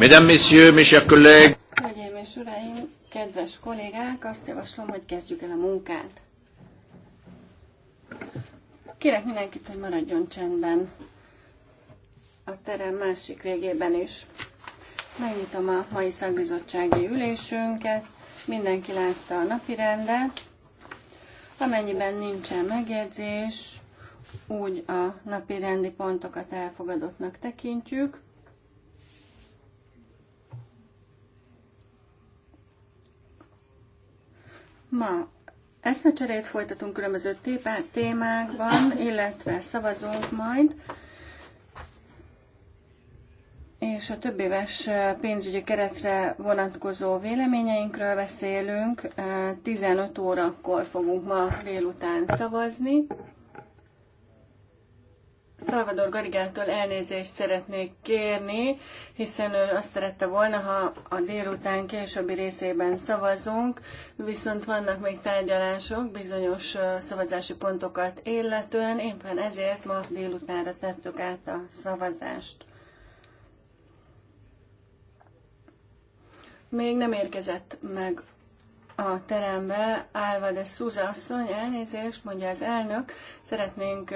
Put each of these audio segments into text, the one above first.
Mesdames, Messieurs, mes chers collègues. Hölgyeim és uraim, kedves kollégák, azt javaslom, hogy kezdjük el a munkát. Kérek mindenkit, hogy maradjon csendben a terem másik végében is. Megnyitom a mai szakbizottsági ülésünket. Mindenki látta a napi rendet. Amennyiben nincsen megjegyzés, úgy a napi rendi pontokat elfogadottnak tekintjük. Ma eszmecserét folytatunk különböző témákban, illetve szavazunk majd, és a több éves pénzügyi keretre vonatkozó véleményeinkről beszélünk. 15 órakor fogunk ma délután szavazni. Szalvador Garigától elnézést szeretnék kérni, hiszen ő azt szerette volna, ha a délután későbbi részében szavazunk, viszont vannak még tárgyalások bizonyos szavazási pontokat illetően, éppen ezért ma délutánra tettük át a szavazást. Még nem érkezett meg a terembe Álva de Szúza asszony, elnézést, mondja az elnök, szeretnénk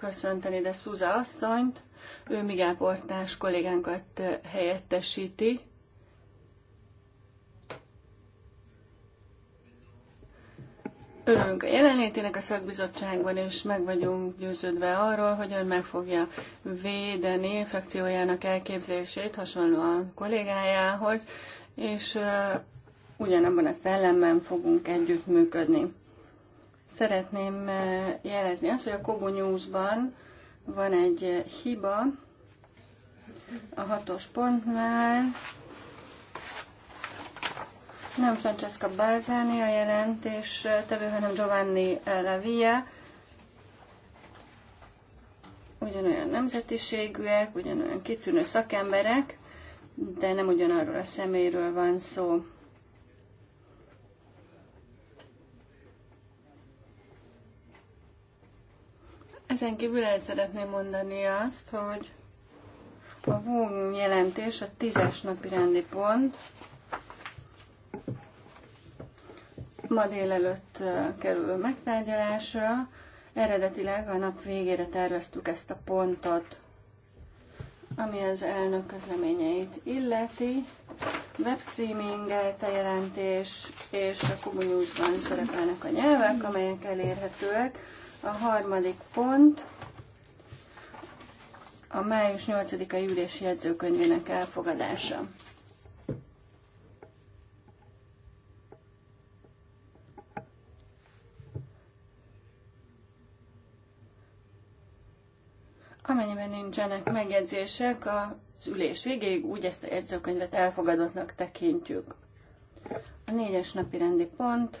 köszönteni, de Szuza asszonyt, ő Migál Portás kollégánkat helyettesíti. Örülünk a jelenlétének a szakbizottságban, és meg vagyunk győződve arról, hogy ön meg fogja védeni frakciójának elképzelését hasonlóan kollégájához, és ugyanabban a szellemben fogunk együttműködni. Szeretném eh, jelezni azt, hogy a Kobo News-ban van egy eh, hiba a hatos pontnál. Nem Francesca Balzani a jelentés eh, tevő, hanem Giovanni Lavia. Ugyanolyan nemzetiségűek, ugyanolyan kitűnő szakemberek, de nem ugyanarról a személyről van szó. Ezen kívül el szeretném mondani azt, hogy a VUM jelentés a tízes napi rendi pont. Ma délelőtt kerül megtárgyalásra. Eredetileg a nap végére terveztük ezt a pontot, ami az elnök közleményeit illeti. Webstreaming, a jelentés és a Kubu News-ban szerepelnek a nyelvek, amelyek elérhetőek a harmadik pont a május 8-ai ülési jegyzőkönyvének elfogadása. Amennyiben nincsenek megjegyzések az ülés végéig, úgy ezt a jegyzőkönyvet elfogadottnak tekintjük. A négyes napi rendi pont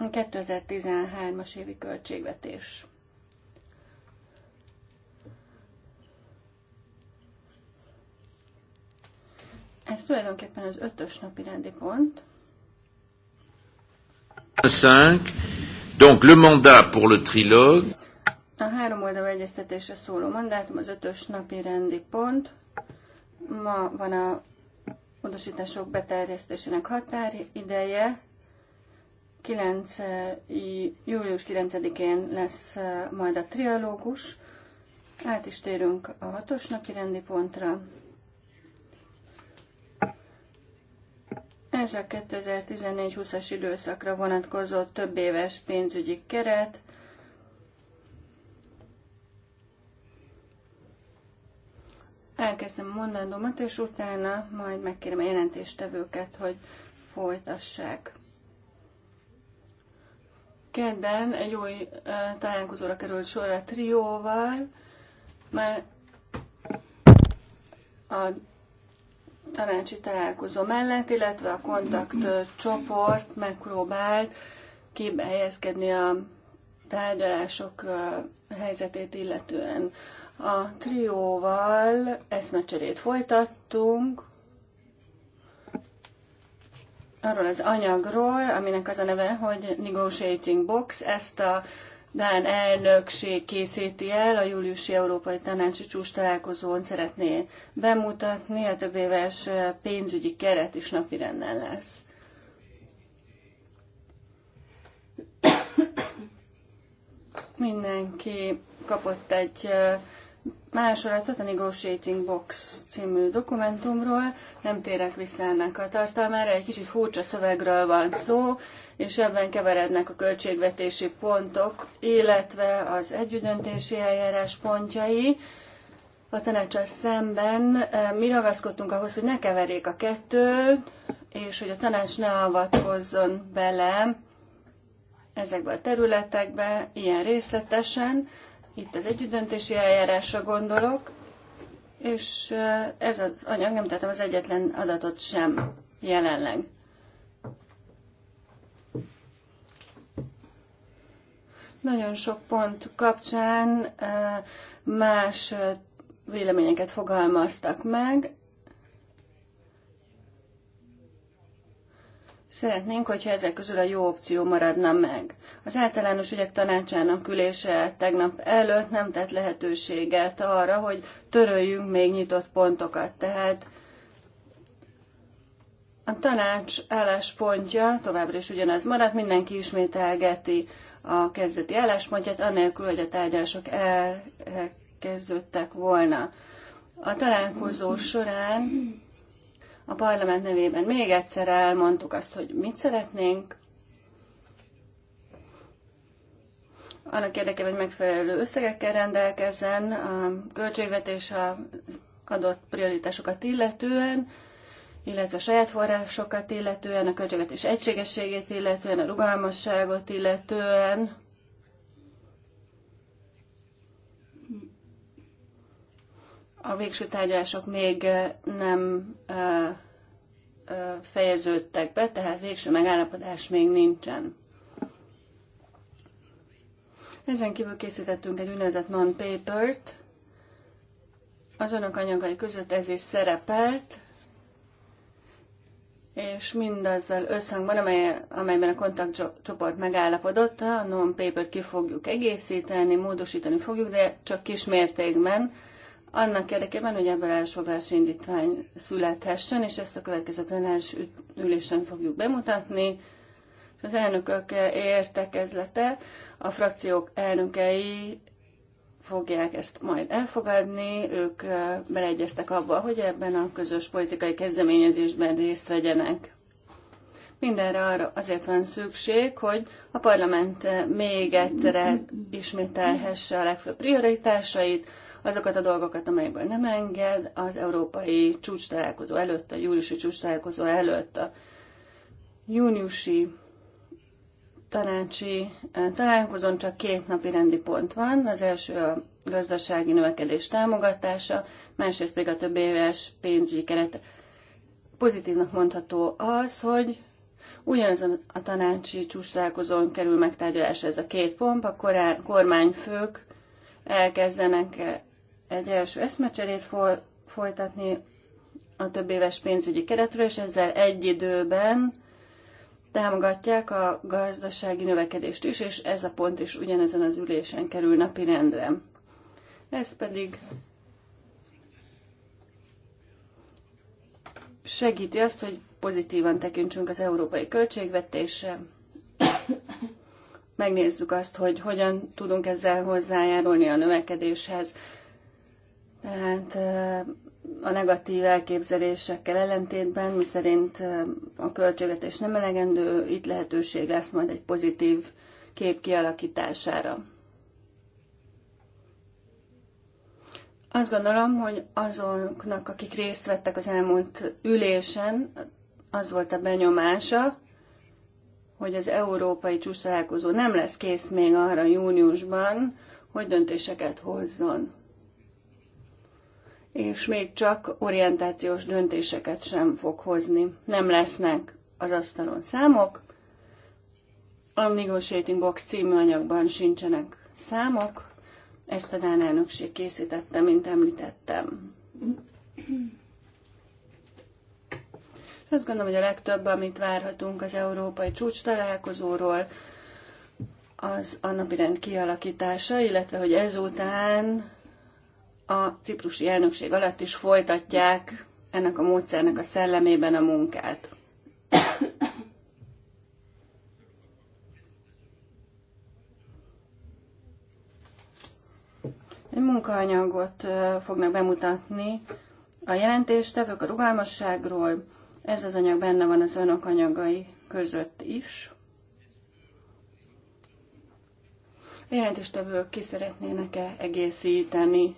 2013-as évi költségvetés. Ez tulajdonképpen az ötös napi rendi pont. 5. Donc le mandat pour le trilogue. A három oldal egyeztetésre szóló mandátum az ötös napi rendi pont. Ma van a módosítások beterjesztésének határideje. 9, július 9-én lesz majd a trialógus. Át is térünk a hatos napi rendi pontra. Ez a 2014-20-as időszakra vonatkozó több éves pénzügyi keret. Elkezdem a mondandómat, és utána majd megkérem a jelentéstevőket, hogy folytassák. Kedden egy új találkozóra került sor a trióval, mert a tanácsi találkozó mellett, illetve a kontakt csoport megpróbált képbe helyezkedni a tárgyalások helyzetét illetően. A trióval eszmecserét folytattunk, arról az anyagról, aminek az a neve, hogy Negotiating Box, ezt a Dán elnökség készíti el, a júliusi Európai Tanácsi Csúcs találkozón szeretné bemutatni, a több éves pénzügyi keret is napirenden lesz. Mindenki kapott egy másolatot a Negotiating Box című dokumentumról. Nem térek vissza ennek a tartalmára, egy kicsit furcsa szövegről van szó, és ebben keverednek a költségvetési pontok, illetve az együttdöntési eljárás pontjai. A tanácsal szemben eh, mi ragaszkodtunk ahhoz, hogy ne keverjék a kettőt, és hogy a tanács ne avatkozzon bele ezekbe a területekbe ilyen részletesen, itt az együttdöntési eljárásra gondolok, és ez az anyag, nem tettem az egyetlen adatot sem jelenleg. Nagyon sok pont kapcsán más véleményeket fogalmaztak meg, Szeretnénk, hogyha ezek közül a jó opció maradna meg. Az általános ügyek tanácsának ülése tegnap előtt nem tett lehetőséget arra, hogy töröljünk még nyitott pontokat. Tehát a tanács álláspontja továbbra is ugyanaz maradt, mindenki ismételgeti a kezdeti álláspontját, anélkül, hogy a tárgyások elkezdődtek volna. A találkozó során a parlament nevében még egyszer elmondtuk azt, hogy mit szeretnénk, annak érdekében, hogy megfelelő összegekkel rendelkezzen, a költségvetés az adott prioritásokat illetően, illetve a saját forrásokat illetően, a költségvetés egységességét illetően, a rugalmasságot illetően, A végső tárgyalások még nem fejeződtek be, tehát végső megállapodás még nincsen. Ezen kívül készítettünk egy úgynevezett non-papert. Az önök anyagai között ez is szerepelt, és mindazzal összhangban, amely, amelyben a kontaktcsoport megállapodott, a non-paper ki fogjuk egészíteni, módosítani fogjuk, de csak kis mértékben, annak érdekében, hogy ebből elsoglási indítvány születhessen, és ezt a következő plenáris ülésen fogjuk bemutatni. Az elnökök értekezlete, a frakciók elnökei fogják ezt majd elfogadni, ők beleegyeztek abba, hogy ebben a közös politikai kezdeményezésben részt vegyenek. Mindenre arra azért van szükség, hogy a parlament még egyszer ismételhesse a legfőbb prioritásait, azokat a dolgokat, amelyekből nem enged az európai csúcs találkozó előtt, a júliusi csúcs találkozó előtt, a júniusi tanácsi eh, találkozón csak két napi rendi pont van. Az első a gazdasági növekedés támogatása, másrészt pedig a több éves pénzügyi keret. Pozitívnak mondható az, hogy ugyanezen a tanácsi csúcstalálkozón kerül megtárgyalásra ez a két pont, a kormányfők elkezdenek eh, egy első eszmecserét fol, folytatni a több éves pénzügyi keretről, és ezzel egy időben támogatják a gazdasági növekedést is, és ez a pont is ugyanezen az ülésen kerül napi rendre. Ez pedig segíti azt, hogy pozitívan tekintsünk az európai költségvetésre, megnézzük azt, hogy hogyan tudunk ezzel hozzájárulni a növekedéshez, tehát a negatív elképzelésekkel ellentétben, miszerint a költségvetés nem elegendő, itt lehetőség lesz majd egy pozitív kép kialakítására. Azt gondolom, hogy azoknak, akik részt vettek az elmúlt ülésen, az volt a benyomása, hogy az európai csúcs nem lesz kész még arra júniusban, hogy döntéseket hozzon és még csak orientációs döntéseket sem fog hozni. Nem lesznek az asztalon számok, a Negotiating Box című anyagban sincsenek számok, ezt a Dán elnökség készítette, mint említettem. Azt gondolom, hogy a legtöbb, amit várhatunk az európai csúcs találkozóról, az a napirend kialakítása, illetve hogy ezután a ciprusi elnökség alatt is folytatják ennek a módszernek a szellemében a munkát. Egy munkaanyagot fognak bemutatni a jelentéstevők a rugalmasságról. Ez az anyag benne van az önök anyagai között is. A jelentéstevők ki szeretnének-e egészíteni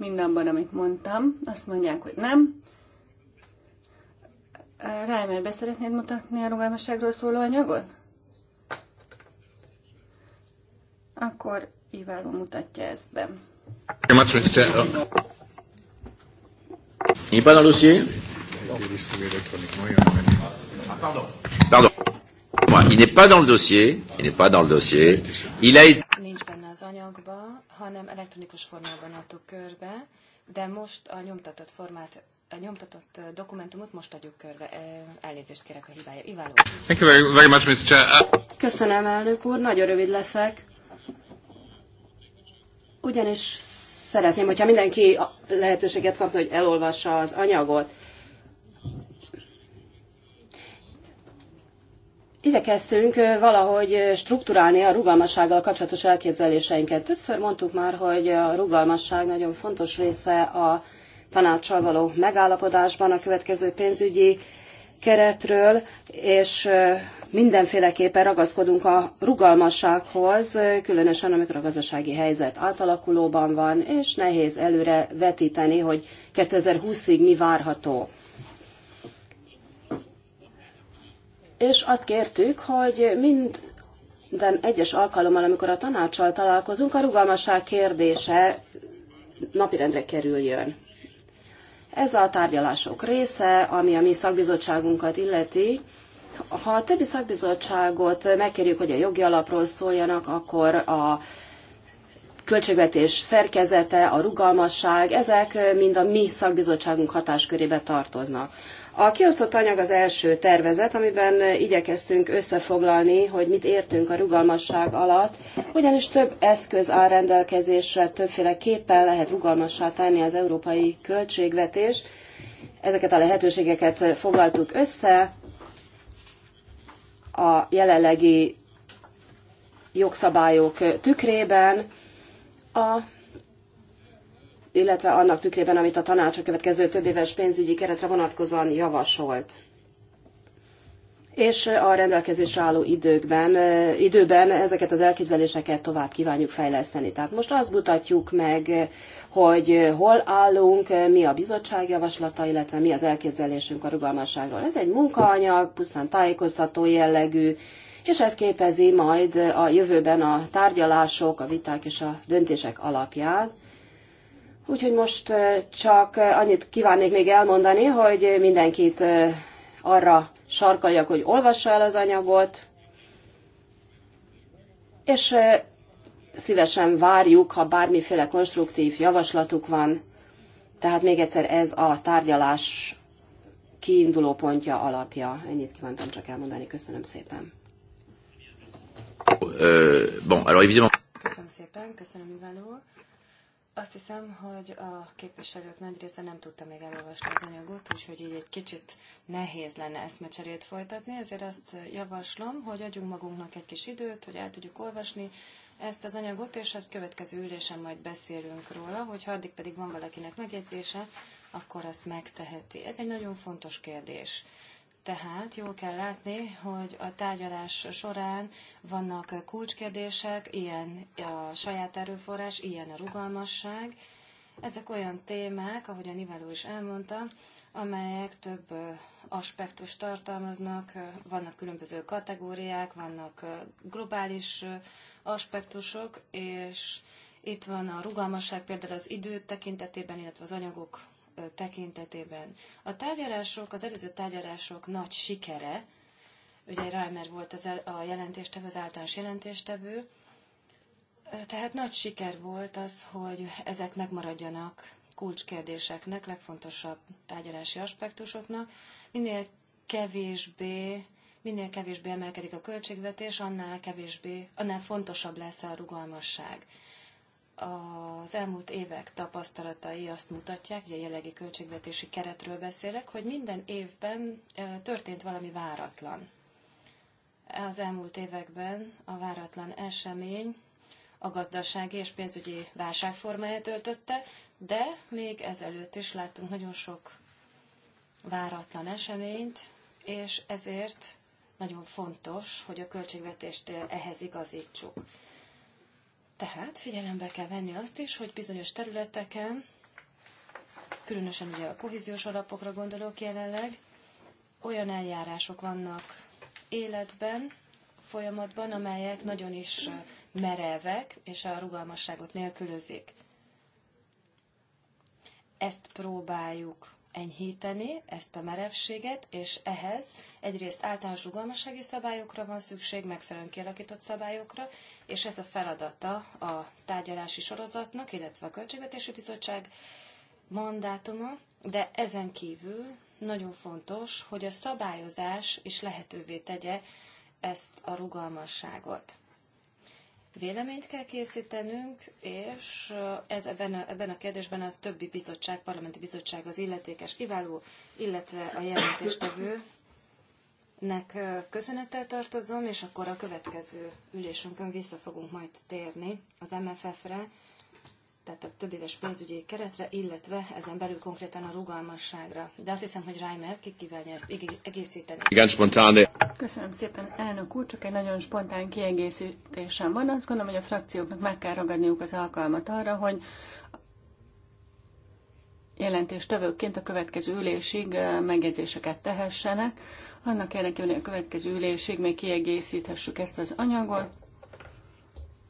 mindenben, amit mondtam. Azt mondják, hogy nem. Rájmer, be szeretnéd mutatni a rugalmasságról szóló anyagot? Akkor Iváló mutatja ezt be. Iváló dossier? Pardon. Pardon. Il n'est pas dans le dossier. Il n'est pas dans le dossier. Il a été anyagba, hanem elektronikus formában adtuk körbe, de most a nyomtatott formát a nyomtatott dokumentumot most adjuk körbe. Elnézést kérek a hibája. Iváló. Thank you very, very much, Mr. Uh, Köszönöm, elnök úr. Nagyon rövid leszek. Ugyanis szeretném, hogyha mindenki lehetőséget kapna, hogy elolvassa az anyagot. Igyekeztünk valahogy strukturálni a rugalmassággal kapcsolatos elképzeléseinket. Többször mondtuk már, hogy a rugalmasság nagyon fontos része a tanácssal való megállapodásban a következő pénzügyi keretről, és mindenféleképpen ragaszkodunk a rugalmassághoz, különösen amikor a gazdasági helyzet átalakulóban van, és nehéz előre vetíteni, hogy 2020-ig mi várható. és azt kértük, hogy mind minden egyes alkalommal, amikor a tanácssal találkozunk, a rugalmasság kérdése napirendre kerüljön. Ez a tárgyalások része, ami a mi szakbizottságunkat illeti. Ha a többi szakbizottságot megkérjük, hogy a jogi alapról szóljanak, akkor a költségvetés szerkezete, a rugalmasság, ezek mind a mi szakbizottságunk hatáskörébe tartoznak. A kiosztott anyag az első tervezet, amiben igyekeztünk összefoglalni, hogy mit értünk a rugalmasság alatt, ugyanis több eszköz áll rendelkezésre, többféleképpen lehet rugalmassá tenni az európai költségvetés. Ezeket a lehetőségeket foglaltuk össze. A jelenlegi jogszabályok tükrében a illetve annak tükrében, amit a tanács a következő több éves pénzügyi keretre vonatkozóan javasolt. És a rendelkezésre álló időkben, időben ezeket az elképzeléseket tovább kívánjuk fejleszteni. Tehát most azt mutatjuk meg, hogy hol állunk, mi a bizottság javaslata, illetve mi az elképzelésünk a rugalmasságról. Ez egy munkaanyag, pusztán tájékoztató jellegű, és ez képezi majd a jövőben a tárgyalások, a viták és a döntések alapját. Úgyhogy most csak annyit kívánnék még elmondani, hogy mindenkit arra sarkaljak, hogy olvassa el az anyagot, és szívesen várjuk, ha bármiféle konstruktív javaslatuk van. Tehát még egyszer ez a tárgyalás kiinduló pontja, alapja. Ennyit kívántam csak elmondani. Köszönöm szépen. Köszönöm szépen, köszönöm Ivaló. Azt hiszem, hogy a képviselők nagy része nem tudta még elolvasni az anyagot, úgyhogy így egy kicsit nehéz lenne eszmecserét folytatni, ezért azt javaslom, hogy adjunk magunknak egy kis időt, hogy el tudjuk olvasni ezt az anyagot, és az következő ülésen majd beszélünk róla, hogy ha addig pedig van valakinek megjegyzése, akkor azt megteheti. Ez egy nagyon fontos kérdés. Tehát jól kell látni, hogy a tárgyalás során vannak kulcskérdések, ilyen a saját erőforrás, ilyen a rugalmasság. Ezek olyan témák, ahogy a Niveló is elmondta, amelyek több aspektust tartalmaznak, vannak különböző kategóriák, vannak globális aspektusok, és itt van a rugalmasság például az idő tekintetében, illetve az anyagok tekintetében. A tárgyalások, az előző tárgyalások nagy sikere, ugye Reimer volt az el, a jelentéstevő, az általános jelentéstevő, tehát nagy siker volt az, hogy ezek megmaradjanak kulcskérdéseknek, legfontosabb tárgyalási aspektusoknak. Minél kevésbé, minél kevésbé emelkedik a költségvetés, annál kevésbé, annál fontosabb lesz a rugalmasság az elmúlt évek tapasztalatai azt mutatják, ugye a jelenlegi költségvetési keretről beszélek, hogy minden évben történt valami váratlan. Az elmúlt években a váratlan esemény a gazdasági és pénzügyi válság formáját öltötte, de még ezelőtt is láttunk nagyon sok váratlan eseményt, és ezért nagyon fontos, hogy a költségvetést ehhez igazítsuk. Tehát figyelembe kell venni azt is, hogy bizonyos területeken, különösen ugye a kohéziós alapokra gondolok jelenleg, olyan eljárások vannak életben, folyamatban, amelyek nagyon is merevek, és a rugalmasságot nélkülözik. Ezt próbáljuk enyhíteni ezt a merevséget, és ehhez egyrészt általános rugalmassági szabályokra van szükség, megfelelően kialakított szabályokra, és ez a feladata a tárgyalási sorozatnak, illetve a Költségvetési Bizottság mandátuma, de ezen kívül nagyon fontos, hogy a szabályozás is lehetővé tegye ezt a rugalmasságot véleményt kell készítenünk, és ez ebben a, ebben a kérdésben a többi bizottság, parlamenti bizottság az illetékes kiváló, illetve a jelentéstevőnek köszönettel tartozom, és akkor a következő ülésünkön vissza fogunk majd térni az MFF-re, tehát a több éves pénzügyi keretre, illetve ezen belül konkrétan a rugalmasságra. De azt hiszem, hogy Reimer ki kívánja ezt egészíteni. Igen, spontán. Köszönöm szépen, elnök úr, csak egy nagyon spontán kiegészítésem van. Azt gondolom, hogy a frakcióknak meg kell ragadniuk az alkalmat arra, hogy jelentéstevőként a következő ülésig eh, megjegyzéseket tehessenek. Annak érdekében, hogy a következő ülésig még kiegészíthessük ezt az anyagot,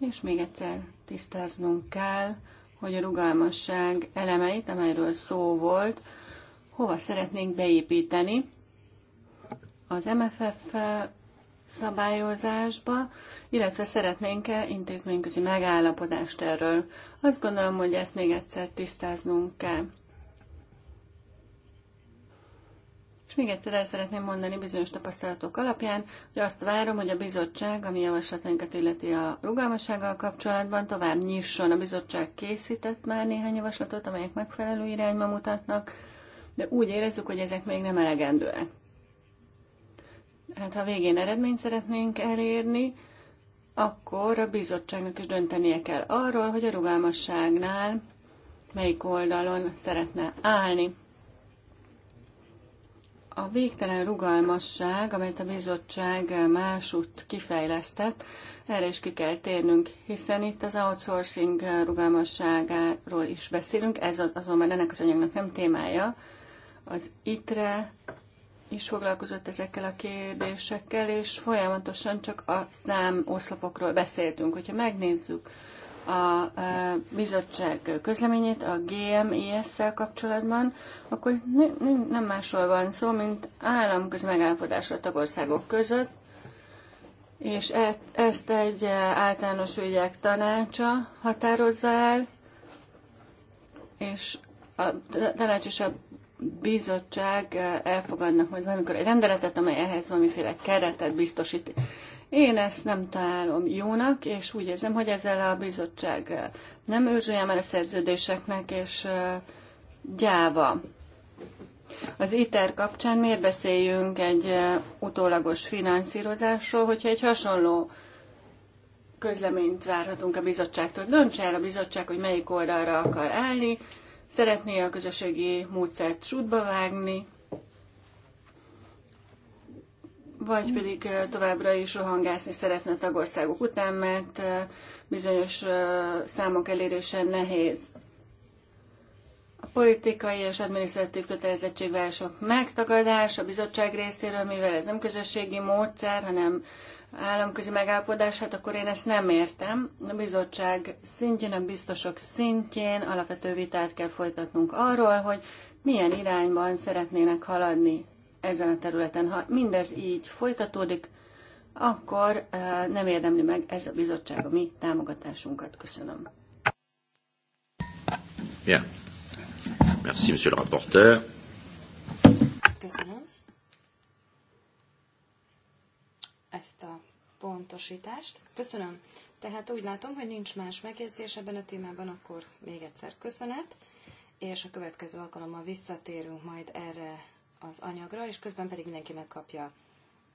és még egyszer tisztáznunk kell, hogy a rugalmasság elemeit, amelyről szó volt, hova szeretnénk beépíteni az MFF szabályozásba, illetve szeretnénk-e intézményközi megállapodást erről. Azt gondolom, hogy ezt még egyszer tisztáznunk kell. És még egyszer el szeretném mondani bizonyos tapasztalatok alapján, hogy azt várom, hogy a bizottság, ami javaslatainkat illeti a rugalmassággal kapcsolatban, tovább nyisson. A bizottság készített már néhány javaslatot, amelyek megfelelő irányba mutatnak, de úgy érezzük, hogy ezek még nem elegendőek. Hát ha végén eredményt szeretnénk elérni, akkor a bizottságnak is döntenie kell arról, hogy a rugalmasságnál melyik oldalon szeretne állni. A végtelen rugalmasság, amelyet a bizottság másút kifejlesztett, erre is ki kell térnünk, hiszen itt az outsourcing rugalmasságáról is beszélünk, ez az, azonban ennek az anyagnak nem témája. Az ITRE is foglalkozott ezekkel a kérdésekkel, és folyamatosan csak a számoszlopokról beszéltünk. Hogyha megnézzük a bizottság közleményét a GMES-szel kapcsolatban, akkor nem másról van szó, mint államközi megállapodásra a tagországok között, és e-, ezt egy általános ügyek tanácsa határozza el, és a tanács és a bizottság elfogadnak majd valamikor egy rendeletet, amely ehhez valamiféle keretet biztosít. Én ezt nem találom jónak, és úgy érzem, hogy ezzel a bizottság nem őrzője már a szerződéseknek, és gyáva. Az ITER kapcsán miért beszéljünk egy utólagos finanszírozásról, hogyha egy hasonló közleményt várhatunk a bizottságtól. Döntse el a bizottság, hogy melyik oldalra akar állni, szeretné a közösségi módszert sútba vágni, vagy pedig továbbra is rohangászni szeretne a tagországok után, mert bizonyos számok elérése nehéz. A politikai és adminisztratív kötelezettségvárások megtagadása a bizottság részéről, mivel ez nem közösségi módszer, hanem államközi megállapodás, hát akkor én ezt nem értem. A bizottság szintjén, a biztosok szintjén alapvető vitát kell folytatnunk arról, hogy milyen irányban szeretnének haladni ezen a területen. Ha mindez így folytatódik, akkor eh, nem érdemli meg ez a bizottság a mi támogatásunkat. Köszönöm. Yeah. Merci, monsieur le rapporteur. Köszönöm. Ezt a pontosítást. Köszönöm. Tehát úgy látom, hogy nincs más megjegyzés ebben a témában, akkor még egyszer köszönet, és a következő alkalommal visszatérünk majd erre az anyagra, és közben pedig mindenki megkapja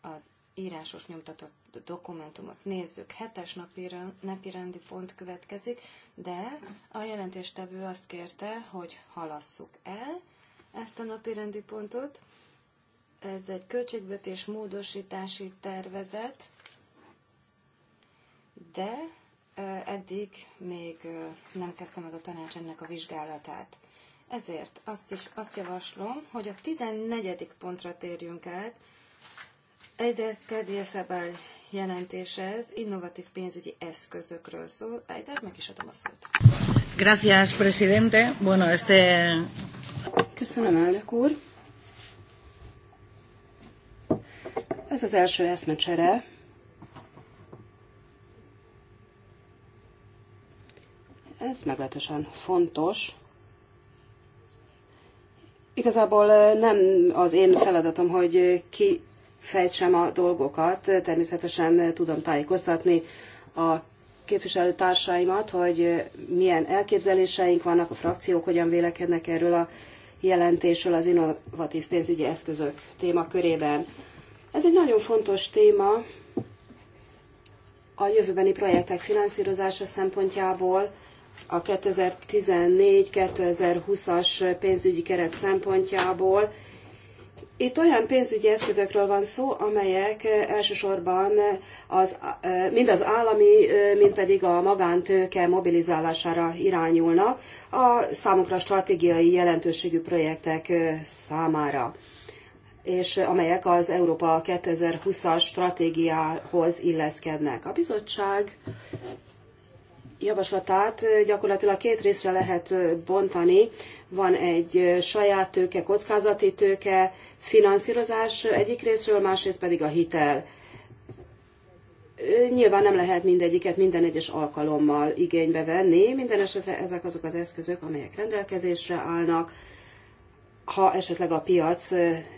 az írásos nyomtatott dokumentumot. Nézzük, hetes napi, napi rendi pont következik, de a jelentéstevő azt kérte, hogy halasszuk el ezt a napi rendi pontot. Ez egy költségvetés módosítási tervezet, de eddig még nem kezdte meg a tanács ennek a vizsgálatát. Ezért azt is azt javaslom, hogy a 14. pontra térjünk át. Eider Kadieszabál jelentése ez, innovatív pénzügyi eszközökről szól. Eider, meg is adom a szót. Gracias, presidente. Bueno, este... Köszönöm, elnök úr. Ez az első eszmecsere, ez meglehetősen fontos, Igazából nem az én feladatom, hogy ki a dolgokat. Természetesen tudom tájékoztatni a képviselőtársaimat, hogy milyen elképzeléseink vannak, a frakciók hogyan vélekednek erről a jelentésről az innovatív pénzügyi eszközök témakörében. Ez egy nagyon fontos téma a jövőbeni projektek finanszírozása szempontjából, a 2014-2020-as pénzügyi keret szempontjából. Itt olyan pénzügyi eszközökről van szó, amelyek eh, elsősorban az, eh, mind az állami, eh, mind pedig a magántőke mobilizálására irányulnak a számukra stratégiai jelentőségű projektek számára és amelyek az Európa 2020-as stratégiához illeszkednek. A bizottság javaslatát gyakorlatilag két részre lehet bontani. Van egy saját tőke, kockázati tőke, finanszírozás egyik részről, másrészt pedig a hitel. Nyilván nem lehet mindegyiket minden egyes alkalommal igénybe venni, minden esetre ezek azok az eszközök, amelyek rendelkezésre állnak. Ha esetleg a piac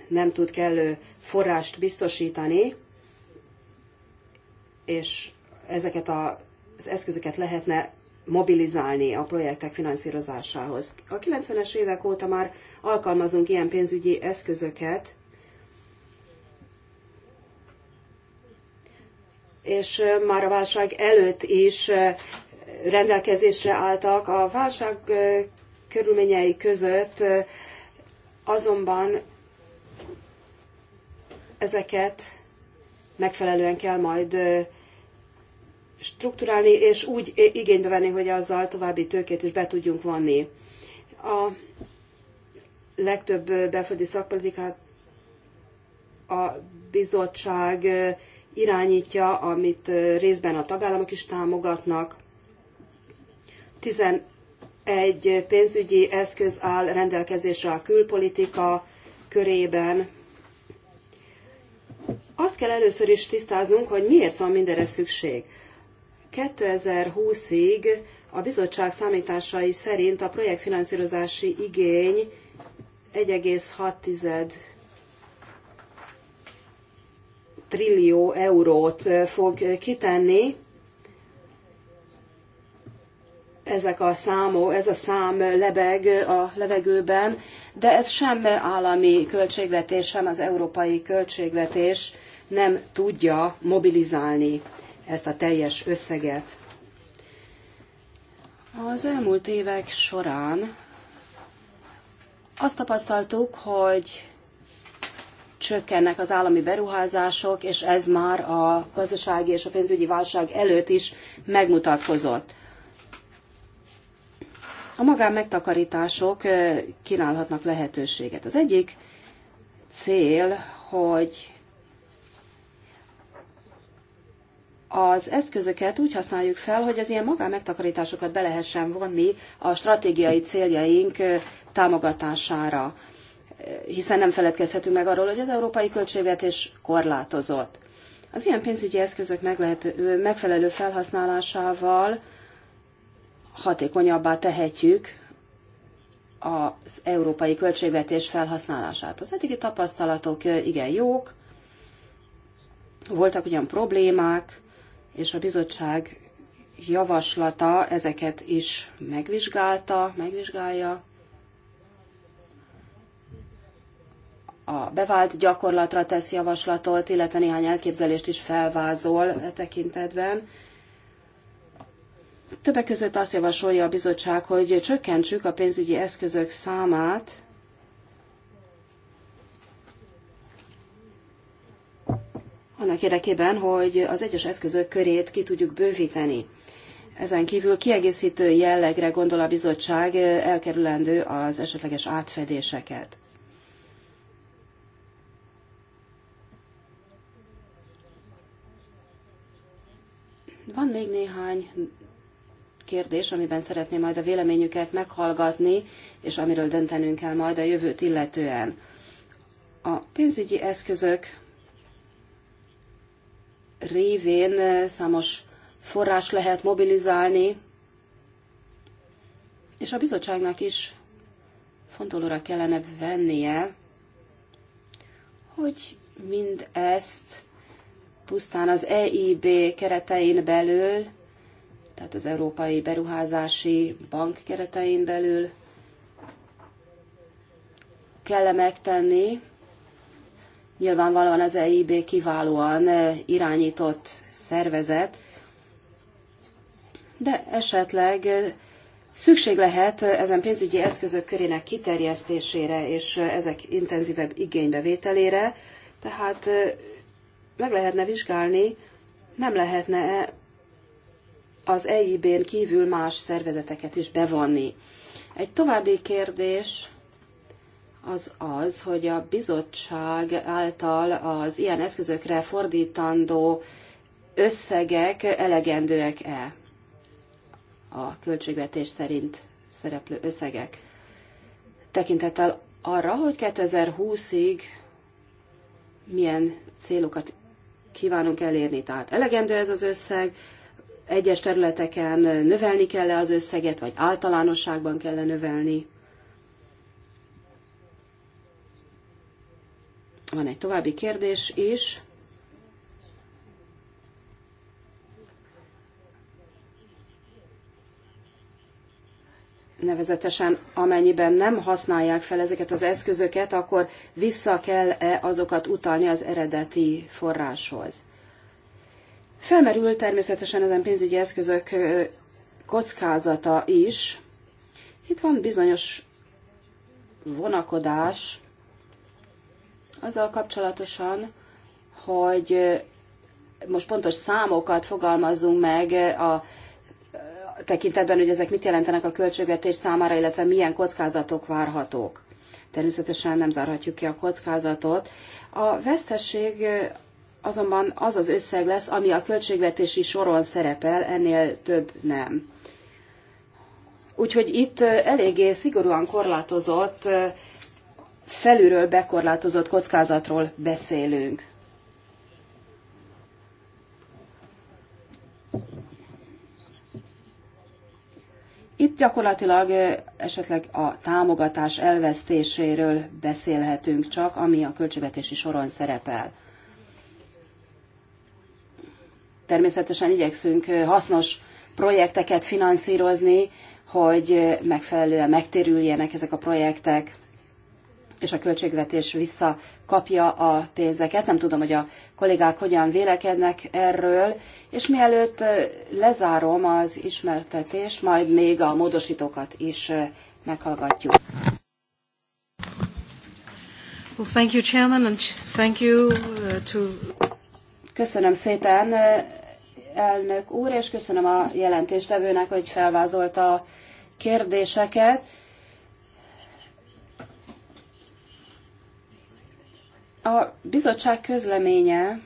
nem tud kellő forrást biztosítani, és ezeket a az eszközöket lehetne mobilizálni a projektek finanszírozásához. A 90-es évek óta már alkalmazunk ilyen pénzügyi eszközöket, és már a válság előtt is rendelkezésre álltak. A válság körülményei között azonban ezeket megfelelően kell majd strukturálni, és úgy igénybe venni, hogy azzal további tőkét is be tudjunk vonni. A legtöbb belföldi szakpolitikát a bizottság irányítja, amit részben a tagállamok is támogatnak. 11 pénzügyi eszköz áll rendelkezésre a külpolitika körében. Azt kell először is tisztáznunk, hogy miért van mindenre szükség. 2020-ig a bizottság számításai szerint a projektfinanszírozási igény 1,6 trillió eurót fog kitenni. Ezek a számok, ez a szám lebeg a levegőben, de ez sem állami költségvetés, sem az európai költségvetés nem tudja mobilizálni ezt a teljes összeget. Az elmúlt évek során azt tapasztaltuk, hogy csökkennek az állami beruházások, és ez már a gazdasági és a pénzügyi válság előtt is megmutatkozott. A magán megtakarítások eh, kínálhatnak lehetőséget. Az egyik cél, hogy az eszközöket úgy használjuk fel, hogy az ilyen magánmegtakarításokat be lehessen vonni a stratégiai céljaink támogatására, hiszen nem feledkezhetünk meg arról, hogy az európai költségvetés korlátozott. Az ilyen pénzügyi eszközök meglehető, megfelelő felhasználásával hatékonyabbá tehetjük az európai költségvetés felhasználását. Az eddigi tapasztalatok igen jók, voltak ugyan problémák, és a bizottság javaslata ezeket is megvizsgálta, megvizsgálja. A bevált gyakorlatra tesz javaslatot, illetve néhány elképzelést is felvázol e tekintetben. Többek között azt javasolja a bizottság, hogy csökkentsük a pénzügyi eszközök számát, annak érdekében, hogy az egyes eszközök körét ki tudjuk bővíteni. Ezen kívül kiegészítő jellegre gondol a bizottság eh, elkerülendő az esetleges átfedéseket. Van még néhány kérdés, amiben szeretném majd a véleményüket meghallgatni, és amiről döntenünk kell majd a jövőt illetően. A pénzügyi eszközök révén eh, számos forrás lehet mobilizálni, és a bizottságnak is fontolóra kellene vennie, hogy mind ezt, pusztán az EIB keretein belül, tehát az Európai Beruházási Bank keretein belül kell -e megtenni, Nyilvánvalóan az EIB kiválóan eh, irányított szervezet, de esetleg eh, szükség lehet eh, ezen pénzügyi eszközök körének kiterjesztésére és ezek intenzívebb igénybevételére, tehát meg lehetne vizsgálni, nem lehetne az EIB-n kívül más szervezeteket is bevonni. Egy további kérdés az az, hogy a bizottság által az ilyen eszközökre fordítandó összegek elegendőek-e a költségvetés szerint szereplő összegek. Tekintettel arra, hogy 2020-ig milyen célokat kívánunk elérni. Tehát elegendő ez az összeg, egyes területeken növelni kell -e az összeget, vagy általánosságban kell -e növelni. Van egy további kérdés is. nevezetesen amennyiben nem használják fel ezeket az eszközöket, akkor vissza kell-e azokat utalni az eredeti forráshoz. Felmerül természetesen ezen pénzügyi eszközök kockázata is. Itt van bizonyos vonakodás azzal kapcsolatosan, hogy most pontos számokat fogalmazzunk meg a tekintetben, hogy ezek mit jelentenek a költségvetés számára, illetve milyen kockázatok várhatók. Természetesen nem zárhatjuk ki a kockázatot. A vesztesség azonban az az összeg lesz, ami a költségvetési soron szerepel, ennél több nem. Úgyhogy itt eléggé szigorúan korlátozott felülről bekorlátozott kockázatról beszélünk. Itt gyakorlatilag esetleg a támogatás elvesztéséről beszélhetünk csak, ami a költségvetési soron szerepel. Természetesen igyekszünk hasznos projekteket finanszírozni, hogy megfelelően megtérüljenek ezek a projektek és a költségvetés visszakapja a pénzeket. Nem tudom, hogy a kollégák hogyan vélekednek erről, és mielőtt lezárom az ismertetést, majd még a módosítókat is meghallgatjuk. Well, thank you, Chairman, and thank you uh, to... Köszönöm szépen, elnök úr, és köszönöm a jelentéstevőnek, hogy felvázolta a kérdéseket. A bizottság közleménye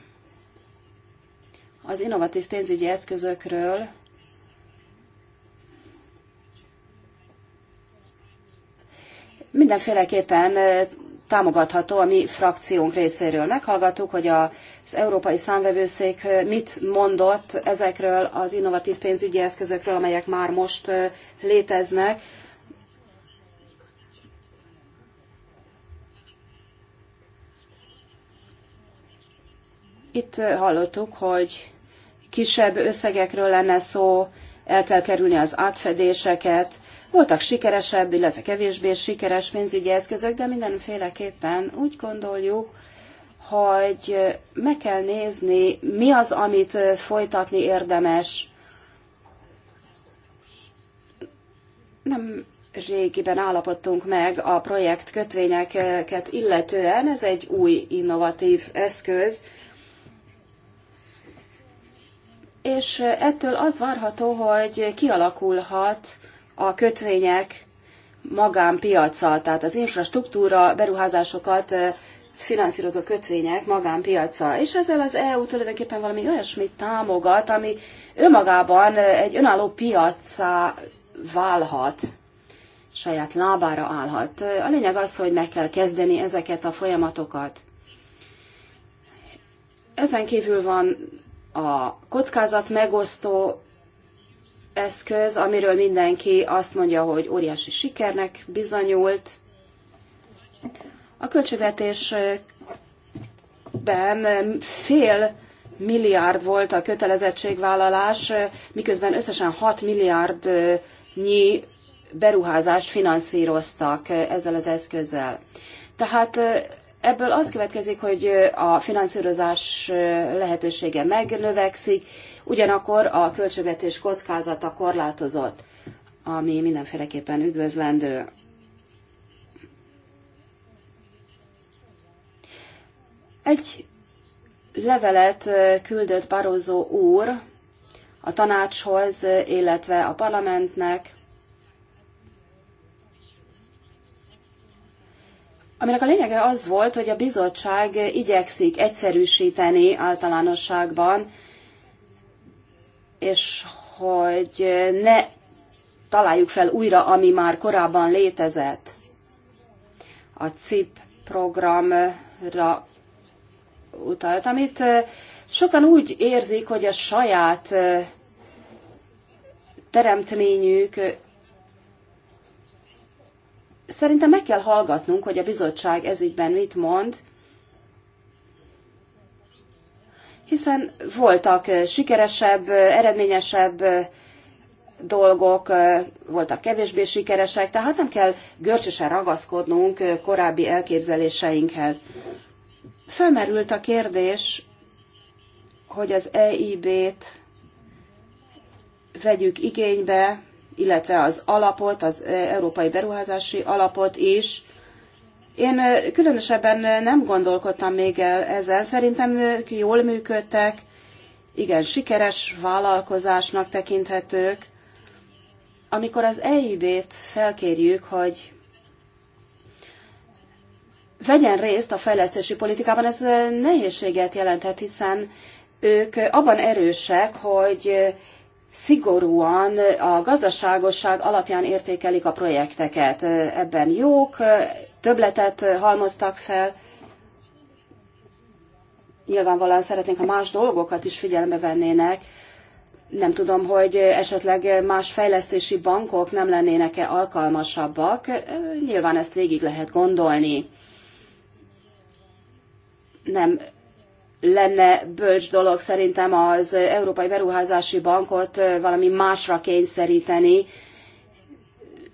az innovatív pénzügyi eszközökről mindenféleképpen eh, támogatható a mi frakciónk részéről. Meghallgattuk, hogy az Európai Számvevőszék eh, mit mondott ezekről az innovatív pénzügyi eszközökről, amelyek már most eh, léteznek. Itt eh, hallottuk, hogy kisebb összegekről lenne szó, el kell kerülni az átfedéseket. Voltak sikeresebb, illetve kevésbé sikeres pénzügyi eszközök, de mindenféleképpen úgy gondoljuk, hogy eh, meg kell nézni, mi az, amit eh, folytatni érdemes. Nem régiben állapodtunk meg a projekt kötvényeket illetően, ez egy új innovatív eszköz, és ettől az várható, hogy kialakulhat a kötvények magánpiaca, tehát az infrastruktúra beruházásokat finanszírozó kötvények magánpiaca, és ezzel az EU tulajdonképpen valami olyasmit támogat, ami önmagában egy önálló piacá válhat, saját lábára állhat. A lényeg az, hogy meg kell kezdeni ezeket a folyamatokat. Ezen kívül van a kockázat megosztó eszköz, amiről mindenki azt mondja, hogy óriási sikernek bizonyult. A költségvetésben fél milliárd volt a kötelezettségvállalás, miközben összesen 6 milliárdnyi beruházást finanszíroztak ezzel az eszközzel. Tehát Ebből az következik, hogy a finanszírozás lehetősége megnövekszik, ugyanakkor a költségvetés kockázata korlátozott, ami mindenféleképpen üdvözlendő. Egy levelet küldött Barozó úr a tanácshoz, illetve a parlamentnek, aminek a lényege az volt, hogy a bizottság igyekszik egyszerűsíteni általánosságban, és hogy ne találjuk fel újra, ami már korábban létezett. A CIP programra utalt, amit sokan úgy érzik, hogy a saját teremtményük Szerintem meg kell hallgatnunk, hogy a bizottság ezügyben mit mond, hiszen voltak sikeresebb, eredményesebb dolgok, voltak kevésbé sikeresek, tehát nem kell görcsösen ragaszkodnunk korábbi elképzeléseinkhez. Felmerült a kérdés, hogy az EIB-t vegyük igénybe, illetve az alapot, az e, európai beruházási alapot is. Én e, különösebben e, nem gondolkodtam még ezen, szerintem ők jól működtek, igen, sikeres vállalkozásnak tekinthetők. Amikor az EIB-t felkérjük, hogy vegyen részt a fejlesztési politikában, ez nehézséget jelenthet, hiszen ők abban erősek, hogy szigorúan a gazdaságosság alapján értékelik a projekteket. Ebben jók, többletet halmoztak fel. Nyilvánvalóan szeretnénk, ha más dolgokat is figyelembe vennének. Nem tudom, hogy esetleg más fejlesztési bankok nem lennének-e alkalmasabbak. Nyilván ezt végig lehet gondolni. Nem lenne bölcs dolog szerintem az Európai Beruházási Bankot valami másra kényszeríteni,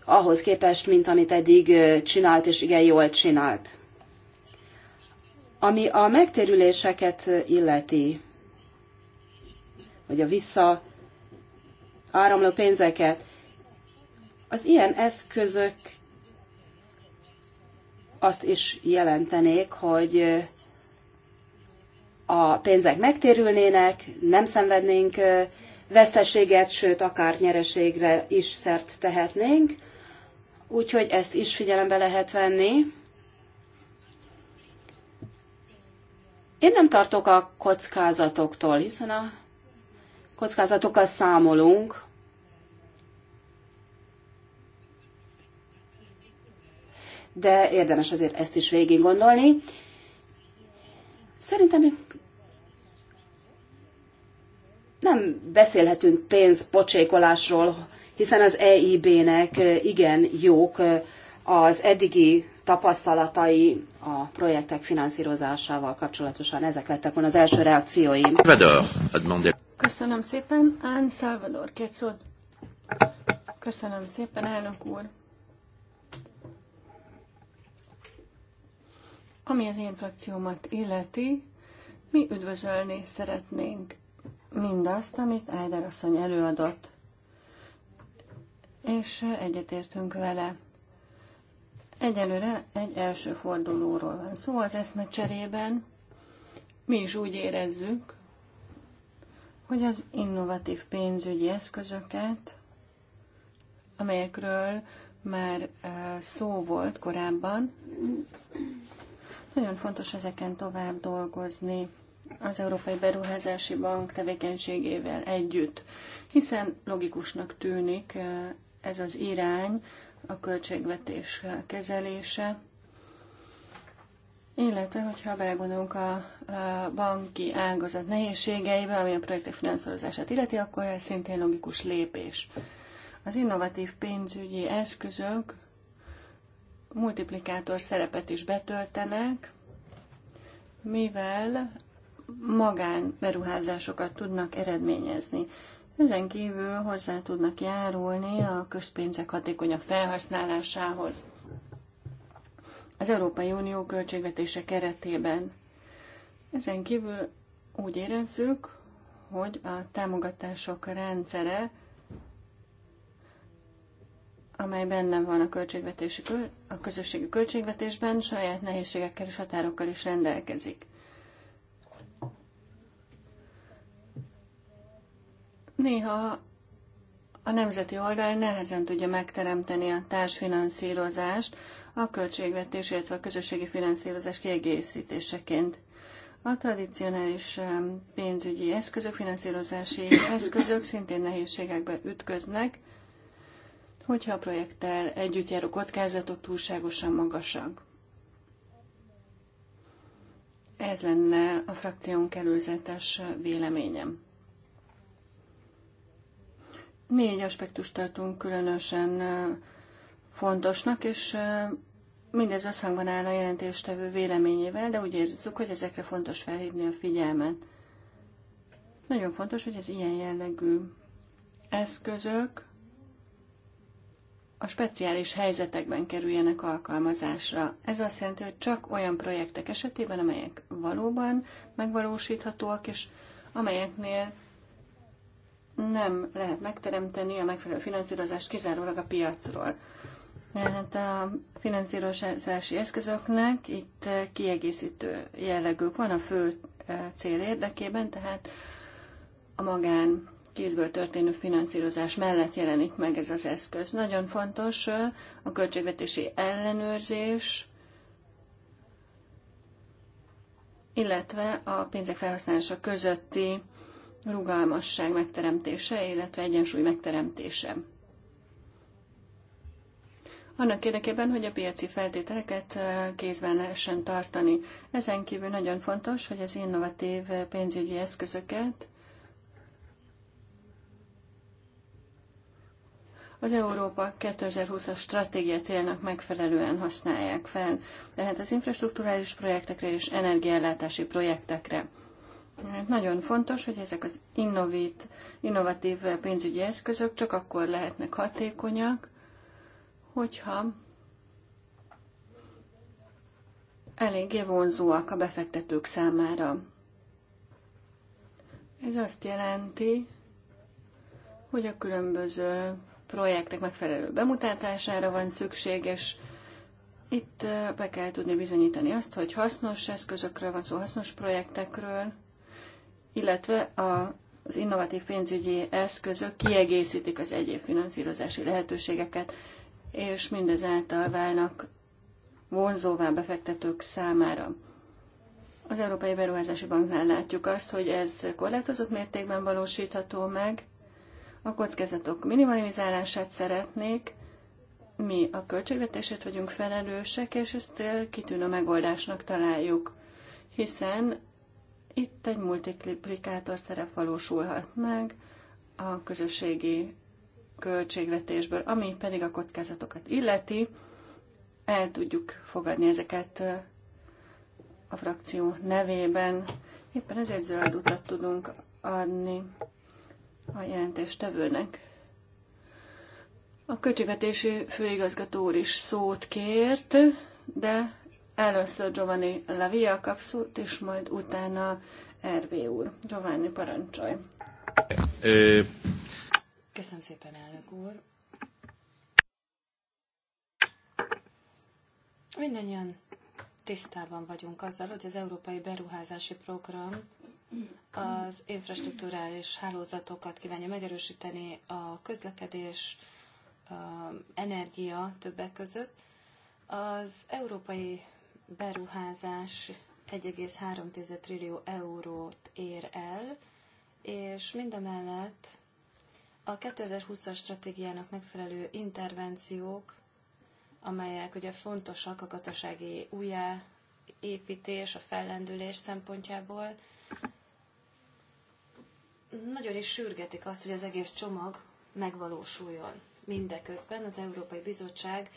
ahhoz képest, mint amit eddig csinált, és igen jól csinált. Ami a megtérüléseket illeti, vagy a vissza áramló pénzeket, az ilyen eszközök azt is jelentenék, hogy a pénzek megtérülnének, nem szenvednénk veszteséget, sőt, akár nyereségre is szert tehetnénk. Úgyhogy ezt is figyelembe lehet venni. Én nem tartok a kockázatoktól, hiszen a kockázatokkal számolunk. De érdemes azért ezt is végig gondolni. Szerintem még nem beszélhetünk pénzpocsékolásról, hiszen az EIB-nek igen jók az eddigi tapasztalatai a projektek finanszírozásával kapcsolatosan. Ezek lettek volna az első reakcióim. Köszönöm szépen. Ann Salvador, két szót. Köszönöm szépen, elnök úr. Ami az én frakciómat illeti, mi üdvözölni szeretnénk mindazt, amit Áder asszony előadott. És egyetértünk vele. Egyelőre egy első fordulóról van szó szóval az cserében. Mi is úgy érezzük, hogy az innovatív pénzügyi eszközöket, amelyekről már eh, szó volt korábban, nagyon fontos ezeken tovább dolgozni az Európai Beruházási Bank tevékenységével együtt, hiszen logikusnak tűnik eh, ez az irány, a költségvetés kezelése, illetve, hogyha belegondolunk a banki ágazat nehézségeibe, ami a projektek finanszírozását illeti, akkor ez szintén logikus lépés. Az innovatív pénzügyi eszközök multiplikátor szerepet is betöltenek, mivel magán beruházásokat tudnak eredményezni. Ezen kívül hozzá tudnak járulni a közpénzek hatékonyabb felhasználásához. Az Európai Unió költségvetése keretében. Ezen kívül úgy érezzük, hogy a támogatások rendszere amely benne van a, költségvetési, a közösségi költségvetésben, saját nehézségekkel és határokkal is rendelkezik. Néha a nemzeti oldal nehezen tudja megteremteni a társfinanszírozást a költségvetés, illetve a közösségi finanszírozás kiegészítéseként. A tradicionális pénzügyi eszközök, finanszírozási eszközök szintén nehézségekbe ütköznek, hogyha a projekttel együtt járó kockázatok túlságosan magasak. Ez lenne a frakción kerülzetes véleményem. Négy aspektust tartunk különösen fontosnak, és mindez összhangban áll a jelentéstevő véleményével, de úgy érzük, hogy ezekre fontos felhívni a figyelmet. Nagyon fontos, hogy az ilyen jellegű eszközök a speciális helyzetekben kerüljenek alkalmazásra. Ez azt jelenti, hogy csak olyan projektek esetében, amelyek valóban megvalósíthatóak, és amelyeknél nem lehet megteremteni a megfelelő finanszírozást kizárólag a piacról. Hát a finanszírozási eszközöknek itt kiegészítő jellegük van a fő cél érdekében, tehát a magán kézből történő finanszírozás mellett jelenik meg ez az eszköz. Nagyon fontos a költségvetési ellenőrzés, illetve a pénzek felhasználása közötti rugalmasság megteremtése, illetve egyensúly megteremtése. Annak érdekében, hogy a piaci feltételeket kézben lehessen tartani. Ezen kívül nagyon fontos, hogy az innovatív pénzügyi eszközöket az Európa 2020-as stratégia célnak megfelelően használják fel, tehát az infrastruktúrális projektekre és energiállátási projektekre. Nagyon fontos, hogy ezek az innovít, innovatív pénzügyi eszközök csak akkor lehetnek hatékonyak, hogyha eléggé vonzóak a befektetők számára. Ez azt jelenti, hogy a különböző projektek megfelelő bemutatására van szükség, és itt be kell tudni bizonyítani azt, hogy hasznos eszközökről van szó, hasznos projektekről, illetve a, az innovatív pénzügyi eszközök kiegészítik az egyéb finanszírozási lehetőségeket, és mindezáltal válnak vonzóvá befektetők számára. Az Európai Beruházási Banknál látjuk azt, hogy ez korlátozott mértékben valósítható meg, a kockázatok minimalizálását szeretnék, mi a költségvetését vagyunk felelősek, és ezt eh, kitűnő megoldásnak találjuk, hiszen itt egy multiplikátor szerep valósulhat meg a közösségi költségvetésből, ami pedig a kockázatokat illeti, el tudjuk fogadni ezeket eh, a frakció nevében. Éppen ezért zöld utat tudunk adni a jelentéstevőnek. A költségvetési főigazgató úr is szót kért, de először Giovanni Lavia kap szót, és majd utána RV úr. Giovanni, parancsolj! Köszönöm szépen, elnök úr! Mindannyian tisztában vagyunk azzal, hogy az Európai Beruházási Program az infrastruktúrális hálózatokat kívánja megerősíteni a közlekedés, a energia többek között. Az európai beruházás 1,3 trillió eurót ér el, és mindemellett a 2020-as stratégiának megfelelő intervenciók, amelyek ugye fontosak a gazdasági újjáépítés, a fellendülés szempontjából, nagyon is sürgetik azt, hogy az egész csomag megvalósuljon. Mindeközben az Európai Bizottság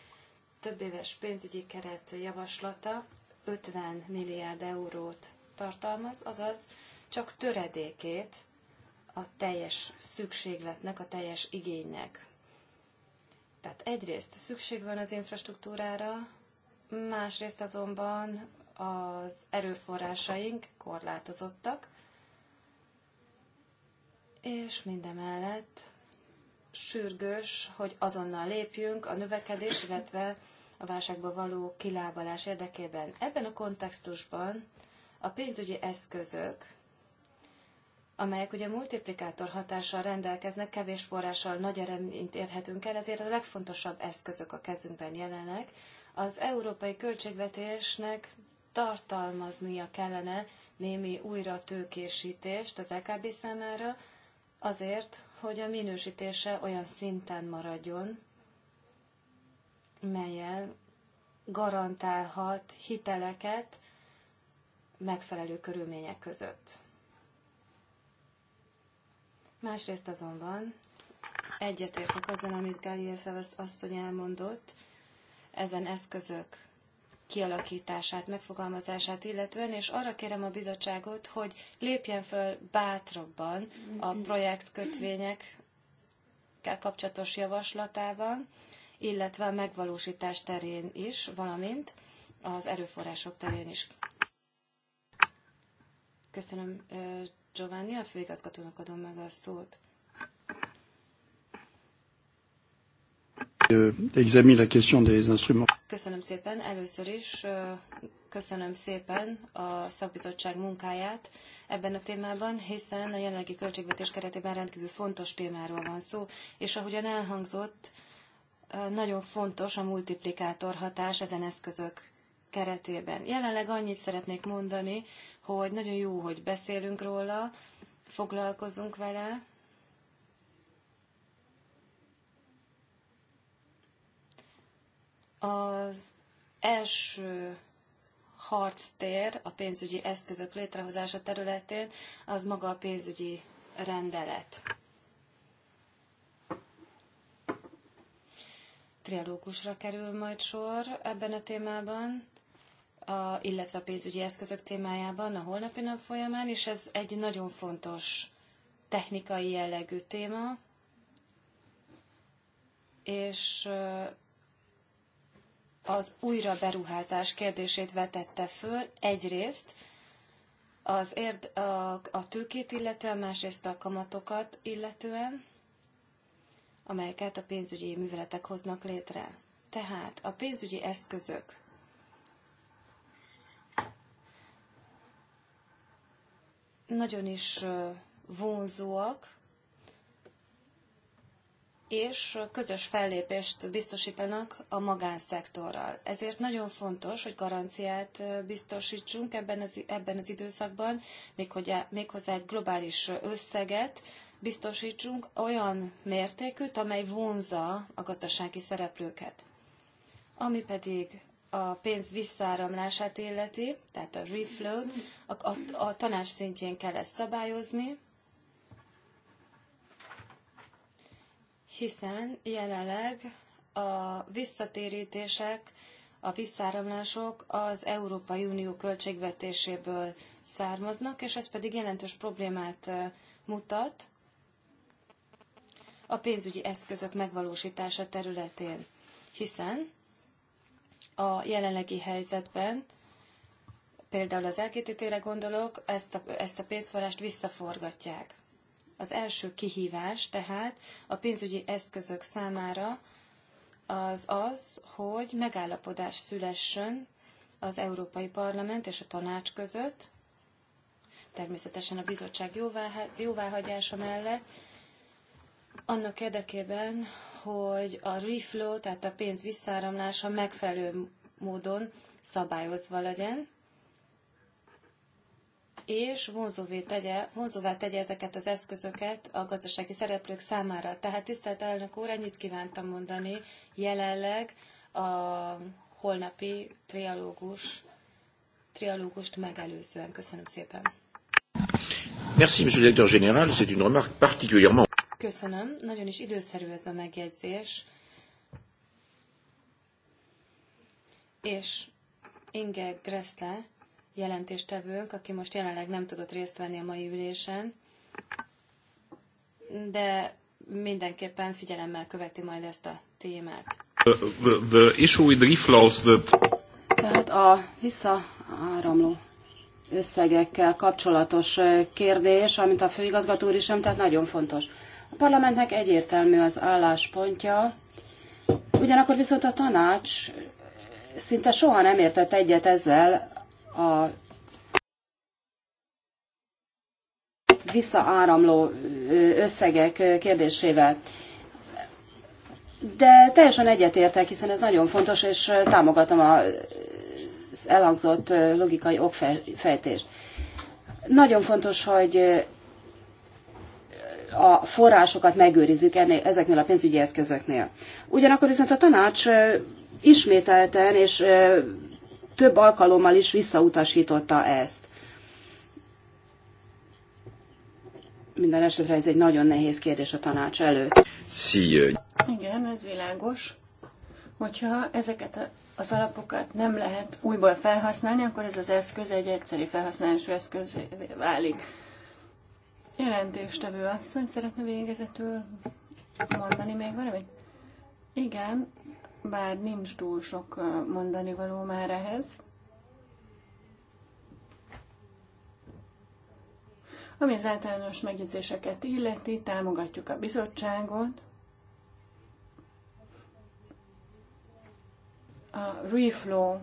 több éves pénzügyi keret javaslata 50 milliárd eurót tartalmaz, azaz csak töredékét a teljes szükségletnek, a teljes igénynek. Tehát egyrészt szükség van az infrastruktúrára, másrészt azonban az erőforrásaink korlátozottak, és mindemellett sürgős, hogy azonnal lépjünk a növekedés, illetve a válságba való kilábalás érdekében. Ebben a kontextusban a pénzügyi eszközök, amelyek ugye multiplikátor hatással rendelkeznek, kevés forrással nagy eredményt érhetünk el, ezért a legfontosabb eszközök a kezünkben jelenek. Az európai költségvetésnek tartalmaznia kellene némi újra tőkésítést az LKB számára, azért, hogy a minősítése olyan szinten maradjon, melyel garantálhat hiteleket megfelelő körülmények között. Másrészt azonban egyetértek azon, amit Gáliel Szevesz asszony elmondott, ezen eszközök kialakítását, megfogalmazását illetően, és arra kérem a bizottságot, hogy lépjen föl bátrabban a projekt kötvények kapcsolatos javaslatában, illetve a megvalósítás terén is, valamint az erőforrások terén is. Köszönöm Giovanni, a főigazgatónak adom meg a szót. Köszönöm szépen először is, köszönöm szépen a szakbizottság munkáját ebben a témában, hiszen a jelenlegi költségvetés keretében rendkívül fontos témáról van szó, és ahogyan elhangzott, nagyon fontos a multiplikátor hatás ezen eszközök keretében. Jelenleg annyit szeretnék mondani, hogy nagyon jó, hogy beszélünk róla, foglalkozunk vele, Az első harctér a pénzügyi eszközök létrehozása területén az maga a pénzügyi rendelet. Trialógusra kerül majd sor ebben a témában, a, illetve a pénzügyi eszközök témájában a holnapi nap folyamán, és ez egy nagyon fontos technikai jellegű téma, és az újraberuházás kérdését vetette föl. Egyrészt az érd, a, a tőkét illetően, másrészt a kamatokat illetően, amelyeket a pénzügyi műveletek hoznak létre. Tehát a pénzügyi eszközök nagyon is vonzóak, és közös fellépést biztosítanak a magánszektorral. Ezért nagyon fontos, hogy garanciát biztosítsunk ebben az, ebben az időszakban, méghozzá egy globális összeget biztosítsunk olyan mértékűt, amely vonza a gazdasági szereplőket. Ami pedig a pénz visszaáramlását illeti, tehát a reflow, a, a, a tanács szintjén kell ezt szabályozni, hiszen jelenleg a visszatérítések, a visszáramlások az Európai Unió költségvetéséből származnak, és ez pedig jelentős problémát mutat a pénzügyi eszközök megvalósítása területén, hiszen a jelenlegi helyzetben, például az LKTT-re gondolok, ezt a, ezt a pénzforrást visszaforgatják. Az első kihívás tehát a pénzügyi eszközök számára az az, hogy megállapodás szülessön az Európai Parlament és a tanács között, természetesen a bizottság jóváhagyása mellett, annak érdekében, hogy a reflow, tehát a pénz visszáramlása megfelelő módon szabályozva legyen, és vonzóvé tegye, vonzóvá tegye ezeket az eszközöket a gazdasági szereplők számára. Tehát tisztelt elnök úr, ennyit kívántam mondani jelenleg a holnapi trialógus, trialógust megelőzően. Köszönöm szépen. Merci, monsieur le directeur général. C'est une remarque particulièrement... Köszönöm. Nagyon is időszerű ez a megjegyzés. És Inge Gressle jelentéstevőnk, aki most jelenleg nem tudott részt venni a mai ülésen, de mindenképpen figyelemmel követi majd ezt a témát. The, the, the issue with reflows that... Tehát a visszaáramló összegekkel kapcsolatos kérdés, amit a főigazgató úr is említett, nagyon fontos. A parlamentnek egyértelmű az álláspontja, ugyanakkor viszont a tanács szinte soha nem értett egyet ezzel, a visszaáramló összegek kérdésével. De teljesen egyetértek, hiszen ez nagyon fontos, és támogatom az elhangzott logikai okfejtést. Nagyon fontos, hogy a forrásokat megőrizzük ennél, ezeknél a pénzügyi eszközöknél. Ugyanakkor viszont a tanács ismételten és több alkalommal is visszautasította ezt. Minden esetre ez egy nagyon nehéz kérdés a tanács előtt. Szia. Igen, ez világos. Hogyha ezeket az alapokat nem lehet újból felhasználni, akkor ez az eszköz egy egyszerű felhasználású eszköz válik. Jelentéstevő asszony szeretne végezetül mondani még valamit? Igen, bár nincs túl sok mondani való már ehhez. Ami az általános megjegyzéseket illeti, támogatjuk a bizottságot. A reflow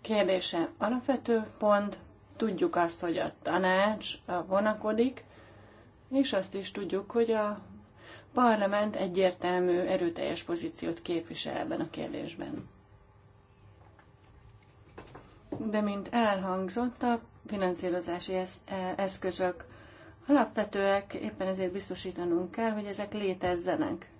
kérdése alapvető pont. Tudjuk azt, hogy a tanács vonakodik, és azt is tudjuk, hogy a parlament egyértelmű, erőteljes pozíciót képvisel ebben a kérdésben. De mint elhangzott, a finanszírozási e, eszközök alapvetőek, éppen ezért biztosítanunk kell, hogy ezek létezzenek.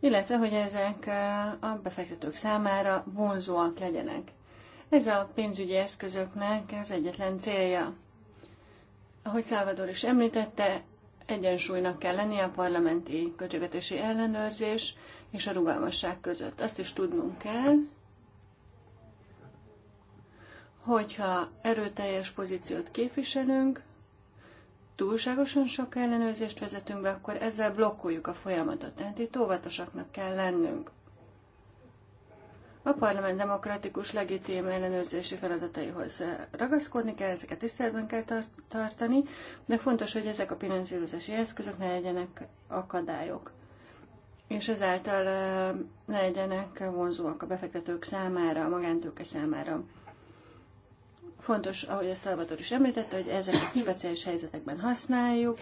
Illetve, hogy ezek e, a befektetők számára vonzóak legyenek. Ez a pénzügyi eszközöknek az egyetlen célja. Ahogy Szálvador is említette, Egyensúlynak kell lennie a parlamenti költségvetési ellenőrzés és a rugalmasság között. Azt is tudnunk kell, hogyha erőteljes pozíciót képviselünk, túlságosan sok ellenőrzést vezetünk be, akkor ezzel blokkoljuk a folyamatot. Tehát itt óvatosaknak kell lennünk. A parlament demokratikus, legitim ellenőrzési feladataihoz ragaszkodni kell, ezeket tiszteletben kell tartani, de fontos, hogy ezek a finanszírozási eszközök ne legyenek akadályok, és ezáltal ne legyenek vonzóak a befektetők számára, a magántőke számára. Fontos, ahogy a Szalvator is említette, hogy ezeket speciális helyzetekben használjuk,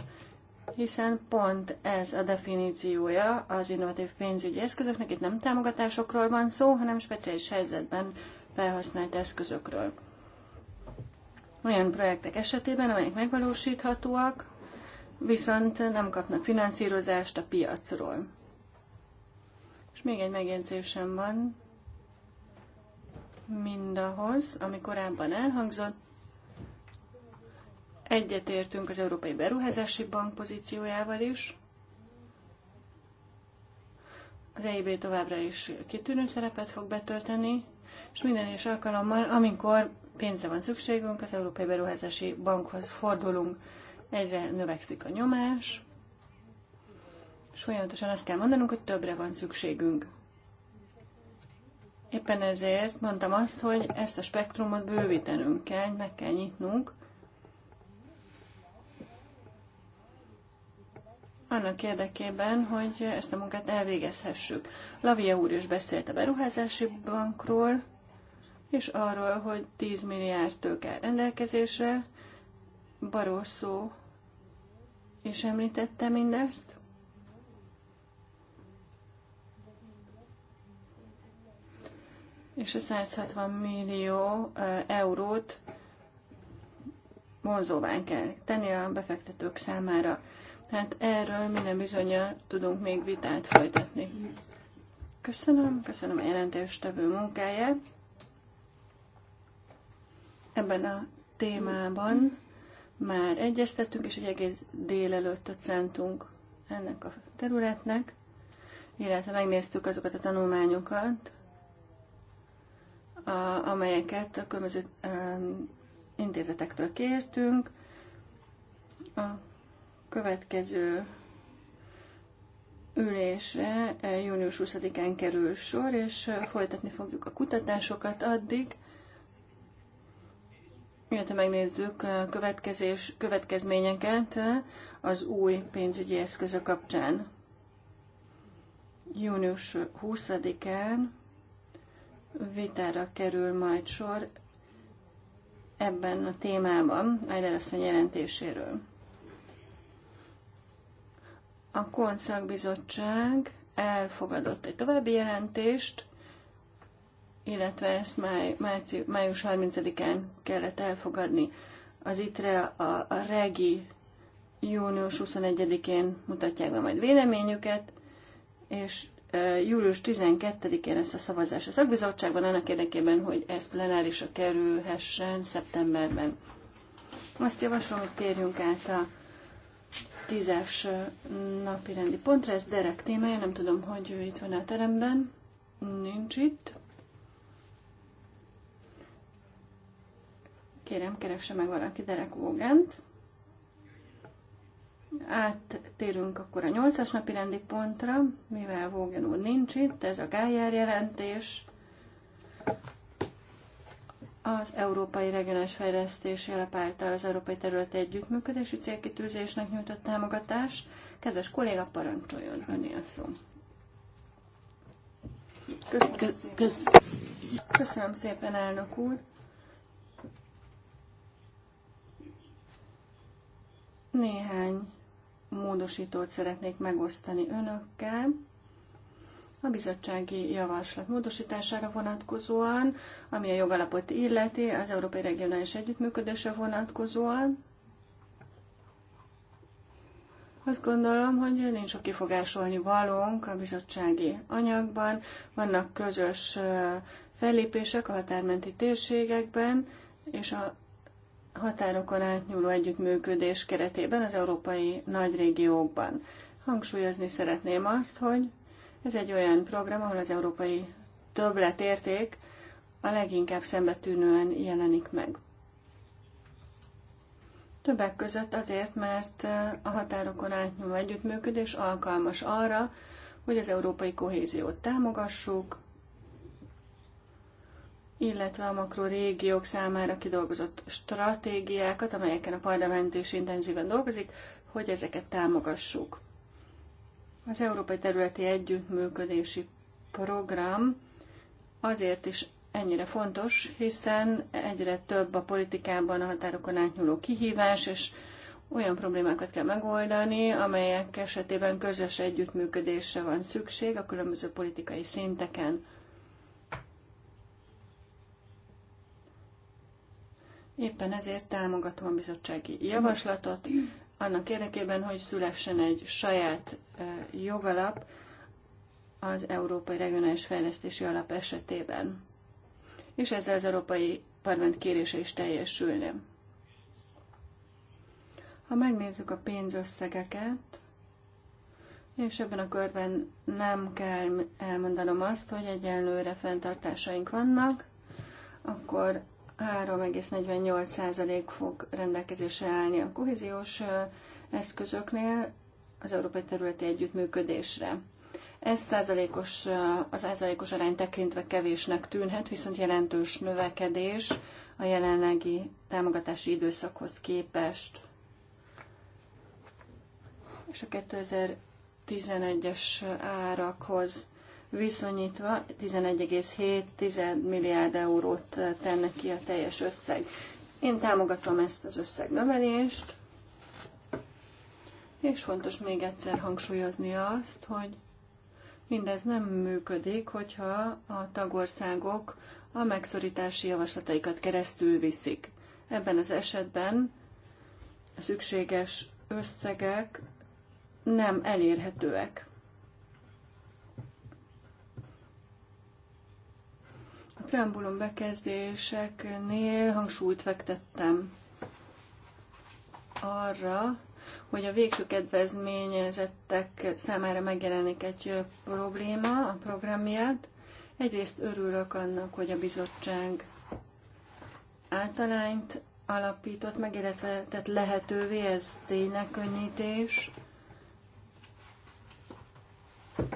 hiszen pont ez a definíciója az innovatív pénzügyi eszközöknek. Itt nem támogatásokról van szó, hanem speciális helyzetben felhasznált eszközökről. Olyan projektek esetében, amelyek megvalósíthatóak, viszont nem kapnak finanszírozást a piacról. És még egy megjegyzésem van mindahhoz, ami korábban elhangzott, Egyetértünk az Európai Beruházási Bank pozíciójával is. Az EIB továbbra is kitűnő szerepet fog betölteni, és minden és alkalommal, amikor pénzre van szükségünk, az Európai Beruházási Bankhoz fordulunk. Egyre növekszik a nyomás, és folyamatosan azt kell mondanunk, hogy többre van szükségünk. Éppen ezért mondtam azt, hogy ezt a spektrumot bővítenünk kell, meg kell nyitnunk, annak érdekében, hogy ezt a munkát elvégezhessük. Lavia úr is beszélt a beruházási bankról, és arról, hogy 10 milliárd tőke rendelkezésre, Barosszó is említette mindezt. És a 160 millió eurót vonzóvá kell tenni a befektetők számára. Tehát erről minden bizonyal tudunk még vitát folytatni. Köszönöm, köszönöm a jelentéstevő munkáját. Ebben a témában már egyeztettünk, és egy egész délelőttet szántunk ennek a területnek, illetve megnéztük azokat a tanulmányokat, a, amelyeket a különböző intézetektől kértünk. A következő ülésre eh, június 20-án kerül sor, és eh, folytatni fogjuk a kutatásokat addig, illetve megnézzük a eh, következés, következményeket az új pénzügyi eszközök kapcsán. Június 20-án vitára kerül majd sor ebben a témában, Eiler asszony jelentéséről a szakbizottság elfogadott egy további jelentést, illetve ezt máj, májci, május 30-án kellett elfogadni. Az ITRE a, a REGI június 21-én mutatják be majd véleményüket, és e, július 12-én lesz a szavazás a szakbizottságban, annak érdekében, hogy ez plenárisra kerülhessen szeptemberben. Azt javaslom, hogy térjünk át a tízes napi rendi pontra, ez derek témája, nem tudom, hogy ő itt van a teremben, nincs itt. Kérem, keresse meg valaki Derek Vogent. Áttérünk akkor a nyolcas napi rendi pontra, mivel Vogan úr nincs itt, ez a Gájer jelentés az Európai Regionális Fejlesztési Alap által az Európai terület Együttműködési Célkitűzésnek nyújtott támogatás. Kedves kolléga, parancsoljon öné a szó. Kösz. Köszönöm szépen, elnök úr. Néhány módosítót szeretnék megosztani önökkel a bizottsági javaslat módosítására vonatkozóan, ami a jogalapot illeti, az Európai Regionális Együttműködésre vonatkozóan. Azt gondolom, hogy nincs sok kifogásolni valónk a bizottsági anyagban, vannak közös fellépések a határmenti térségekben, és a határokon átnyúló együttműködés keretében az európai nagyregiókban. Hangsúlyozni szeretném azt, hogy ez egy olyan program, ahol az európai többletérték a leginkább szembetűnően jelenik meg. Többek között azért, mert a határokon átnyúló együttműködés alkalmas arra, hogy az európai kohéziót támogassuk, illetve a makrorégiók számára kidolgozott stratégiákat, amelyeken a parlament is intenzíven dolgozik, hogy ezeket támogassuk. Az Európai Területi Együttműködési Program azért is ennyire fontos, hiszen egyre több a politikában a határokon átnyúló kihívás, és olyan problémákat kell megoldani, amelyek esetében közös együttműködésre van szükség a különböző politikai szinteken. Éppen ezért támogatom a bizottsági javaslatot, annak érdekében, hogy szülessen egy saját jogalap az Európai Regionális Fejlesztési Alap esetében. És ezzel az Európai Parlament kérése is teljesülne. Ha megnézzük a pénzösszegeket, és ebben a körben nem kell elmondanom azt, hogy egyenlőre fenntartásaink vannak, akkor 3,48% fog rendelkezésre állni a kohéziós eszközöknél az európai területi együttműködésre. Ez százalékos, az százalékos arány tekintve kevésnek tűnhet, viszont jelentős növekedés a jelenlegi támogatási időszakhoz képest. És a 2011-es árakhoz viszonyítva 11,7 milliárd eurót tenne ki a teljes összeg. Én támogatom ezt az összeg növelést, és fontos még egyszer hangsúlyozni azt, hogy mindez nem működik, hogyha a tagországok a megszorítási javaslataikat keresztül viszik. Ebben az esetben a szükséges összegek nem elérhetőek. preambulum bekezdéseknél hangsúlyt fektettem arra, hogy a végső kedvezményezettek számára megjelenik egy probléma a miatt. Egyrészt örülök annak, hogy a bizottság általányt alapított meg, illetve tett lehetővé ez tényleg könnyítés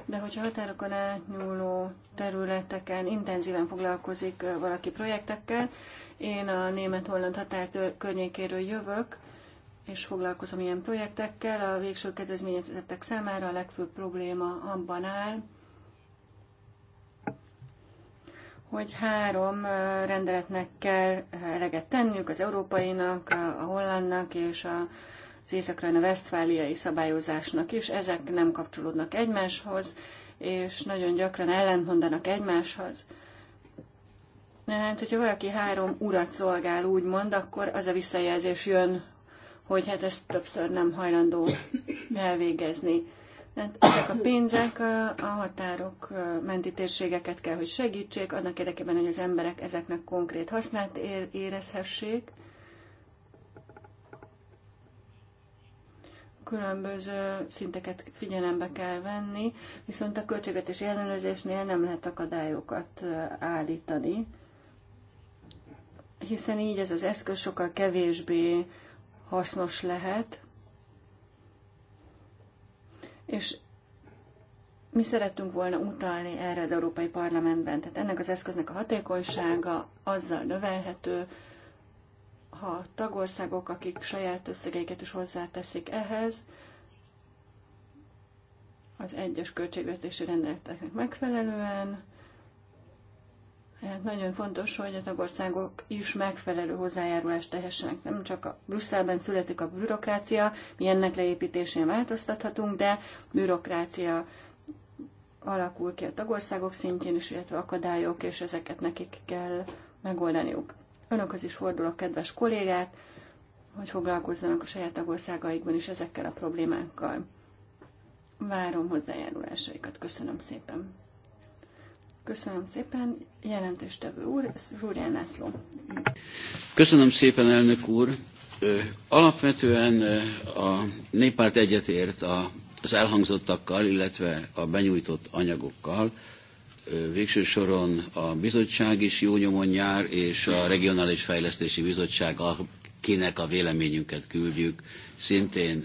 de hogyha határokon átnyúló területeken intenzíven foglalkozik valaki projektekkel, én a német-holland határ környékéről jövök, és foglalkozom ilyen projektekkel, a végső kedvezményezettek számára a legfőbb probléma abban áll, hogy három rendeletnek kell eleget tenniük, az európainak, a hollandnak és a az észak-rajna-vesztfáliai szabályozásnak is. Ezek nem kapcsolódnak egymáshoz, és nagyon gyakran ellentmondanak egymáshoz. Hát, hogyha valaki három urat szolgál, úgymond, akkor az a visszajelzés jön, hogy hát ezt többször nem hajlandó elvégezni. Hát ezek a pénzek a határok menti térségeket kell, hogy segítsék, annak érdekében, hogy az emberek ezeknek konkrét hasznát érezhessék. különböző szinteket figyelembe kell venni, viszont a költségvetési ellenőrzésnél nem lehet akadályokat állítani, hiszen így ez az eszköz sokkal kevésbé hasznos lehet, és mi szerettünk volna utalni erre az Európai Parlamentben. Tehát ennek az eszköznek a hatékonysága azzal növelhető, ha tagországok, akik saját összegeiket is hozzáteszik ehhez, az egyes költségvetési rendeleteknek megfelelően. Hát nagyon fontos, hogy a tagországok is megfelelő hozzájárulást tehessenek. Nem csak a Brüsszelben születik a bürokrácia, mi ennek leépítésén változtathatunk, de bürokrácia alakul ki a tagországok szintjén is, illetve akadályok, és ezeket nekik kell megoldaniuk. Önökhöz is fordulok, kedves kollégák, hogy foglalkozzanak a saját tagországaikban is ezekkel a problémákkal. Várom hozzájárulásaikat. Köszönöm szépen. Köszönöm szépen, jelentéstevő úr, Zsúrján László. Köszönöm szépen, elnök úr. Alapvetően a néppárt egyetért az elhangzottakkal, illetve a benyújtott anyagokkal végső soron a bizottság is jó nyomon jár, és a Regionális Fejlesztési Bizottság, kinek a véleményünket küldjük, szintén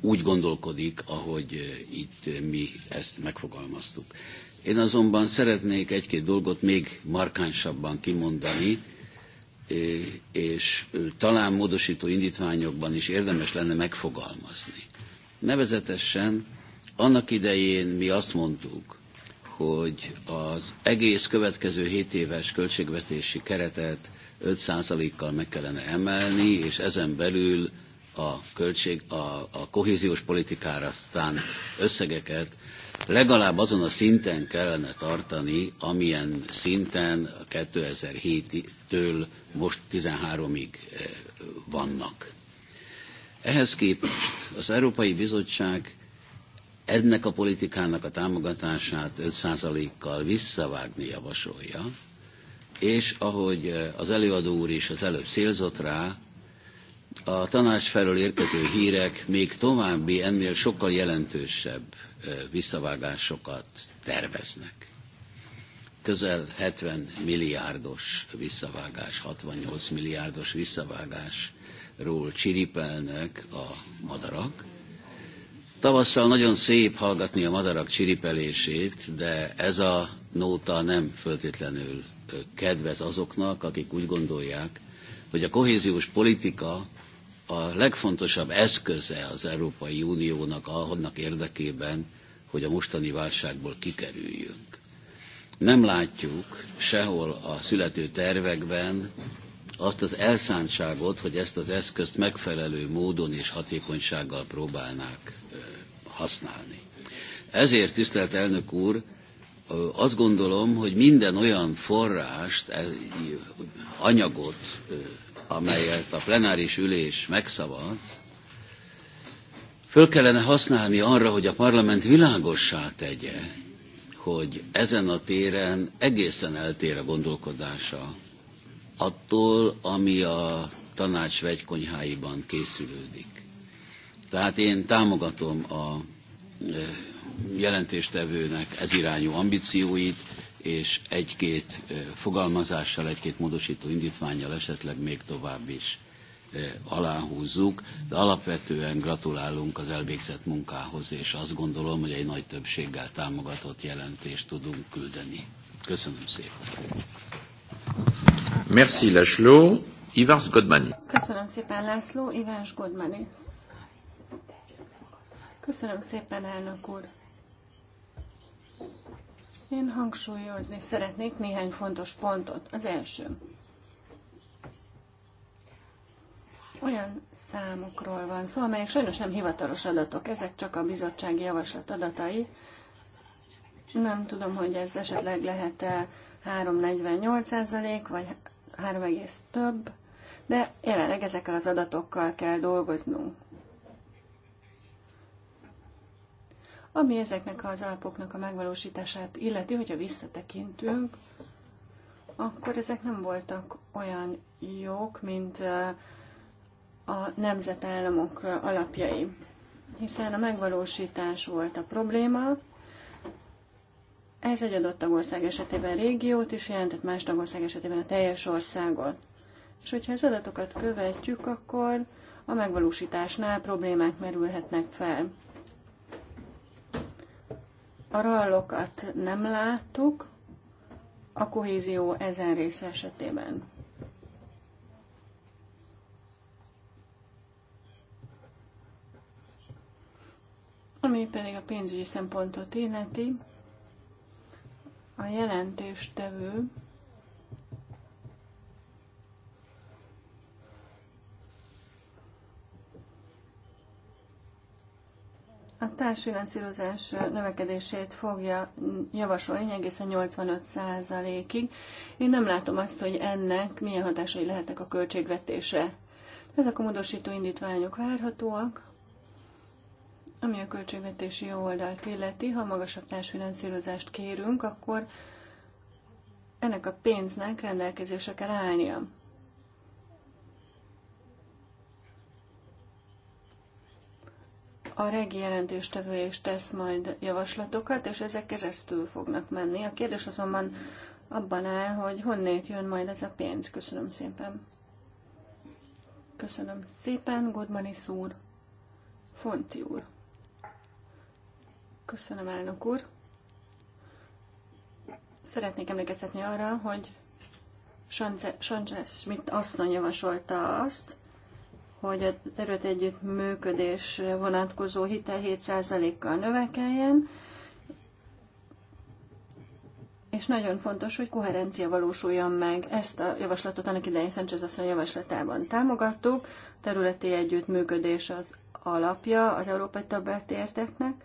úgy gondolkodik, ahogy itt mi ezt megfogalmaztuk. Én azonban szeretnék egy-két dolgot még markánsabban kimondani, és talán módosító indítványokban is érdemes lenne megfogalmazni. Nevezetesen annak idején mi azt mondtuk, hogy az egész következő 7 éves költségvetési keretet 5%-kal meg kellene emelni, és ezen belül a, költség, a, a kohéziós politikára szánt összegeket legalább azon a szinten kellene tartani, amilyen szinten 2007-től most 13-ig eh, vannak. Ehhez képest az Európai Bizottság ennek a politikának a támogatását 5%-kal visszavágni javasolja, és ahogy az előadó úr is az előbb szélzott rá, a tanács felől érkező hírek még további, ennél sokkal jelentősebb visszavágásokat terveznek. Közel 70 milliárdos visszavágás, 68 milliárdos visszavágásról csiripelnek a madarak, Tavasszal nagyon szép hallgatni a madarak csiripelését, de ez a nóta nem föltétlenül kedvez azoknak, akik úgy gondolják, hogy a kohéziós politika a legfontosabb eszköze az Európai Uniónak annak érdekében, hogy a mostani válságból kikerüljünk. Nem látjuk sehol a születő tervekben azt az elszántságot, hogy ezt az eszközt megfelelő módon és hatékonysággal próbálnák használni. Ezért, tisztelt elnök úr, azt gondolom, hogy minden olyan forrást, e, anyagot, amelyet a plenáris ülés megszavaz, föl kellene használni arra, hogy a parlament világossá tegye, hogy ezen a téren egészen eltér a gondolkodása attól, ami a tanács vegykonyháiban készülődik. Tehát én támogatom a jelentéstevőnek ez irányú ambícióit, és egy-két fogalmazással, egy-két módosító indítványjal esetleg még tovább is aláhúzzuk, de alapvetően gratulálunk az elvégzett munkához, és azt gondolom, hogy egy nagy többséggel támogatott jelentést tudunk küldeni. Köszönöm szépen. Merci László, Ivars Godmani. Köszönöm szépen László, Ivars Godmani. Köszönöm szépen, elnök úr. Én hangsúlyozni szeretnék néhány fontos pontot. Az első. Olyan számokról van szó, amelyek sajnos nem hivatalos adatok, ezek csak a bizottsági javaslat adatai. Nem tudom, hogy ez esetleg lehet-e 3,48% vagy 3, több, de jelenleg ezekkel az adatokkal kell dolgoznunk. ami ezeknek az alapoknak a megvalósítását illeti, hogyha visszatekintünk, akkor ezek nem voltak olyan jók, mint a nemzetállamok alapjai, hiszen a megvalósítás volt a probléma, ez egy adott tagország esetében régiót is jelentett, más tagország esetében a teljes országot. És hogyha az adatokat követjük, akkor a megvalósításnál problémák merülhetnek fel. A rallokat nem láttuk a kohézió ezen része esetében. Ami pedig a pénzügyi szempontot illeti, a jelentéstevő a társfinanszírozás növekedését fogja javasolni egészen 85%-ig. Én nem látom azt, hogy ennek milyen hatásai lehetnek a költségvetése. Ezek a módosító indítványok várhatóak, ami a költségvetési oldalt illeti, ha magasabb társfinanszírozást kérünk, akkor ennek a pénznek rendelkezésre kell állnia. A regi jelentéstevője is tesz majd javaslatokat, és ezek keresztül fognak menni. A kérdés azonban abban áll, hogy honnét jön majd ez a pénz. Köszönöm szépen. Köszönöm szépen, Godmanis úr. Fonti úr. Köszönöm, elnök úr. Szeretnék emlékeztetni arra, hogy Sanchez Schmidt asszony javasolta azt, hogy a terület működés vonatkozó hitel 7%-kal növekeljen, és nagyon fontos, hogy koherencia valósuljon meg. Ezt a javaslatot annak idején Sánchez asszony javaslatában támogattuk. Területi együttműködés az alapja az európai érteknek.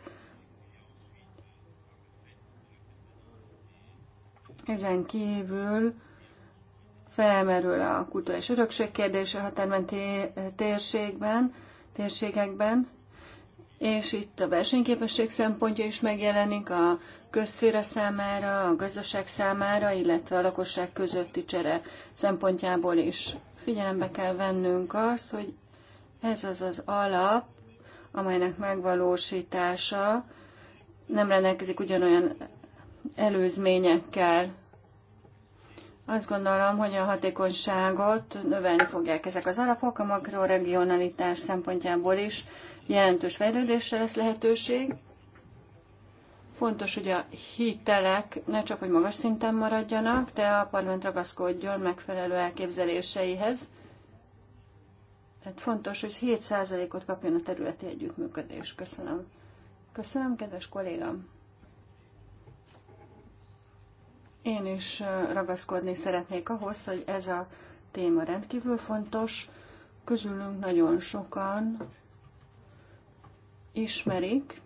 Ezen kívül felmerül a kultúra és örökség kérdése a határmenti térségben, térségekben, és itt a versenyképesség szempontja is megjelenik a közszféra számára, a gazdaság számára, illetve a lakosság közötti csere szempontjából is. Figyelembe kell vennünk azt, hogy ez az az alap, amelynek megvalósítása nem rendelkezik ugyanolyan előzményekkel, azt gondolom, hogy a hatékonyságot növelni fogják ezek az alapok, a makroregionalitás szempontjából is jelentős fejlődésre lesz lehetőség. Fontos, hogy a hitelek ne csak, hogy magas szinten maradjanak, de a parlament ragaszkodjon megfelelő elképzeléseihez. Tehát fontos, hogy 7%-ot kapjon a területi együttműködés. Köszönöm. Köszönöm, kedves kollégám. Én is ragaszkodni szeretnék ahhoz, hogy ez a téma rendkívül fontos. Közülünk nagyon sokan ismerik,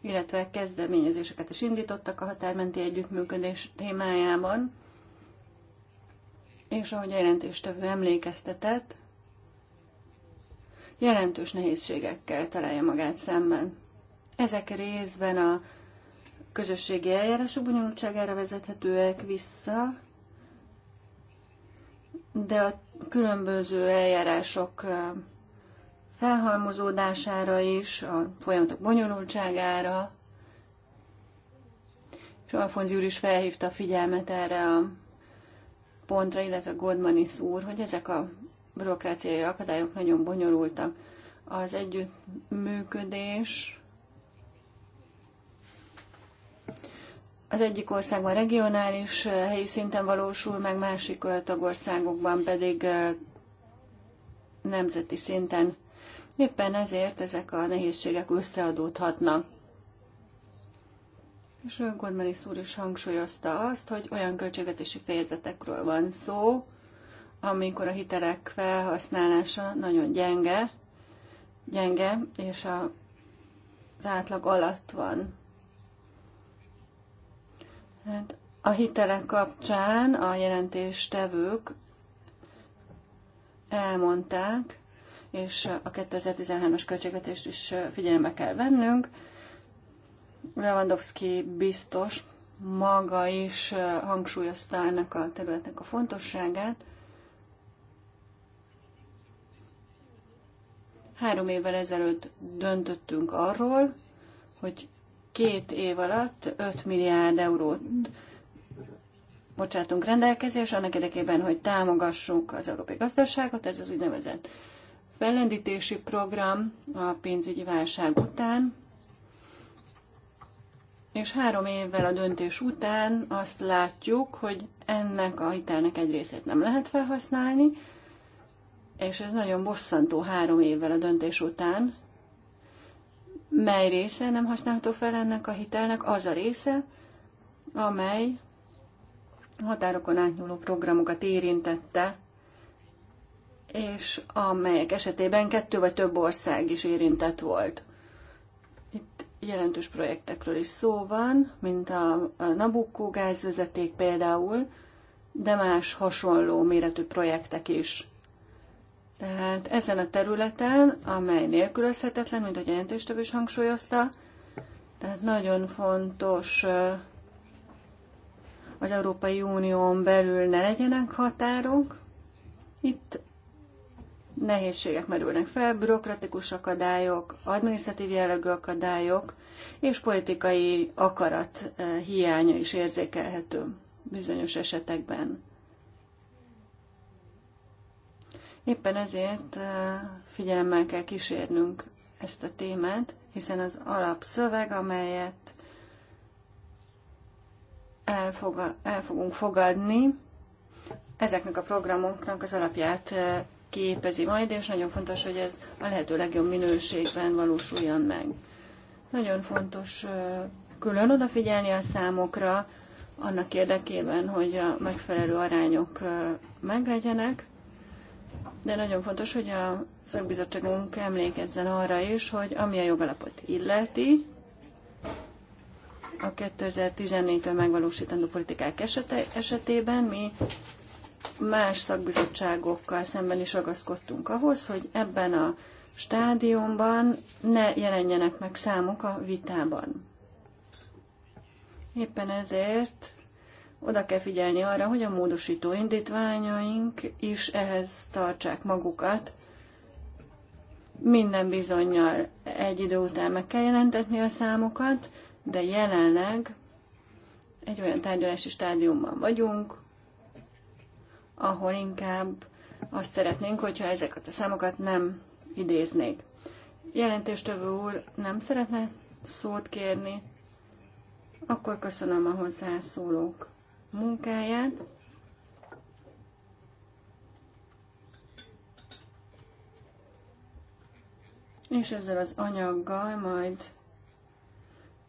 illetve kezdeményezéseket is indítottak a határmenti együttműködés témájában. És ahogy a jelentéstevő emlékeztetett, jelentős nehézségekkel találja magát szemben. Ezek részben a közösségi eljárások bonyolultságára vezethetőek vissza, de a különböző eljárások felhalmozódására is, a folyamatok bonyolultságára, és Alfonzi úr is felhívta a figyelmet erre a pontra, illetve Godmanis úr, hogy ezek a bürokráciai akadályok nagyon bonyolultak. Az együttműködés Az egyik országban regionális eh, helyi szinten valósul, meg másik eh, tagországokban pedig eh, nemzeti szinten. Éppen ezért ezek a nehézségek összeadódhatnak. És Gondmanis úr is hangsúlyozta azt, hogy olyan költségvetési fejezetekről van szó, amikor a hitelek felhasználása nagyon gyenge, gyenge és a, az átlag alatt van. Hát a hitelek kapcsán a jelentéstevők elmondták, és a 2013-as költségvetést is figyelembe kell vennünk. Lewandowski biztos maga is hangsúlyozta ennek a területnek a fontosságát. Három évvel ezelőtt döntöttünk arról, hogy két év alatt 5 milliárd eurót bocsátunk rendelkezés, annak érdekében, hogy támogassuk az európai gazdaságot, ez az úgynevezett fellendítési program a pénzügyi válság után, és három évvel a döntés után azt látjuk, hogy ennek a hitelnek egy részét nem lehet felhasználni, és ez nagyon bosszantó három évvel a döntés után, mely része nem használható fel ennek a hitelnek, az a része, amely határokon átnyúló programokat érintette, és amelyek esetében kettő vagy több ország is érintett volt. Itt jelentős projektekről is szó van, mint a, Nabucco gázvezeték például, de más hasonló méretű projektek is. Tehát ezen a területen, amely nélkülözhetetlen, mint hogy a jelentéstevő is hangsúlyozta, tehát nagyon fontos az Európai Unión belül ne legyenek határok. Itt nehézségek merülnek fel, bürokratikus akadályok, adminisztratív jellegű akadályok, és politikai akarat hiánya is érzékelhető bizonyos esetekben. Éppen ezért figyelemmel kell kísérnünk ezt a témát, hiszen az alapszöveg, amelyet elfog, el fogunk fogadni, ezeknek a programoknak az alapját képezi majd, és nagyon fontos, hogy ez a lehető legjobb minőségben valósuljon meg. Nagyon fontos külön odafigyelni a számokra, annak érdekében, hogy a megfelelő arányok meglegyenek, de nagyon fontos, hogy a szakbizottságunk emlékezzen arra is, hogy ami a jogalapot illeti, a 2014-től megvalósítandó politikák esete, esetében mi más szakbizottságokkal szemben is ragaszkodtunk ahhoz, hogy ebben a stádiumban ne jelenjenek meg számok a vitában. Éppen ezért oda kell figyelni arra, hogy a módosító indítványaink is ehhez tartsák magukat. Minden bizonyal egy idő után meg kell jelentetni a számokat, de jelenleg egy olyan tárgyalási stádiumban vagyunk, ahol inkább azt szeretnénk, hogyha ezeket a számokat nem idéznék. Jelentéstövő úr nem szeretne szót kérni, akkor köszönöm a hozzászólók munkáját. És ezzel az anyaggal majd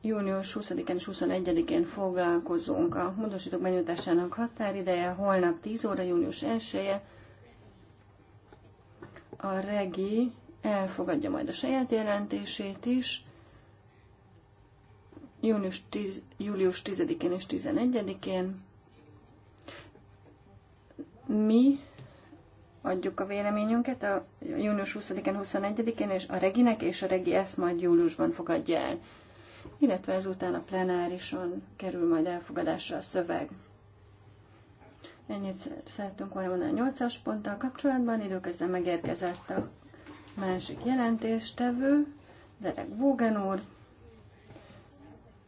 június 20 én és 21-én foglalkozunk. A módosítók benyújtásának határideje holnap 10 óra, június 1 -e. A regi elfogadja majd a saját jelentését is. Június 10, július 10-én és 11-én mi adjuk a véleményünket a június 20-án, 21-én, és a reginek és a regi ezt majd júliusban fogadja el. Illetve ezután a plenárison kerül majd elfogadásra a szöveg. Ennyit szerettünk volna mondani a 8-as ponttal kapcsolatban, időközben megérkezett a másik jelentéstevő, Derek Bogen úr,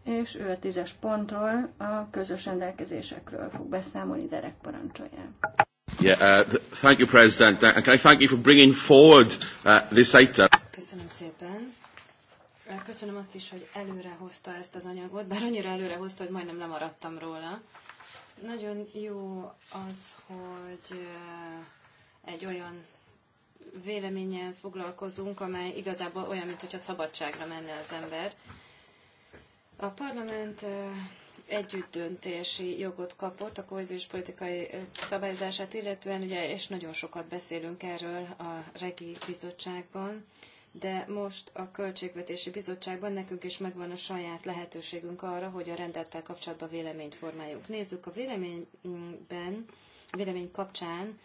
és ő a tízes pontról, a közös rendelkezésekről fog beszámolni Derek parancsolján. Yeah, uh, th- thank you, President. Uh, can I thank you for bringing forward uh, this item? Köszönöm szépen. Uh, köszönöm azt is, hogy előre hozta ezt az anyagot, bár annyira előre hozta, hogy majdnem lemaradtam róla. Nagyon jó az, hogy uh, egy olyan véleményen foglalkozunk, amely igazából olyan, mintha szabadságra menne az ember. A parlament uh, együttdöntési jogot kapott a kohéziós politikai szabályzását, illetően ugye, és nagyon sokat beszélünk erről a regi bizottságban, de most a Költségvetési Bizottságban nekünk is megvan a saját lehetőségünk arra, hogy a rendettel kapcsolatban véleményt formáljuk. Nézzük a véleményben, a vélemény kapcsán,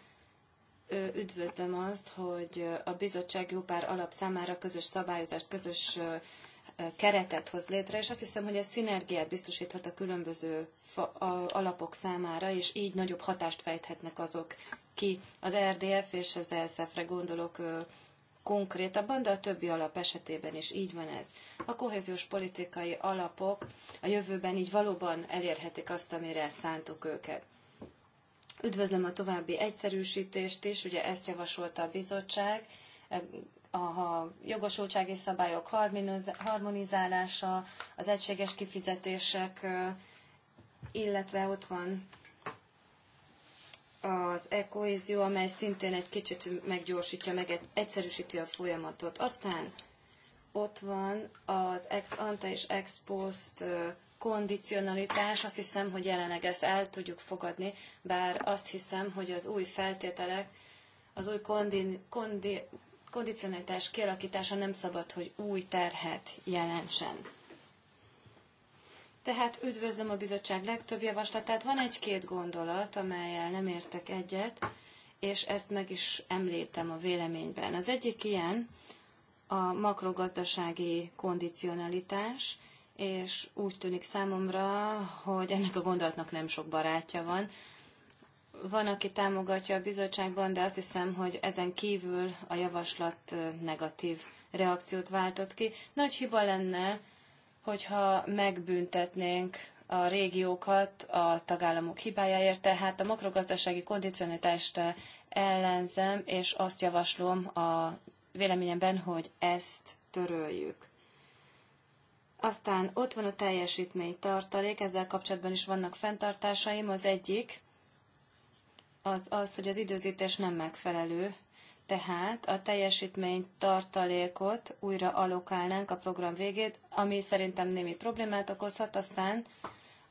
üdvözlöm azt, hogy a bizottság jó pár alap számára közös szabályozást, közös keretet hoz létre, és azt hiszem, hogy ez szinergiát biztosíthat a különböző alapok számára, és így nagyobb hatást fejthetnek azok ki. Az RDF és az ELSZEF-re gondolok konkrétabban, de a többi alap esetében is így van ez. A kohéziós politikai alapok a jövőben így valóban elérhetik azt, amire szántuk őket. Üdvözlöm a további egyszerűsítést is, ugye ezt javasolta a bizottság, a jogosultsági szabályok harmonizálása, az egységes kifizetések, illetve ott van az ekoézió, amely szintén egy kicsit meggyorsítja, meg egyszerűsíti a folyamatot. Aztán ott van az ex ante és ex post kondicionalitás, azt hiszem, hogy jelenleg ezt el tudjuk fogadni, bár azt hiszem, hogy az új feltételek, az új kondi, kondi, kondicionalitás kialakítása nem szabad, hogy új terhet jelentsen. Tehát üdvözlöm a bizottság legtöbb javaslatát. Van egy-két gondolat, amelyel nem értek egyet, és ezt meg is említem a véleményben. Az egyik ilyen a makrogazdasági kondicionalitás, és úgy tűnik számomra, hogy ennek a gondolatnak nem sok barátja van, van, aki támogatja a bizottságban, de azt hiszem, hogy ezen kívül a javaslat negatív reakciót váltott ki. Nagy hiba lenne, hogyha megbüntetnénk a régiókat a tagállamok hibájáért, tehát a makrogazdasági kondicionitást ellenzem, és azt javaslom a véleményemben, hogy ezt töröljük. Aztán ott van a teljesítmény tartalék, ezzel kapcsolatban is vannak fenntartásaim. Az egyik az az, hogy az időzítés nem megfelelő, tehát a teljesítmény tartalékot újra alokálnánk a program végét, ami szerintem némi problémát okozhat, aztán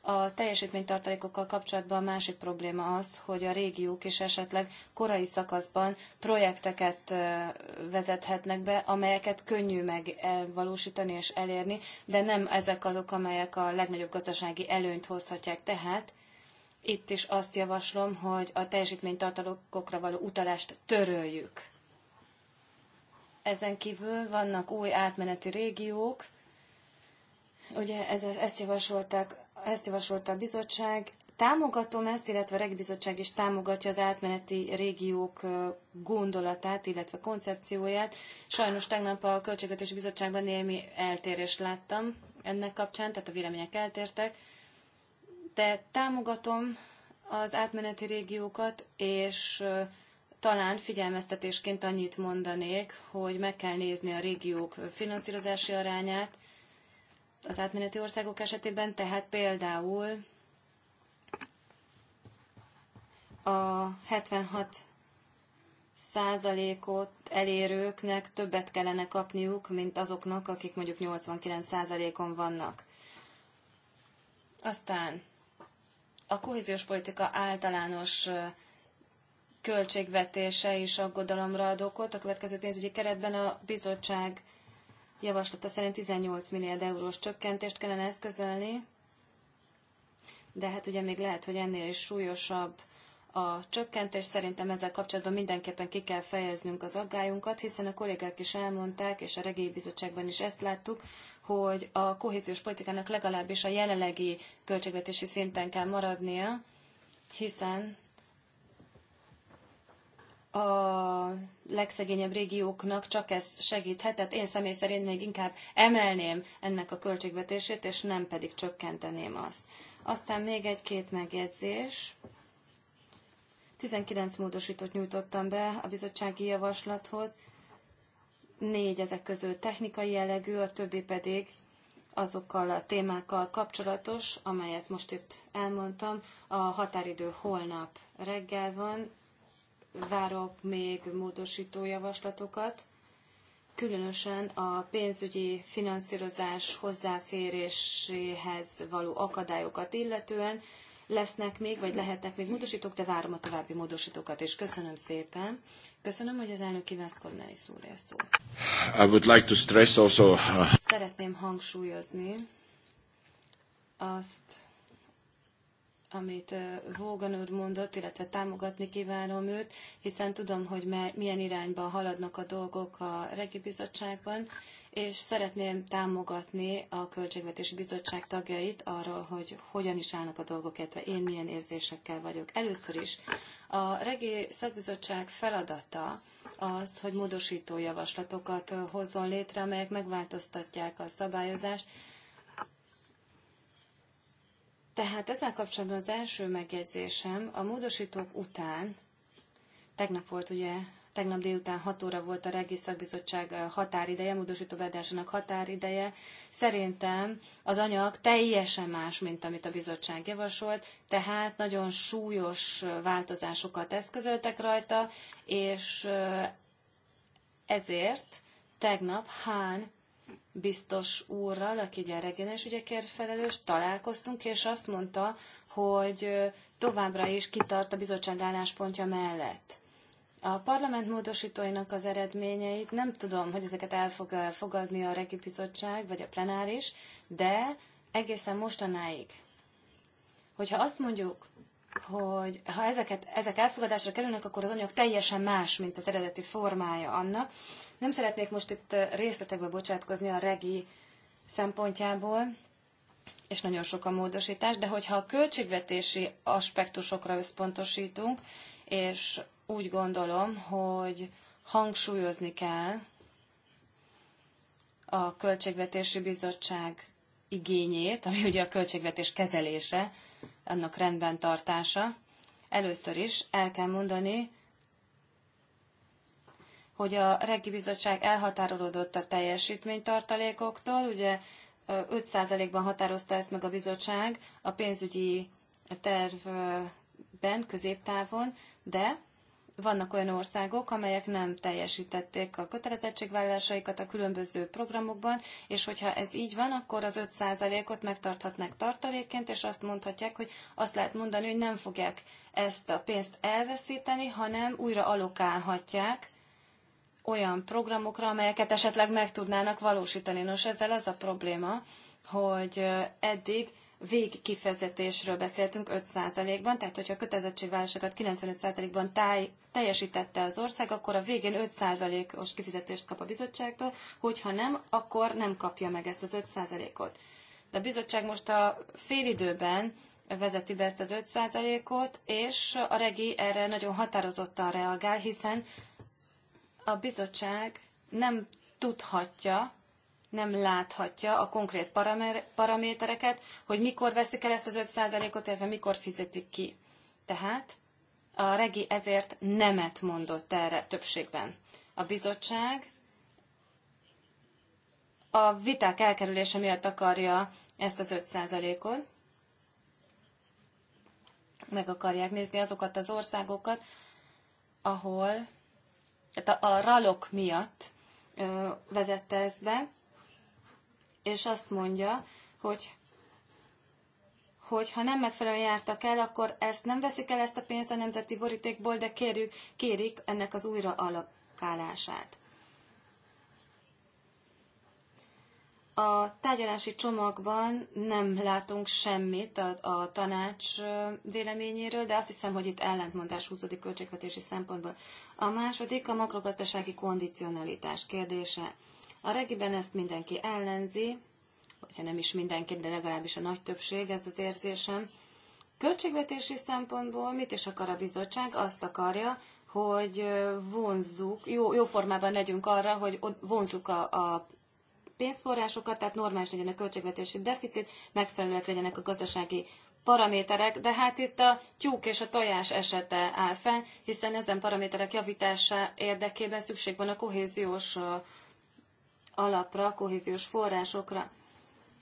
a teljesítménytartalékokkal kapcsolatban a másik probléma az, hogy a régiók is esetleg korai szakaszban projekteket vezethetnek be, amelyeket könnyű megvalósítani és elérni, de nem ezek azok, amelyek a legnagyobb gazdasági előnyt hozhatják. Tehát itt is azt javaslom, hogy a teljesítménytartalokokra való utalást töröljük. Ezen kívül vannak új átmeneti régiók, ugye ez, ezt, javasolták, ezt javasolta a bizottság. Támogatom ezt, illetve a Regbizottság is támogatja az átmeneti régiók gondolatát, illetve koncepcióját. Sajnos tegnap a Költségvetési Bizottságban némi eltérést láttam ennek kapcsán, tehát a vélemények eltértek de támogatom az átmeneti régiókat, és talán figyelmeztetésként annyit mondanék, hogy meg kell nézni a régiók finanszírozási arányát az átmeneti országok esetében, tehát például a 76 százalékot elérőknek többet kellene kapniuk, mint azoknak, akik mondjuk 89 százalékon vannak. Aztán a kohéziós politika általános költségvetése is aggodalomra ad okot. A következő pénzügyi keretben a bizottság javaslata szerint 18 milliárd eurós csökkentést kellene eszközölni, de hát ugye még lehet, hogy ennél is súlyosabb a csökkentés. Szerintem ezzel kapcsolatban mindenképpen ki kell fejeznünk az aggályunkat, hiszen a kollégák is elmondták, és a regélybizottságban is ezt láttuk, hogy a kohéziós politikának legalábbis a jelenlegi költségvetési szinten kell maradnia, hiszen a legszegényebb régióknak csak ez segíthet, tehát én személy szerint még inkább emelném ennek a költségvetését, és nem pedig csökkenteném azt. Aztán még egy-két megjegyzés. 19 módosítót nyújtottam be a bizottsági javaslathoz négy ezek közül technikai jellegű, a többi pedig azokkal a témákkal kapcsolatos, amelyet most itt elmondtam. A határidő holnap reggel van, várok még módosító javaslatokat, különösen a pénzügyi finanszírozás hozzáféréséhez való akadályokat illetően, lesznek még, vagy lehetnek még módosítók, de várom a további módosítókat, és köszönöm szépen. Köszönöm, hogy az elnök Iván Skodneri szúrja szó. I would like to stress also... Uh, Szeretném hangsúlyozni azt, amit Vógan úr mondott, illetve támogatni kívánom őt, hiszen tudom, hogy milyen irányba haladnak a dolgok a Regi Bizottságban, és szeretném támogatni a Költségvetési Bizottság tagjait arról, hogy hogyan is állnak a dolgok, illetve én milyen érzésekkel vagyok. Először is a Regi Szakbizottság feladata az, hogy módosító javaslatokat hozzon létre, amelyek megváltoztatják a szabályozást, tehát ezzel kapcsolatban az első megjegyzésem a módosítók után, tegnap volt ugye, tegnap délután 6 óra volt a Regi Szakbizottság határideje, módosító beadásának határideje. Szerintem az anyag teljesen más, mint amit a bizottság javasolt, tehát nagyon súlyos változásokat eszközöltek rajta, és ezért tegnap Hán biztos úrral, aki ugye a regionális ügyekért felelős, találkoztunk, és azt mondta, hogy továbbra is kitart a bizottság álláspontja mellett. A parlament módosítóinak az eredményeit nem tudom, hogy ezeket el fog fogadni a regi bizottság, vagy a plenáris, de egészen mostanáig, hogyha azt mondjuk, hogy ha ezeket, ezek elfogadásra kerülnek, akkor az anyag teljesen más, mint az eredeti formája annak, nem szeretnék most itt részletekbe bocsátkozni a regi szempontjából, és nagyon sok a módosítás, de hogyha a költségvetési aspektusokra összpontosítunk, és úgy gondolom, hogy hangsúlyozni kell a Költségvetési Bizottság igényét, ami ugye a költségvetés kezelése, annak rendben tartása. Először is el kell mondani, hogy a reggi bizottság elhatárolódott a teljesítménytartalékoktól, ugye 5%-ban határozta ezt meg a bizottság a pénzügyi tervben, középtávon, de vannak olyan országok, amelyek nem teljesítették a kötelezettségvállalásaikat a különböző programokban, és hogyha ez így van, akkor az 5%-ot megtarthatnak tartalékként, és azt mondhatják, hogy azt lehet mondani, hogy nem fogják ezt a pénzt elveszíteni, hanem újra alokálhatják olyan programokra, amelyeket esetleg meg tudnának valósítani. Nos, ezzel az a probléma, hogy eddig végkifezetésről beszéltünk 5%-ban, tehát hogyha a kötelezettségvállalásokat 95%-ban táj, teljesítette az ország, akkor a végén 5%-os kifizetést kap a bizottságtól, hogyha nem, akkor nem kapja meg ezt az 5%-ot. De a bizottság most a félidőben vezeti be ezt az 5%-ot, és a regi erre nagyon határozottan reagál, hiszen a bizottság nem tudhatja, nem láthatja a konkrét paramétereket, hogy mikor veszik el ezt az 5%-ot, illetve mikor fizetik ki. Tehát a regi ezért nemet mondott erre többségben. A bizottság a viták elkerülése miatt akarja ezt az 5%-ot, meg akarják nézni azokat az országokat, ahol tehát a, a ralok miatt ö, vezette ezt be, és azt mondja, hogy hogy ha nem megfelelően jártak el, akkor ezt nem veszik el ezt a pénzt a nemzeti borítékból, de kérjük, kérik ennek az újra alakálását. A tárgyalási csomagban nem látunk semmit a, a tanács véleményéről, de azt hiszem, hogy itt ellentmondás húzódik költségvetési szempontból. A második a makrogazdasági kondicionalitás kérdése. A regiben ezt mindenki ellenzi, hogyha nem is mindenki, de legalábbis a nagy többség, ez az érzésem. Költségvetési szempontból mit is akar a bizottság? Azt akarja, hogy vonzzuk, jó, jó formában legyünk arra, hogy vonzzuk a, a pénzforrásokat, tehát normális legyen a költségvetési deficit, megfelelőek legyenek a gazdasági paraméterek, de hát itt a tyúk és a tojás esete áll fenn, hiszen ezen paraméterek javítása érdekében szükség van a kohéziós alapra, a kohéziós forrásokra.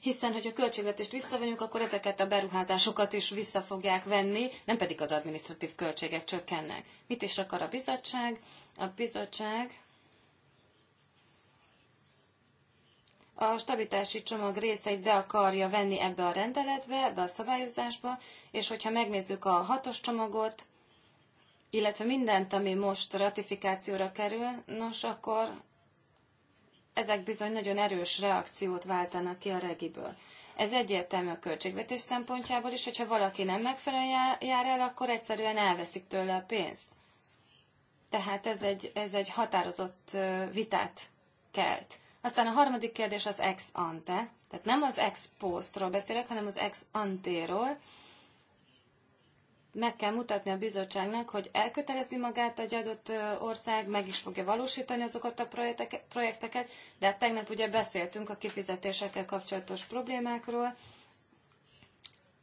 Hiszen, hogyha a költségvetést visszavonjuk, akkor ezeket a beruházásokat is vissza fogják venni, nem pedig az administratív költségek csökkennek. Mit is akar a bizottság? A bizottság a stabilitási csomag részeit be akarja venni ebbe a rendeletbe, ebbe a szabályozásba, és hogyha megnézzük a hatos csomagot, illetve mindent, ami most ratifikációra kerül, nos, akkor ezek bizony nagyon erős reakciót váltanak ki a regiből. Ez egyértelmű a költségvetés szempontjából is, hogyha valaki nem megfelelően jár el, akkor egyszerűen elveszik tőle a pénzt. Tehát ez egy, ez egy határozott vitát kelt. Aztán a harmadik kérdés az ex ante, tehát nem az ex postról beszélek, hanem az ex antéról. Meg kell mutatni a bizottságnak, hogy elkötelezi magát egy adott ország, meg is fogja valósítani azokat a projekteket, de hát tegnap ugye beszéltünk a kifizetésekkel kapcsolatos problémákról.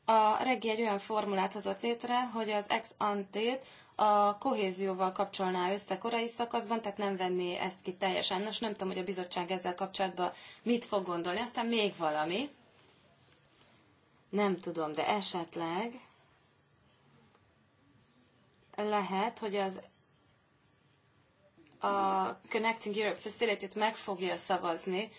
A regi egy olyan formulát hozott létre, hogy az ex antét a kohézióval kapcsolná össze korai szakaszban, tehát nem venné ezt ki teljesen. Nos, nem tudom, hogy a bizottság ezzel kapcsolatban mit fog gondolni. Aztán még valami. Nem tudom, de esetleg lehet, hogy az a Connecting Europe Facility-t meg fogja szavazni,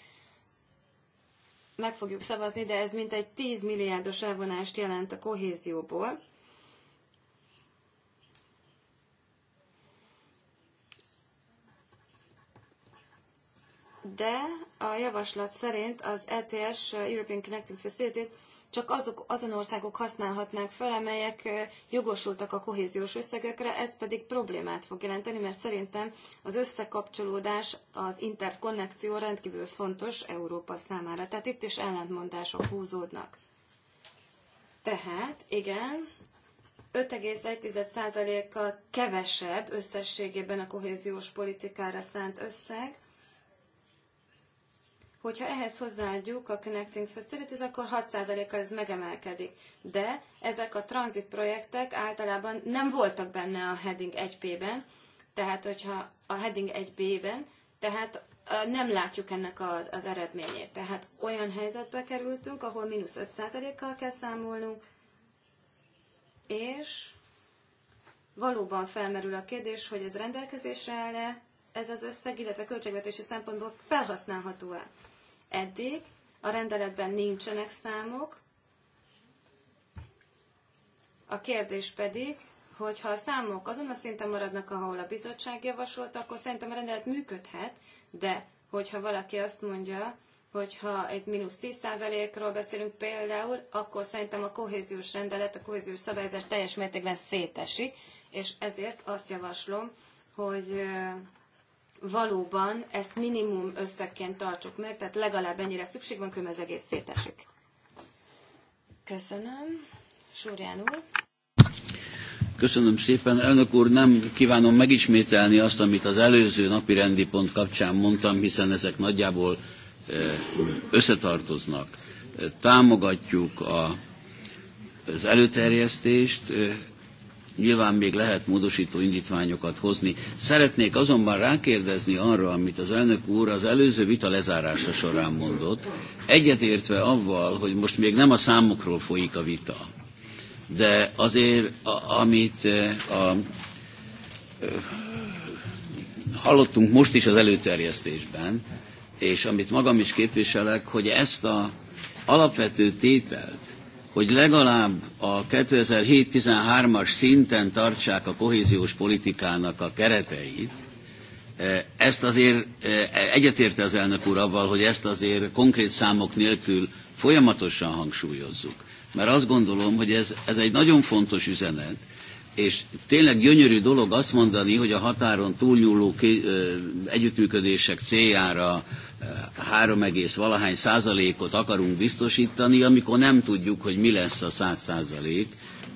meg fogjuk szavazni, de ez mintegy 10 milliárdos elvonást jelent a kohézióból. de a javaslat szerint az ETS uh, European Connecting facility csak azok, azon országok használhatnák fel, amelyek uh, jogosultak a kohéziós összegekre, ez pedig problémát fog jelenteni, mert szerintem az összekapcsolódás, az interkonnekció rendkívül fontos Európa számára. Tehát itt is ellentmondások húzódnak. Tehát, igen, 5,1%-kal kevesebb összességében a kohéziós politikára szánt összeg, hogyha ehhez hozzáadjuk a Connecting Facilities, akkor 6%-kal ez megemelkedik. De ezek a tranzit projektek általában nem voltak benne a heading 1B-ben, tehát hogyha a heading 1B-ben, tehát nem látjuk ennek az, az eredményét. Tehát olyan helyzetbe kerültünk, ahol mínusz 5%-kal kell számolnunk, és valóban felmerül a kérdés, hogy ez rendelkezésre áll-e ez az összeg, illetve költségvetési szempontból felhasználható-e eddig. A rendeletben nincsenek számok. A kérdés pedig, hogy ha a számok azon a szinten maradnak, ahol a bizottság javasolt, akkor szerintem a rendelet működhet, de hogyha valaki azt mondja, hogyha egy mínusz 10%-ról beszélünk például, akkor szerintem a kohéziós rendelet, a kohéziós szabályozás teljes mértékben szétesik, és ezért azt javaslom, hogy valóban ezt minimum összegként tartsuk meg, tehát legalább ennyire szükség van, különben az egész szétesik. Köszönöm. Súrján úr. Köszönöm szépen. Elnök úr, nem kívánom megismételni azt, amit az előző napi rendi pont kapcsán mondtam, hiszen ezek nagyjából eh, összetartoznak. Eh, támogatjuk a, az előterjesztést, eh, Nyilván még lehet módosító indítványokat hozni. Szeretnék azonban rákérdezni arra, amit az elnök úr az előző vita lezárása során mondott, egyetértve avval, hogy most még nem a számokról folyik a vita, de azért, a, amit eh, a, a, eh, hallottunk most is az előterjesztésben, és amit magam is képviselek, hogy ezt a alapvető tételt hogy legalább a 2007-13-as szinten tartsák a kohéziós politikának a kereteit, e, ezt azért e, egyetérte az elnök úr avval, hogy ezt azért konkrét számok nélkül folyamatosan hangsúlyozzuk. Mert azt gondolom, hogy ez, ez egy nagyon fontos üzenet, és tényleg gyönyörű dolog azt mondani, hogy a határon túlnyúló együttműködések céljára 3, valahány százalékot akarunk biztosítani, amikor nem tudjuk, hogy mi lesz a száz százalék.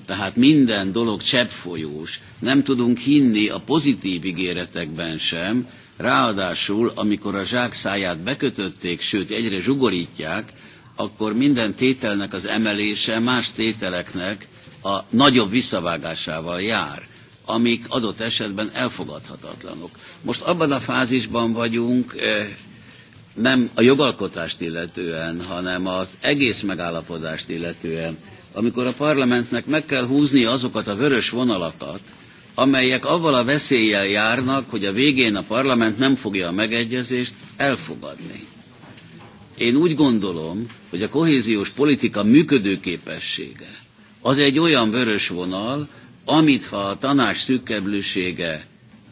Tehát minden dolog cseppfolyós. Nem tudunk hinni a pozitív ígéretekben sem, ráadásul, amikor a zsák száját bekötötték, sőt egyre zsugorítják, akkor minden tételnek az emelése más tételeknek a nagyobb visszavágásával jár, amik adott esetben elfogadhatatlanok. Most abban a fázisban vagyunk, eh, nem a jogalkotást illetően, hanem az egész megállapodást illetően, amikor a parlamentnek meg kell húzni azokat a vörös vonalakat, amelyek avval a veszéllyel járnak, hogy a végén a parlament nem fogja a megegyezést elfogadni. Én úgy gondolom, hogy a kohéziós politika működőképessége az egy olyan vörös vonal, amit ha a tanács szükkeblősége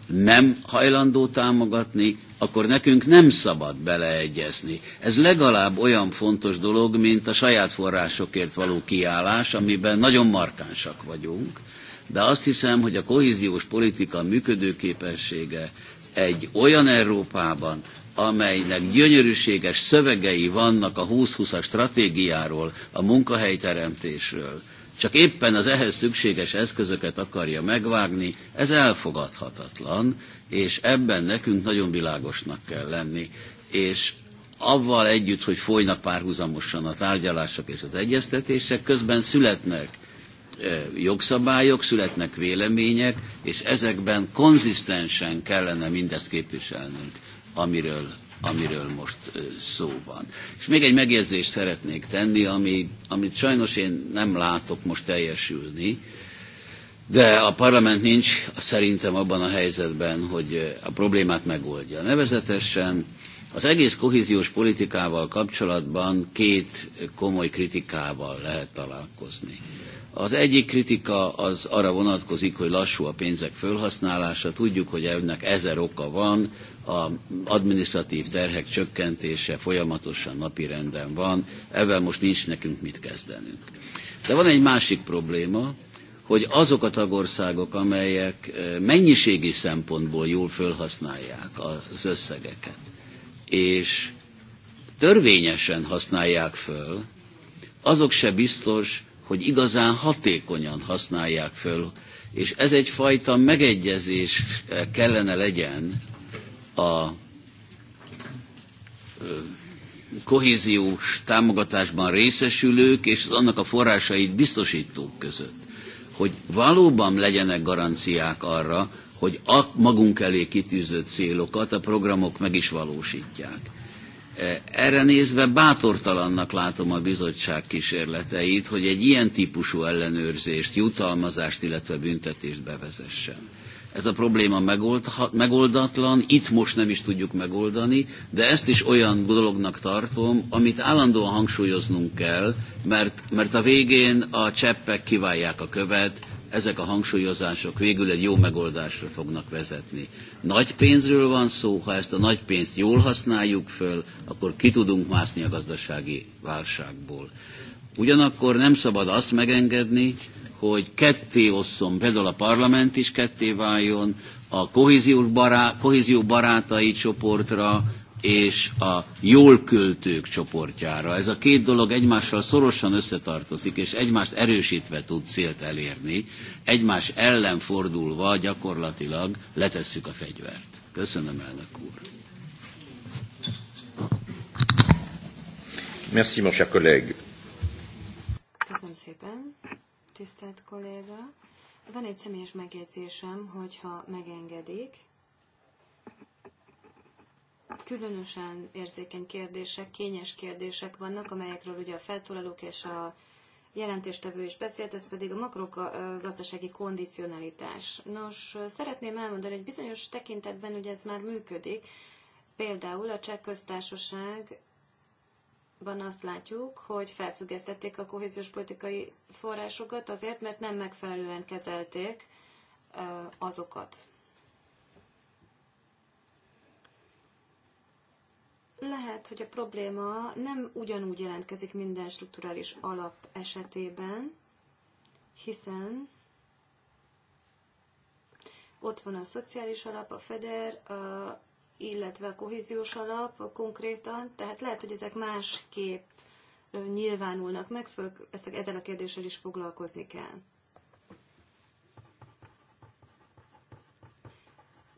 nem hajlandó támogatni, akkor nekünk nem szabad beleegyezni. Ez legalább olyan fontos dolog, mint a saját forrásokért való kiállás, amiben nagyon markánsak vagyunk, de azt hiszem, hogy a kohéziós politika működőképessége egy olyan Európában, amelynek gyönyörűséges szövegei vannak a 2020-as stratégiáról, a munkahelyteremtésről, csak éppen az ehhez szükséges eszközöket akarja megvágni, ez elfogadhatatlan, és ebben nekünk nagyon világosnak kell lenni, és avval együtt, hogy folynak párhuzamosan a tárgyalások és az egyeztetések, közben születnek jogszabályok, születnek vélemények, és ezekben konzisztensen kellene mindezt képviselnünk, amiről amiről most szó van. És még egy megjegyzést szeretnék tenni, ami, amit sajnos én nem látok most teljesülni, de a parlament nincs szerintem abban a helyzetben, hogy a problémát megoldja. Nevezetesen az egész kohéziós politikával kapcsolatban két komoly kritikával lehet találkozni. Az egyik kritika az arra vonatkozik, hogy lassú a pénzek fölhasználása. Tudjuk, hogy ennek ezer oka van, a administratív terhek csökkentése folyamatosan napirenden van, ezzel most nincs nekünk mit kezdenünk. De van egy másik probléma, hogy azok a tagországok, amelyek eh, mennyiségi szempontból jól felhasználják az összegeket, és törvényesen használják föl, azok se biztos, hogy igazán hatékonyan használják föl, és ez egyfajta megegyezés kellene legyen a kohéziós támogatásban részesülők és annak a forrásait biztosítók között. Hogy valóban legyenek garanciák arra, hogy a magunk elé kitűzött célokat a programok meg is valósítják. E, erre nézve bátortalannak látom a bizottság kísérleteit, hogy egy ilyen típusú ellenőrzést, jutalmazást, illetve büntetést bevezessen ez a probléma megoldatlan, itt most nem is tudjuk megoldani, de ezt is olyan dolognak tartom, amit állandóan hangsúlyoznunk kell, mert, mert a végén a cseppek kiválják a követ, ezek a hangsúlyozások végül egy jó megoldásra fognak vezetni. Nagy pénzről van szó, ha ezt a nagy pénzt jól használjuk föl, akkor ki tudunk mászni a gazdasági válságból. Ugyanakkor nem szabad azt megengedni, hogy ketté osszon, például a parlament is ketté váljon, a kohézió, bará, kohézió barátai csoportra és a jól költők csoportjára. Ez a két dolog egymással szorosan összetartozik, és egymást erősítve tud célt elérni, egymás ellen fordulva gyakorlatilag letesszük a fegyvert. Köszönöm, elnök úr. Merci, mon cher collègue. Köszönöm szépen tisztelt kolléga. Van egy személyes megjegyzésem, hogyha megengedik. Különösen érzékeny kérdések, kényes kérdések vannak, amelyekről ugye a felszólalók és a jelentéstevő is beszélt, ez pedig a makrogazdasági kondicionalitás. Nos, szeretném elmondani, hogy bizonyos tekintetben ugye ez már működik, Például a cseh köztársaság ban azt látjuk, hogy felfüggesztették a kohéziós politikai forrásokat azért, mert nem megfelelően kezelték azokat. Lehet, hogy a probléma nem ugyanúgy jelentkezik minden strukturális alap esetében, hiszen ott van a szociális alap, a FEDER, a illetve a kohéziós alap konkrétan, tehát lehet, hogy ezek másképp nyilvánulnak meg, föl, ezzel a kérdéssel is foglalkozni kell.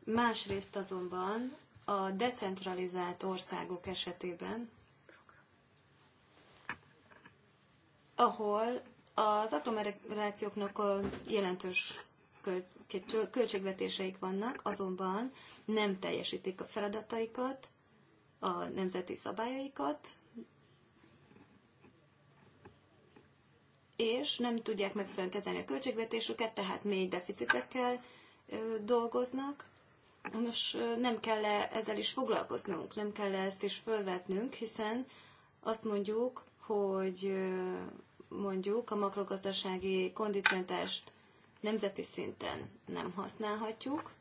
Másrészt azonban a decentralizált országok esetében, ahol az agglomerációknak a jelentős költségvetéseik vannak, azonban nem teljesítik a feladataikat, a nemzeti szabályaikat, és nem tudják megfelelően kezelni a költségvetésüket, tehát mély deficitekkel dolgoznak. Nos, nem kell -e ezzel is foglalkoznunk, nem kell -e ezt is fölvetnünk, hiszen azt mondjuk, hogy mondjuk a makrogazdasági kondicionitást nemzeti szinten nem használhatjuk,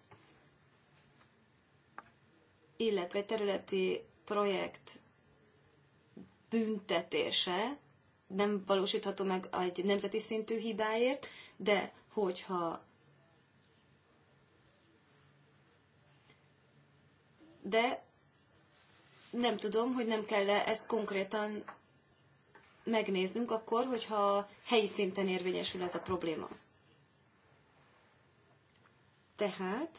illetve egy területi projekt büntetése nem valósítható meg egy nemzeti szintű hibáért, de hogyha de nem tudom, hogy nem kell -e ezt konkrétan megnéznünk akkor, hogyha helyi szinten érvényesül ez a probléma. Tehát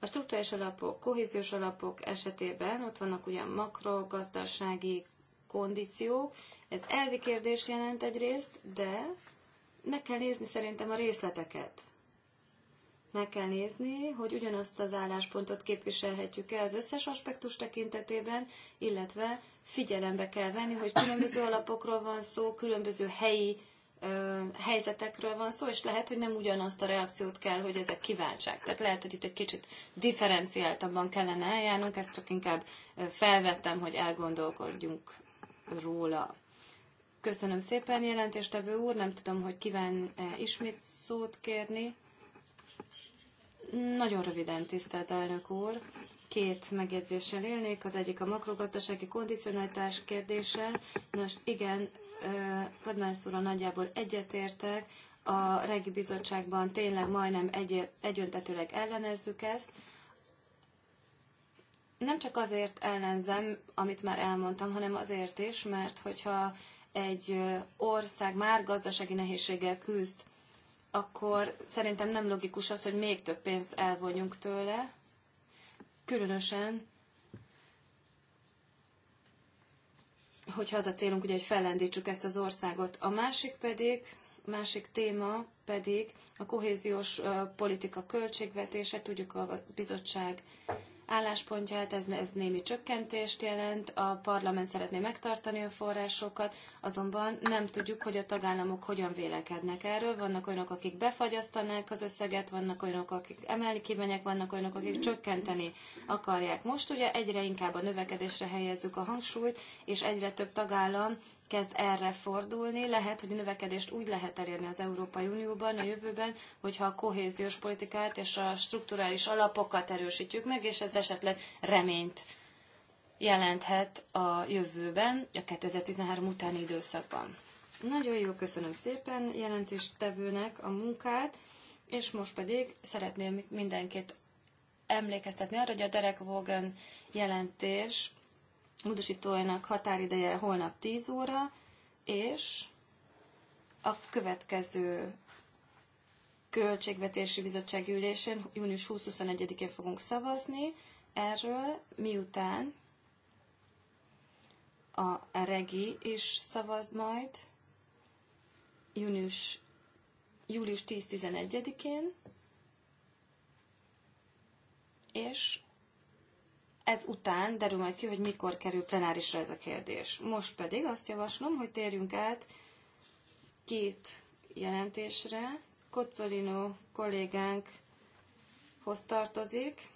a struktúrás alapok, kohéziós alapok esetében ott vannak ugyan makrogazdasági kondíciók, ez elvi kérdés jelent egyrészt, de meg kell nézni szerintem a részleteket. Meg kell nézni, hogy ugyanazt az álláspontot képviselhetjük-e az összes aspektus tekintetében, illetve figyelembe kell venni, hogy különböző alapokról van szó, különböző helyi helyzetekről van szó, és lehet, hogy nem ugyanazt a reakciót kell, hogy ezek kiváltsák. Tehát lehet, hogy itt egy kicsit differenciáltabban kellene eljárnunk, ezt csak inkább felvettem, hogy elgondolkodjunk róla. Köszönöm szépen, jelentéstevő úr, nem tudom, hogy kíván -e ismét szót kérni. Nagyon röviden, tisztelt elnök úr. Két megjegyzéssel élnék, az egyik a makrogazdasági kondicionalitás kérdése. Nos, igen, Kadmászúra nagyjából egyetértek, a regi bizottságban tényleg majdnem egy, egyöntetőleg ellenezzük ezt. Nem csak azért ellenzem, amit már elmondtam, hanem azért is, mert hogyha egy ország már gazdasági nehézséggel küzd, akkor szerintem nem logikus az, hogy még több pénzt elvonjunk tőle, különösen hogyha az a célunk, ugye, hogy fellendítsük ezt az országot. A másik pedig, másik téma pedig a kohéziós politika költségvetése. Tudjuk, a bizottság álláspontját, ez, ez némi csökkentést jelent, a parlament szeretné megtartani a forrásokat, azonban nem tudjuk, hogy a tagállamok hogyan vélekednek erről. Vannak olyanok, akik befagyasztanák az összeget, vannak olyanok, akik emelni kívánják, vannak olyanok, akik csökkenteni akarják. Most ugye egyre inkább a növekedésre helyezzük a hangsúlyt, és egyre több tagállam kezd erre fordulni. Lehet, hogy növekedést úgy lehet elérni az Európai Unióban a jövőben, hogyha a kohéziós politikát és a strukturális alapokat erősítjük meg, és ez esetleg reményt jelenthet a jövőben, a 2013 utáni időszakban. Nagyon jó, köszönöm szépen jelentéstevőnek a munkát, és most pedig szeretném mindenkit emlékeztetni arra, hogy a Derek Vaughan jelentés módosítójának határideje holnap 10 óra, és a következő Költségvetési Bizottsági Ülésén június 20-21-én fogunk szavazni erről, miután a Regi is szavaz majd június, július 10-11-én, és ez után derül majd ki, hogy mikor kerül plenárisra ez a kérdés. Most pedig azt javaslom, hogy térjünk át két jelentésre. Kocolino hoz tartozik,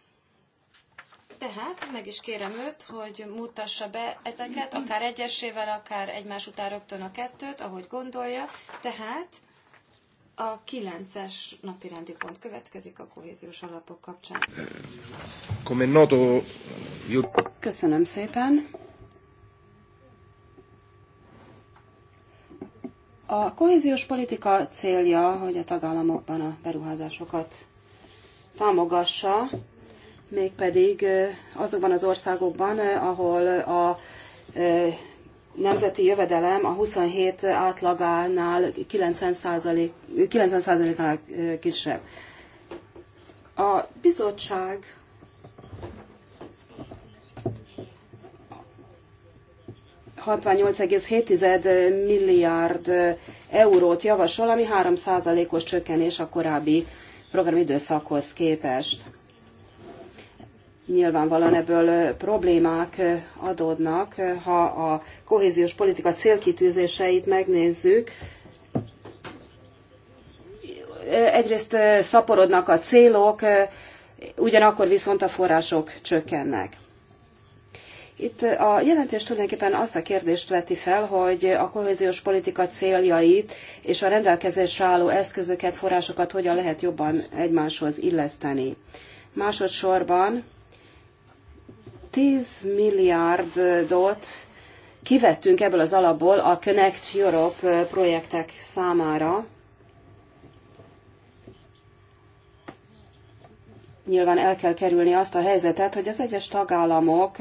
tehát meg is kérem őt, hogy mutassa be ezeket, akár egyesével, akár egymás után rögtön a kettőt, ahogy gondolja. Tehát a kilences napi rendi pont következik a kohéziós alapok kapcsán. Köszönöm szépen. A kohéziós politika célja, hogy a tagállamokban a beruházásokat támogassa, mégpedig azokban az országokban, ahol a nemzeti jövedelem a 27 átlagánál 90%-nál 90 kisebb. A bizottság ...68,7 milliárd eurót javasol, ami 3%-os csökkenés a korábbi programidőszakhoz képest nyilvánvalóan ebből problémák adódnak. Ha a kohéziós politika célkitűzéseit megnézzük, egyrészt szaporodnak a célok, ugyanakkor viszont a források csökkennek. Itt a jelentés tulajdonképpen azt a kérdést veti fel, hogy a kohéziós politika céljait és a rendelkezésre álló eszközöket, forrásokat hogyan lehet jobban egymáshoz illeszteni. Másodszorban 10 milliárdot kivettünk ebből az alapból a Connect Europe projektek számára. Nyilván el kell kerülni azt a helyzetet, hogy az egyes tagállamok,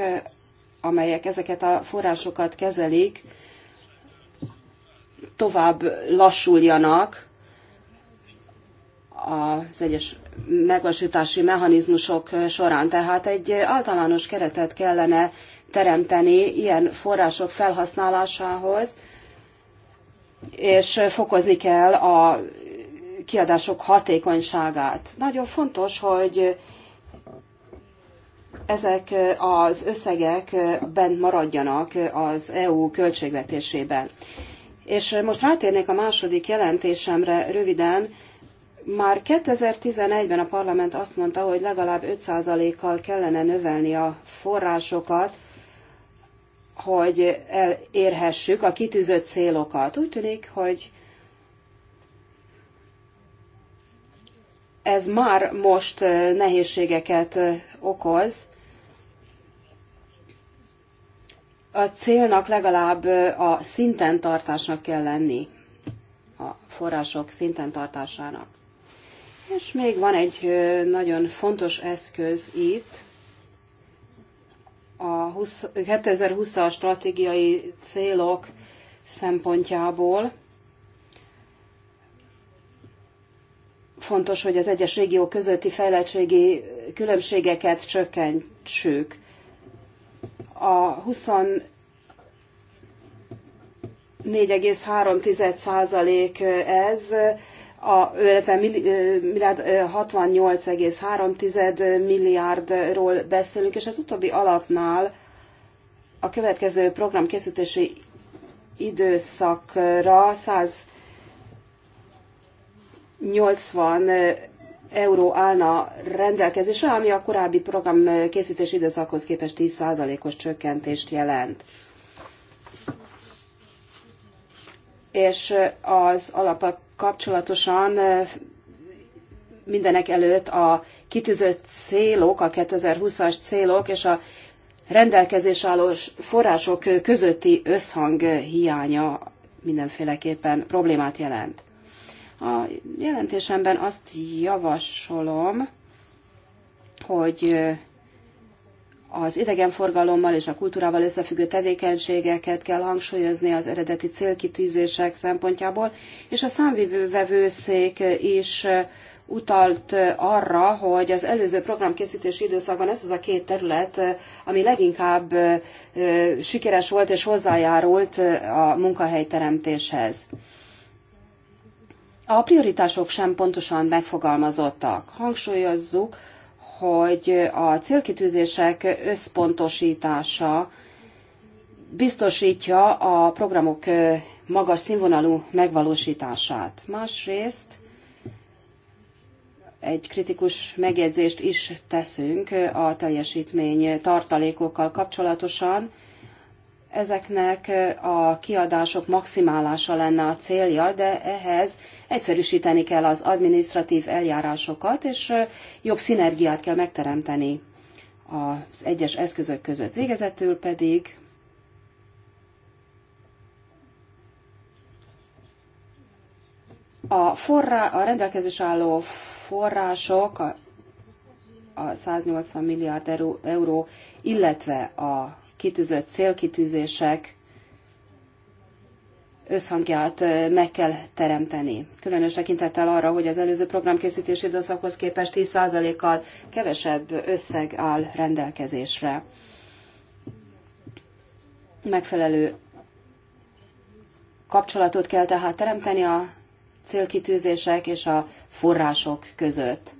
amelyek ezeket a forrásokat kezelik, tovább lassuljanak az egyes megvalósítási mechanizmusok során. Tehát egy általános keretet kellene teremteni ilyen források felhasználásához, és fokozni kell a kiadások hatékonyságát. Nagyon fontos, hogy ezek az összegek bent maradjanak az EU költségvetésében. És most rátérnék a második jelentésemre röviden, már 2011-ben a parlament azt mondta, hogy legalább 5%-kal kellene növelni a forrásokat, hogy elérhessük a kitűzött célokat. Úgy tűnik, hogy ez már most nehézségeket okoz. A célnak legalább a szinten tartásnak kell lenni, a források szinten tartásának. És még van egy nagyon fontos eszköz itt, a 2020-as stratégiai célok szempontjából. Fontos, hogy az egyes régió közötti fejlettségi különbségeket csökkentsük. A 24,3% ez a, illetve milliárd 68,3 milliárdról beszélünk, és az utóbbi alapnál a következő program készítési időszakra 180 euró állna rendelkezésre, ami a korábbi program készítési időszakhoz képest 10%-os csökkentést jelent. és az alapok kapcsolatosan mindenek előtt a kitűzött célok, a 2020-as célok és a rendelkezés álló források közötti összhang hiánya mindenféleképpen problémát jelent. A jelentésemben azt javasolom, hogy az idegenforgalommal és a kultúrával összefüggő tevékenységeket kell hangsúlyozni az eredeti célkitűzések szempontjából, és a számvevőszék is utalt arra, hogy az előző programkészítési időszakban ez az a két terület, ami leginkább sikeres volt és hozzájárult a munkahelyteremtéshez. A prioritások sem pontosan megfogalmazottak. Hangsúlyozzuk, hogy a célkitűzések összpontosítása biztosítja a programok magas színvonalú megvalósítását. Másrészt egy kritikus megjegyzést is teszünk a teljesítmény tartalékokkal kapcsolatosan, ezeknek a kiadások maximálása lenne a célja, de ehhez egyszerűsíteni kell az administratív eljárásokat, és jobb szinergiát kell megteremteni az egyes eszközök között. Végezetül pedig a, forrá, a rendelkezés álló források, a 180 milliárd euró, illetve a kitűzött célkitűzések összhangját meg kell teremteni. Különös tekintettel arra, hogy az előző programkészítési időszakhoz képest 10%-kal kevesebb összeg áll rendelkezésre. Megfelelő kapcsolatot kell tehát teremteni a célkitűzések és a források között.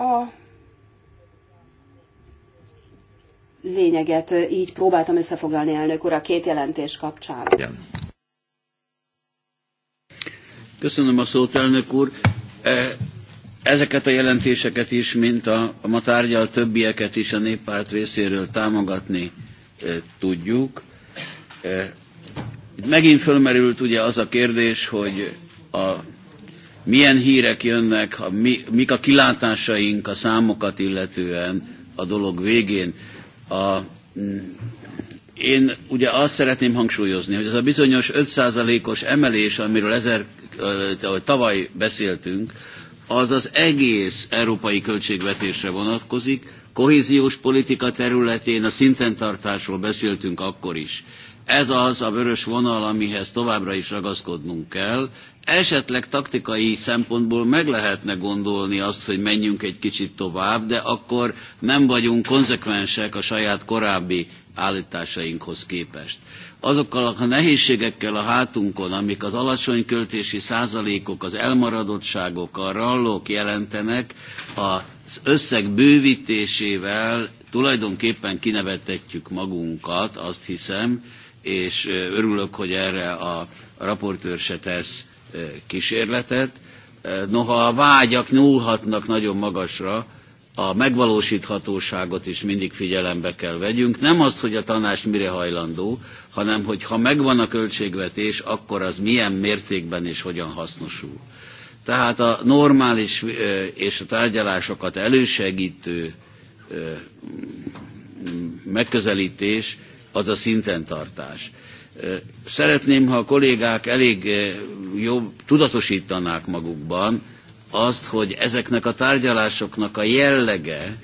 A lényeget így próbáltam összefoglalni, elnök úr, a két jelentés kapcsán. Köszönöm a szót, elnök úr. E, ezeket a jelentéseket is, mint a, a ma tárgyal többieket is a néppárt részéről támogatni e, tudjuk. E, itt megint fölmerült ugye az a kérdés, hogy a milyen hírek jönnek, ha mi, mik a kilátásaink a számokat illetően a dolog végén. A, mm, én ugye azt szeretném hangsúlyozni, hogy az a bizonyos 5%-os emelés, amiről ezer, tavaly beszéltünk, az az egész európai költségvetésre vonatkozik, kohéziós politika területén a szinten tartásról beszéltünk akkor is. Ez az a vörös vonal, amihez továbbra is ragaszkodnunk kell, esetleg taktikai szempontból meg lehetne gondolni azt, hogy menjünk egy kicsit tovább, de akkor nem vagyunk konzekvensek a saját korábbi állításainkhoz képest. Azokkal a nehézségekkel a hátunkon, amik az alacsony költési százalékok, az elmaradottságok, a rallók jelentenek, az összeg bővítésével tulajdonképpen kinevetetjük magunkat, azt hiszem, és örülök, hogy erre a raportőr se tesz kísérletet. Noha a vágyak nyúlhatnak nagyon magasra, a megvalósíthatóságot is mindig figyelembe kell vegyünk. Nem az, hogy a tanács mire hajlandó, hanem hogy ha megvan a költségvetés, akkor az milyen mértékben és hogyan hasznosul. Tehát a normális és a tárgyalásokat elősegítő megközelítés az a szinten tartás. Szeretném, ha a kollégák elég eh, jó tudatosítanák magukban azt, hogy ezeknek a tárgyalásoknak a jellege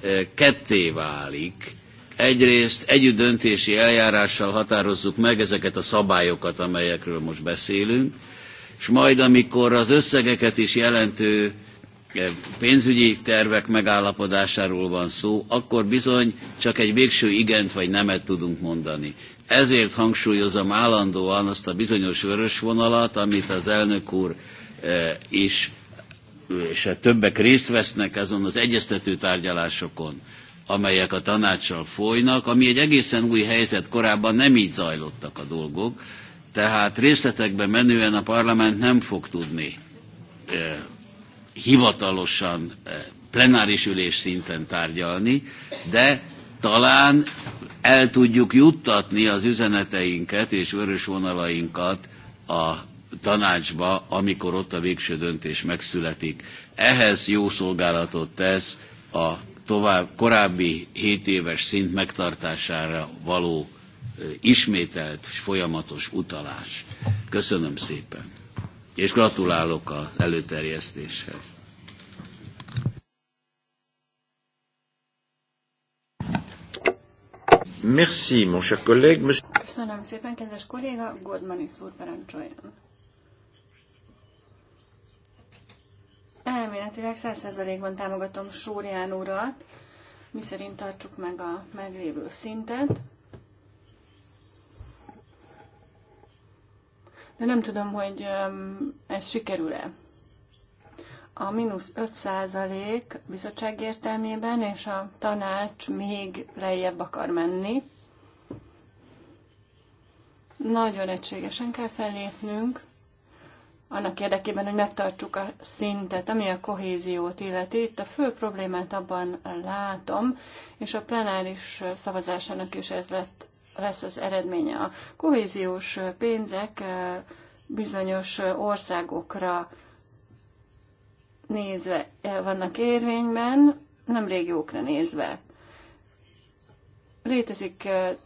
eh, ketté válik, egyrészt együtt döntési eljárással határozzuk meg ezeket a szabályokat, amelyekről most beszélünk, és majd amikor az összegeket is jelentő eh, pénzügyi tervek megállapodásáról van szó, akkor bizony csak egy végső igent vagy nemet tudunk mondani. Ezért hangsúlyozom állandóan azt a bizonyos vörös vonalat, amit az elnök úr e, is, és a hát többek részt vesznek azon az egyeztető tárgyalásokon, amelyek a tanácssal folynak, ami egy egészen új helyzet, korábban nem így zajlottak a dolgok, tehát részletekben menően a parlament nem fog tudni e, hivatalosan e, plenáris ülés szinten tárgyalni, de talán el tudjuk juttatni az üzeneteinket és vörös vonalainkat a tanácsba, amikor ott a végső döntés megszületik. Ehhez jó szolgálatot tesz a tovább, korábbi 7 éves szint megtartására való ismételt és folyamatos utalás. Köszönöm szépen, és gratulálok az előterjesztéshez. Merci, mon cher collègue. Monsieur... Köszönöm szépen, kedves kolléga, is úr parancsoljon. Elméletileg 100%-ban támogatom Sórián urat, miszerint tartsuk meg a meglévő szintet. De nem tudom, hogy ez sikerül-e a mínusz 5% bizottság értelmében, és a tanács még lejjebb akar menni. Nagyon egységesen kell fellépnünk, annak érdekében, hogy megtartsuk a szintet, ami a kohéziót illeti. Itt a fő problémát abban látom, és a plenáris szavazásának is ez lett, lesz az eredménye. A kohéziós pénzek eh, bizonyos országokra nézve eh, vannak érvényben, nem régiókra nézve. Létezik eh,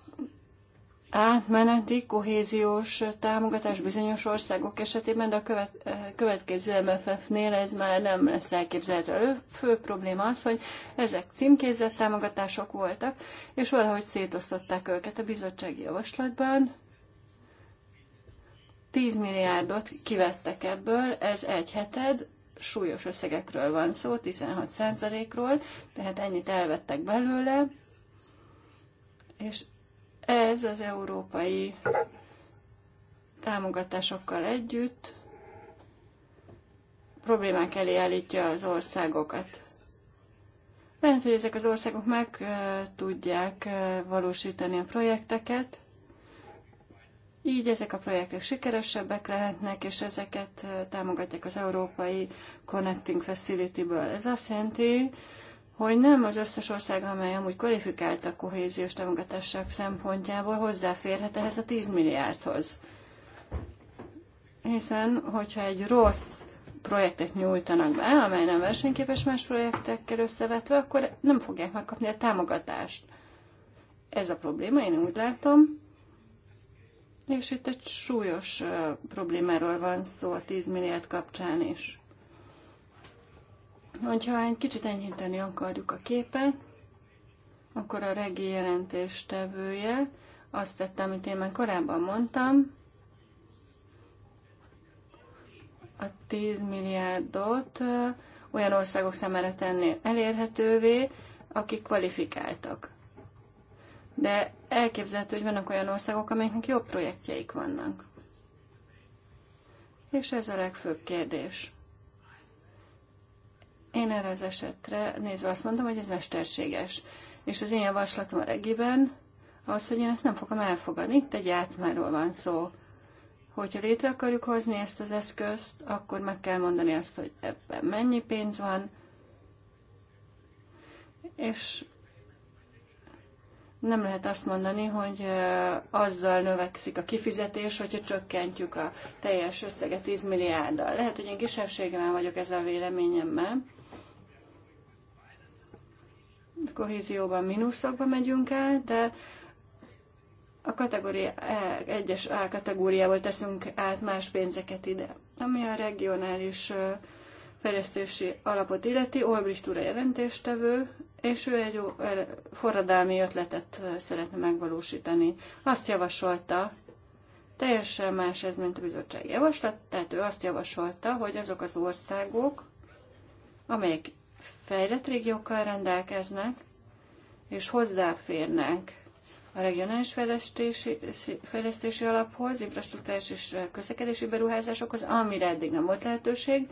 átmeneti kohéziós támogatás bizonyos országok esetében, de a követ, eh, következő MFF-nél ez már nem lesz elképzelhető. A fő probléma az, hogy ezek címkézett támogatások voltak, és valahogy szétosztották őket a bizottsági javaslatban. 10 milliárdot kivettek ebből, ez egy heted, súlyos összegekről van szó, 16%-ról, tehát ennyit elvettek belőle, és ez az európai támogatásokkal együtt problémák elé állítja az országokat. Lehet, hogy ezek az országok meg tudják valósítani a projekteket, így ezek a projektek sikeresebbek lehetnek, és ezeket támogatják az Európai Connecting Facility-ből. Ez azt jelenti, hogy nem az összes ország, amely amúgy kvalifikált a kohéziós támogatások szempontjából hozzáférhet ehhez a 10 milliárdhoz. Hiszen, hogyha egy rossz projektet nyújtanak be, amely nem versenyképes más projektekkel összevetve, akkor nem fogják megkapni a támogatást. Ez a probléma, én úgy látom. És itt egy súlyos problémáról van szó a 10 milliárd kapcsán is. Hogyha egy kicsit enyhíteni akarjuk a képet, akkor a regi jelentéstevője azt tette, amit én már korábban mondtam, a 10 milliárdot olyan országok számára tenni elérhetővé, akik kvalifikáltak. De elképzelhető, hogy vannak olyan országok, amelyeknek jobb projektjeik vannak. És ez a legfőbb kérdés. Én erre az esetre nézve azt mondom, hogy ez mesterséges. És az én javaslatom a regiben az, hogy én ezt nem fogom elfogadni. Itt egy játmáról van szó. Hogyha létre akarjuk hozni ezt az eszközt, akkor meg kell mondani azt, hogy ebben mennyi pénz van, és nem lehet azt mondani, hogy azzal növekszik a kifizetés, hogyha csökkentjük a teljes összeget 10 milliárddal. Lehet, hogy én kisebbségemmel vagyok ezzel a véleményemmel. A kohézióban mínuszokba megyünk el, de a kategória, e, egyes A kategóriából teszünk át más pénzeket ide. Ami a regionális fejlesztési alapot illeti, Olbricht úr a jelentéstevő, és ő egy er, forradalmi ötletet szeretne megvalósítani. Azt javasolta, teljesen más ez, mint a bizottság javaslat, tehát ő azt javasolta, hogy azok az országok, amelyek fejlett régiókkal rendelkeznek, és hozzáférnek a regionális fejlesztési, fejlesztési alaphoz, infrastruktúrás és közlekedési beruházásokhoz, amire eddig nem volt lehetőség,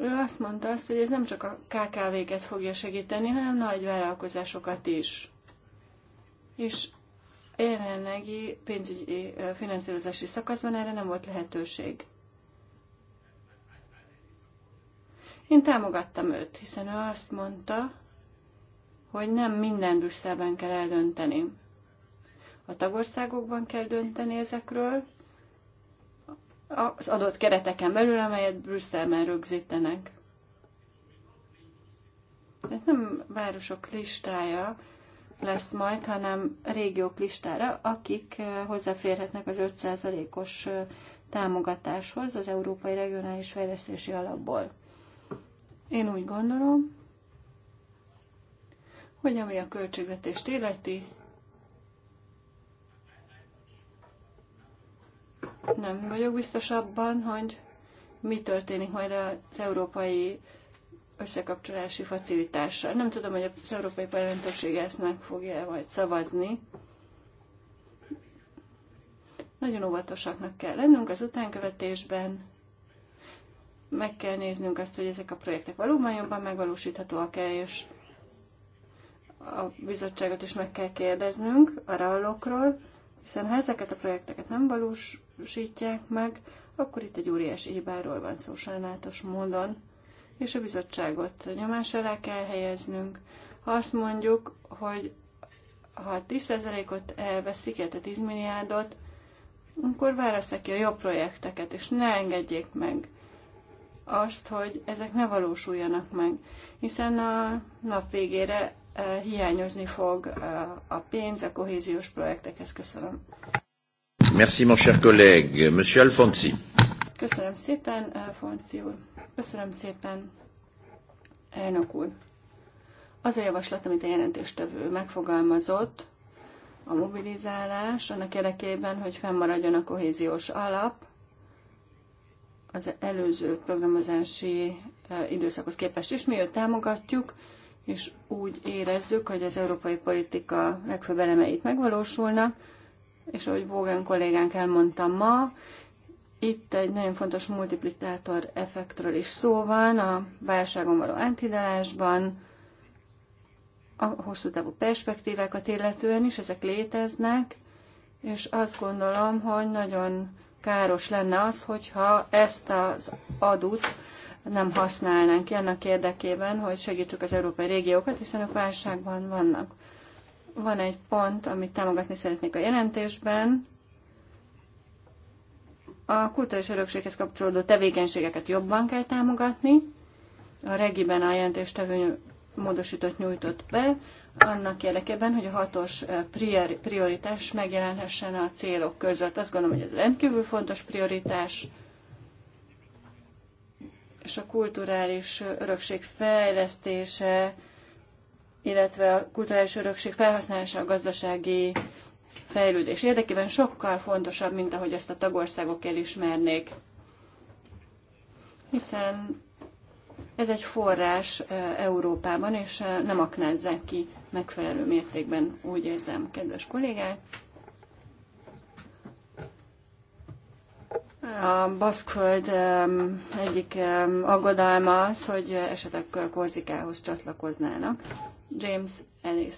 ő azt mondta azt, hogy ez nem csak a KKV-ket fogja segíteni, hanem nagy vállalkozásokat is. És jelenlegi pénzügyi finanszírozási szakaszban erre nem volt lehetőség. Én támogattam őt, hiszen ő azt mondta, hogy nem minden Brüsszelben kell eldönteni. A tagországokban kell dönteni ezekről, az adott kereteken belül, amelyet Brüsszelben rögzítenek. Tehát nem városok listája lesz majd, hanem régiók listára, akik eh, hozzáférhetnek az 5%-os eh, támogatáshoz az Európai Regionális Fejlesztési Alapból. Én úgy gondolom, hogy ami a költségvetést illeti, Nem vagyok biztos abban, hogy mi történik majd az európai összekapcsolási facilitással. Nem tudom, hogy az Európai Parlament többsége ezt meg fogja majd szavazni. Nagyon óvatosaknak kell lennünk az utánkövetésben. Meg kell néznünk azt, hogy ezek a projektek valóban jobban megvalósíthatóak-e, és a bizottságot is meg kell kérdeznünk a rallokról, hiszen ha ezeket a projekteket nem valós, valósítják meg, akkor itt egy óriás ébáról van szó sajnálatos módon, és a bizottságot nyomás alá kell helyeznünk. Ha azt mondjuk, hogy ha 10%-ot elveszik, illetve 10 milliárdot, akkor válasszák ki a jobb projekteket, és ne engedjék meg azt, hogy ezek ne valósuljanak meg, hiszen a nap végére eh, hiányozni fog eh, a pénz a kohéziós projektekhez. Köszönöm. Merci, mon cher collègue. Monsieur Alfonsi. Köszönöm szépen, Alfonsi úr. Köszönöm szépen, elnök úr. Az a javaslat, amit a jelentéstevő megfogalmazott, a mobilizálás annak érdekében, hogy fennmaradjon a kohéziós alap, az előző programozási e, időszakhoz képest is. Mi őt támogatjuk, és úgy érezzük, hogy az európai politika legfőbb elemeit megvalósulnak, és ahogy Vógan kollégánk elmondta ma, itt egy nagyon fontos multiplikátor effektről is szó van a válságon való áthidalásban, a hosszú távú perspektívákat illetően is, ezek léteznek, és azt gondolom, hogy nagyon káros lenne az, hogyha ezt az adót nem használnánk ki annak érdekében, hogy segítsük az európai régiókat, hiszen ők válságban vannak. Van egy pont, amit támogatni szeretnék a jelentésben. A kulturális örökséghez kapcsolódó tevékenységeket jobban kell támogatni. A regiben a jelentéstevő módosított nyújtott be, annak érdekében, hogy a hatos prioritás megjelenhessen a célok között. Azt gondolom, hogy ez rendkívül fontos prioritás, és a kulturális örökség fejlesztése illetve a kulturális örökség felhasználása a gazdasági fejlődés érdekében sokkal fontosabb, mint ahogy ezt a tagországok elismernék. Hiszen ez egy forrás Európában, és nem aknázzák ki megfelelő mértékben, úgy érzem, kedves kollégák. A Baszkföld egyik aggodalma az, hogy esetleg Korzikához csatlakoznának. James Ellis.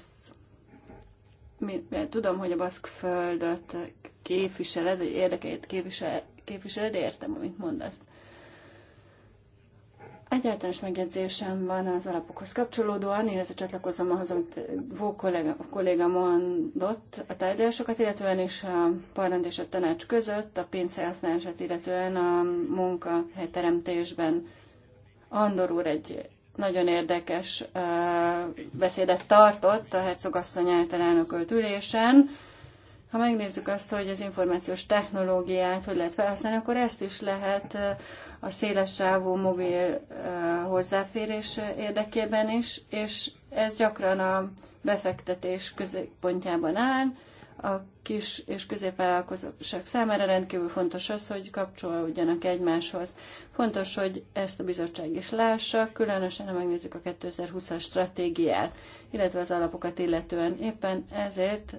Eh, tudom, hogy a baszk földöt képviseled, vagy érdekeit képvisel, képviseled, értem, amit mondasz. Egyáltalános megjegyzésem van az alapokhoz kapcsolódóan, illetve csatlakozom ahhoz, amit Vó kolléga, a kolléga mondott a tárgyalásokat, illetően is a parlament és a tanács között, a pénzhelyhasználását, illetően a munkahelyteremtésben. Andor úr egy nagyon érdekes beszédet tartott a hercogasszony által elnökölt ülésen. Ha megnézzük azt, hogy az információs technológiát hogy lehet felhasználni, akkor ezt is lehet a széles sávú mobil hozzáférés érdekében is, és ez gyakran a befektetés középpontjában áll, a kis és középvállalkozások számára rendkívül fontos az, hogy kapcsolódjanak egymáshoz. Fontos, hogy ezt a bizottság is lássa, különösen ha megnézzük a 2020-as stratégiát, illetve az alapokat illetően. Éppen ezért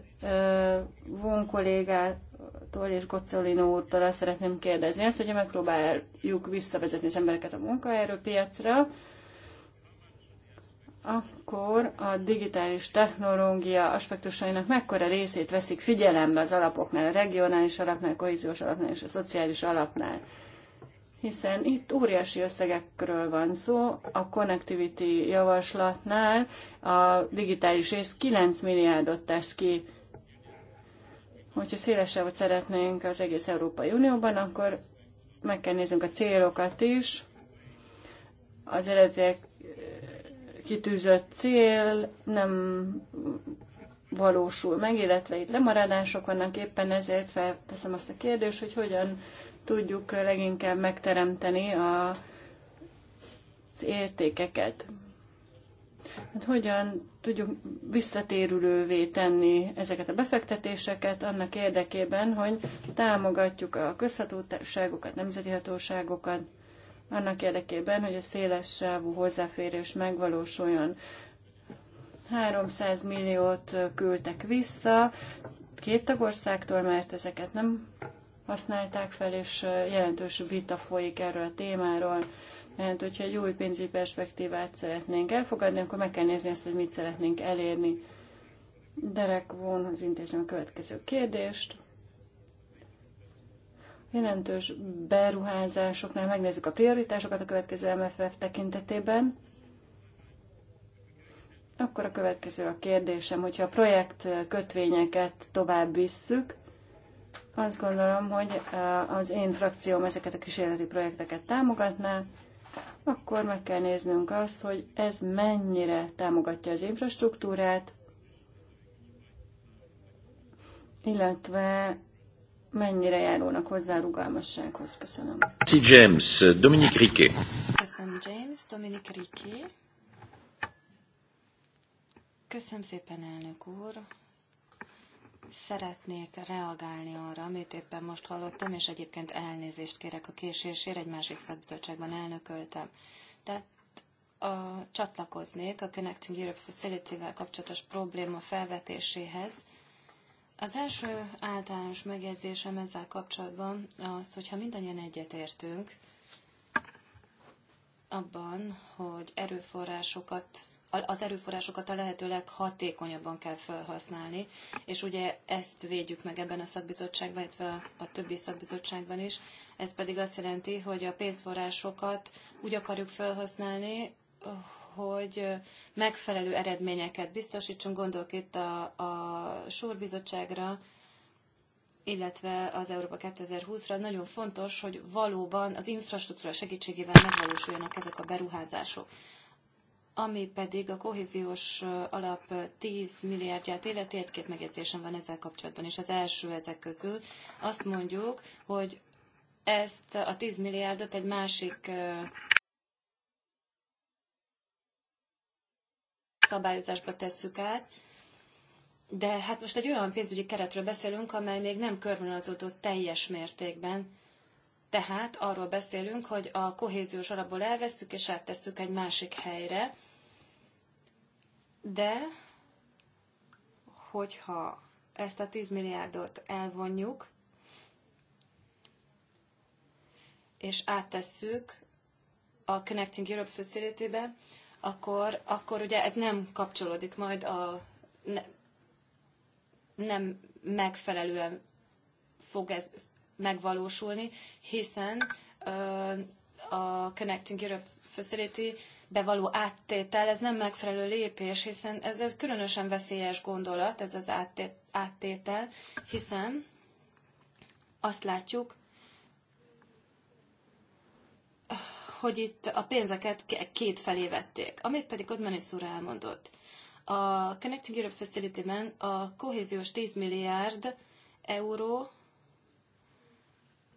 von kollégától és Gocolino úrtól azt szeretném kérdezni, azt, hogy megpróbáljuk visszavezetni az embereket a munkaerőpiacra, akkor a digitális technológia aspektusainak mekkora részét veszik figyelembe az alapoknál, a regionális alapnál, a kohéziós alapnál és a szociális alapnál. Hiszen itt óriási összegekről van szó, a connectivity javaslatnál a digitális rész 9 milliárdot tesz ki. Hogyha szélesebbet szeretnénk az egész Európai Unióban, akkor meg kell néznünk a célokat is, az eredetiek kitűzött cél nem valósul meg, illetve itt lemaradások vannak, éppen ezért felteszem azt a kérdést, hogy hogyan tudjuk leginkább megteremteni a, az értékeket. Hát hogyan tudjuk visszatérülővé tenni ezeket a befektetéseket annak érdekében, hogy támogatjuk a közhatóságokat, nemzeti hatóságokat, annak érdekében, hogy a széles sávú hozzáférés megvalósuljon. 300 milliót küldtek vissza két tagországtól, mert ezeket nem használták fel, és jelentős vita folyik erről a témáról. Mert hogyha egy új pénzügyi perspektívát szeretnénk elfogadni, akkor meg kell nézni ezt, hogy mit szeretnénk elérni. Derek vonhoz intézem a következő kérdést jelentős beruházásoknál megnézzük a prioritásokat a következő MFF tekintetében, akkor a következő a kérdésem, hogyha a projekt kötvényeket tovább visszük, azt gondolom, hogy eh, az én frakcióm ezeket a kísérleti projekteket támogatná, akkor meg kell néznünk azt, hogy ez mennyire támogatja az infrastruktúrát, illetve mennyire járulnak hozzá a rugalmassághoz. Köszönöm. James, Dominique Riquet. Köszönöm, James, Dominique Riquet. Köszönöm szépen, elnök úr. Szeretnék reagálni arra, amit éppen most hallottam, és egyébként elnézést kérek a késésért, egy másik szakbizottságban elnököltem. Tehát a, csatlakoznék a Connecting Europe Facility-vel kapcsolatos probléma felvetéséhez, az első általános megjegyzésem ezzel kapcsolatban az, hogyha mindannyian egyetértünk abban, hogy erőforrásokat az erőforrásokat a lehető leghatékonyabban kell felhasználni, és ugye ezt védjük meg ebben a szakbizottságban, illetve a többi szakbizottságban is. Ez pedig azt jelenti, hogy a pénzforrásokat úgy akarjuk felhasználni, hogy megfelelő eredményeket biztosítsunk, gondolok itt a, a Súrbizottságra, illetve az Európa 2020-ra. Nagyon fontos, hogy valóban az infrastruktúra segítségével megvalósuljanak ezek a beruházások. Ami pedig a kohéziós alap 10 milliárdját illeti, egy-két megjegyzésem van ezzel kapcsolatban, és az első ezek közül azt mondjuk, hogy ezt a 10 milliárdot egy másik szabályozásba tesszük át, de hát most egy olyan pénzügyi keretről beszélünk, amely még nem körvonalazódott teljes mértékben. Tehát arról beszélünk, hogy a kohéziós alapból elveszük és áttesszük egy másik helyre, de hogyha ezt a 10 milliárdot elvonjuk, és áttesszük a Connecting Europe facility akkor, akkor ugye ez nem kapcsolódik majd a ne, nem megfelelően fog ez megvalósulni, hiszen a Connecting Europe Facility bevaló áttétel, ez nem megfelelő lépés, hiszen ez, ez különösen veszélyes gondolat, ez az áttét, áttétel, hiszen azt látjuk, hogy itt a pénzeket két felé vették, amit pedig Godmanis úr elmondott. A Connecting Europe Facility-ben a kohéziós 10 milliárd euró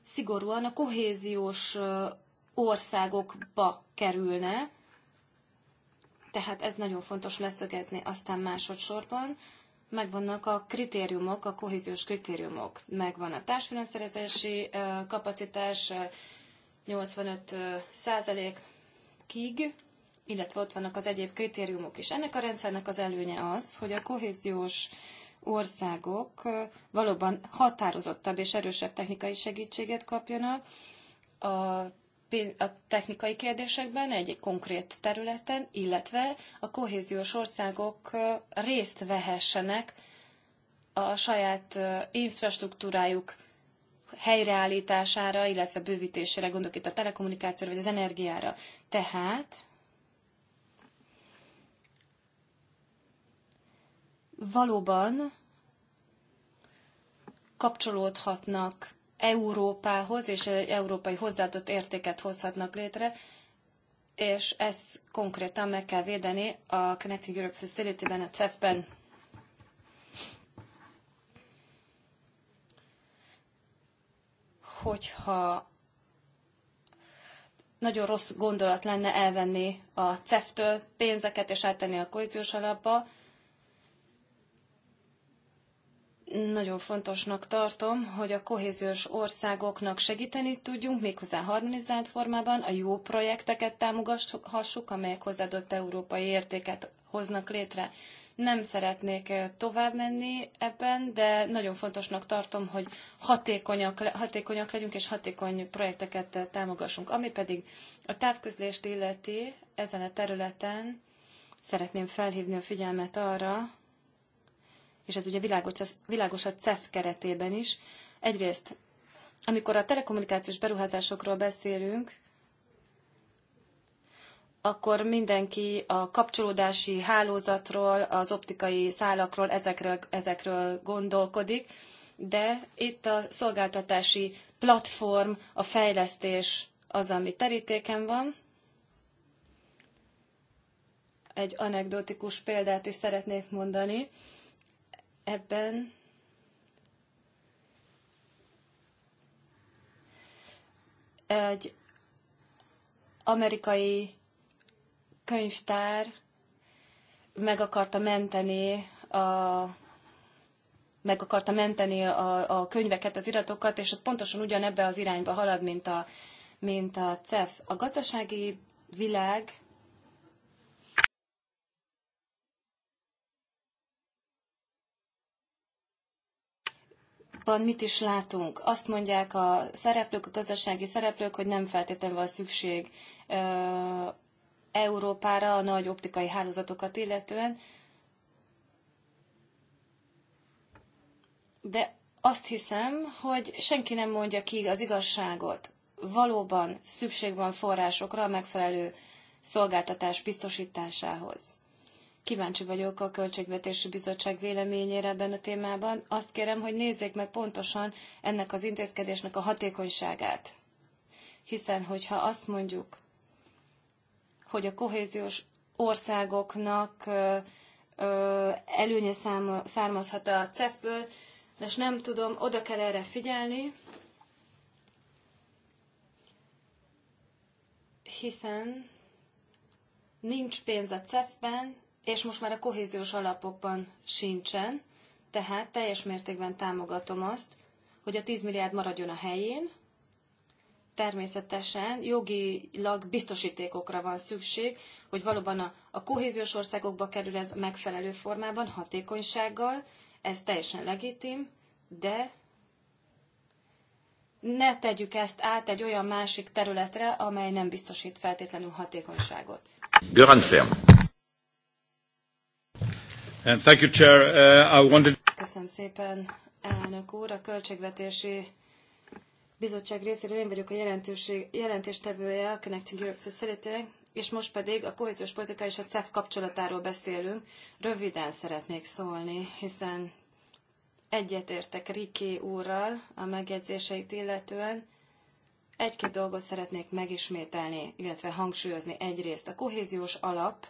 szigorúan a kohéziós országokba kerülne, tehát ez nagyon fontos leszögezni. Aztán másodszorban megvannak a kritériumok, a kohéziós kritériumok. Megvan a társfinanszírozási kapacitás, 85%-ig, illetve ott vannak az egyéb kritériumok is. Ennek a rendszernek az előnye az, hogy a kohéziós országok valóban határozottabb és erősebb technikai segítséget kapjanak a a technikai kérdésekben, egy konkrét területen, illetve a kohéziós országok részt vehessenek a saját infrastruktúrájuk helyreállítására, illetve bővítésére, gondolok itt a telekommunikációra vagy az energiára. Tehát valóban kapcsolódhatnak Európához, és egy európai hozzáadott értéket hozhatnak létre, és ezt konkrétan meg kell védeni a Connecting Europe Facility-ben, a CEF-ben. hogyha nagyon rossz gondolat lenne elvenni a CEF-től pénzeket és áttenni a kohéziós alapba. Nagyon fontosnak tartom, hogy a kohéziós országoknak segíteni tudjunk, méghozzá harmonizált formában a jó projekteket támogathassuk, amelyek hozzáadott európai értéket hoznak létre. Nem szeretnék eh, tovább menni ebben, de nagyon fontosnak tartom, hogy hatékonyak, hatékonyak legyünk, és hatékony projekteket eh, támogassunk. Ami pedig a távközlést illeti ezen a területen, szeretném felhívni a figyelmet arra, és ez ugye világos, világos a CEF keretében is. Egyrészt, amikor a telekommunikációs beruházásokról beszélünk, akkor mindenki a kapcsolódási hálózatról, az optikai szálakról, ezekről, ezekről gondolkodik, de itt a szolgáltatási platform, a fejlesztés az, ami terítéken van. Egy anekdotikus példát is szeretnék mondani. Ebben egy amerikai könyvtár meg akarta menteni a meg akarta menteni a, a könyveket, az iratokat, és ott pontosan ugyanebbe az irányba halad, mint a, mint a CEF. A gazdasági világ Ban mit is látunk? Azt mondják a szereplők, a gazdasági szereplők, hogy nem feltétlenül van szükség Európára a nagy optikai hálózatokat illetően, de azt hiszem, hogy senki nem mondja ki az igazságot. Valóban szükség van forrásokra a megfelelő szolgáltatás biztosításához. Kíváncsi vagyok a Költségvetési Bizottság véleményére ebben a témában. Azt kérem, hogy nézzék meg pontosan ennek az intézkedésnek a hatékonyságát. Hiszen, hogyha azt mondjuk, hogy a kohéziós országoknak előnye származhat a CEF-ből, de nem tudom, oda kell erre figyelni, hiszen nincs pénz a CEF-ben, és most már a kohéziós alapokban sincsen, tehát teljes mértékben támogatom azt, hogy a 10 milliárd maradjon a helyén, természetesen jogilag biztosítékokra van szükség, hogy valóban a, a kohéziós országokba kerül ez megfelelő formában, hatékonysággal, ez teljesen legitim, de ne tegyük ezt át egy olyan másik területre, amely nem biztosít feltétlenül hatékonyságot. Göran uh, Köszönöm szépen, elnök úr. A költségvetési bizottság részéről én vagyok a jelentőség, jelentéstevője a Connecting Europe facility és most pedig a kohéziós politika és a CEF kapcsolatáról beszélünk. Röviden szeretnék szólni, hiszen egyetértek Riki úrral a megjegyzéseit illetően. Egy-két dolgot szeretnék megismételni, illetve hangsúlyozni egyrészt. A kohéziós alap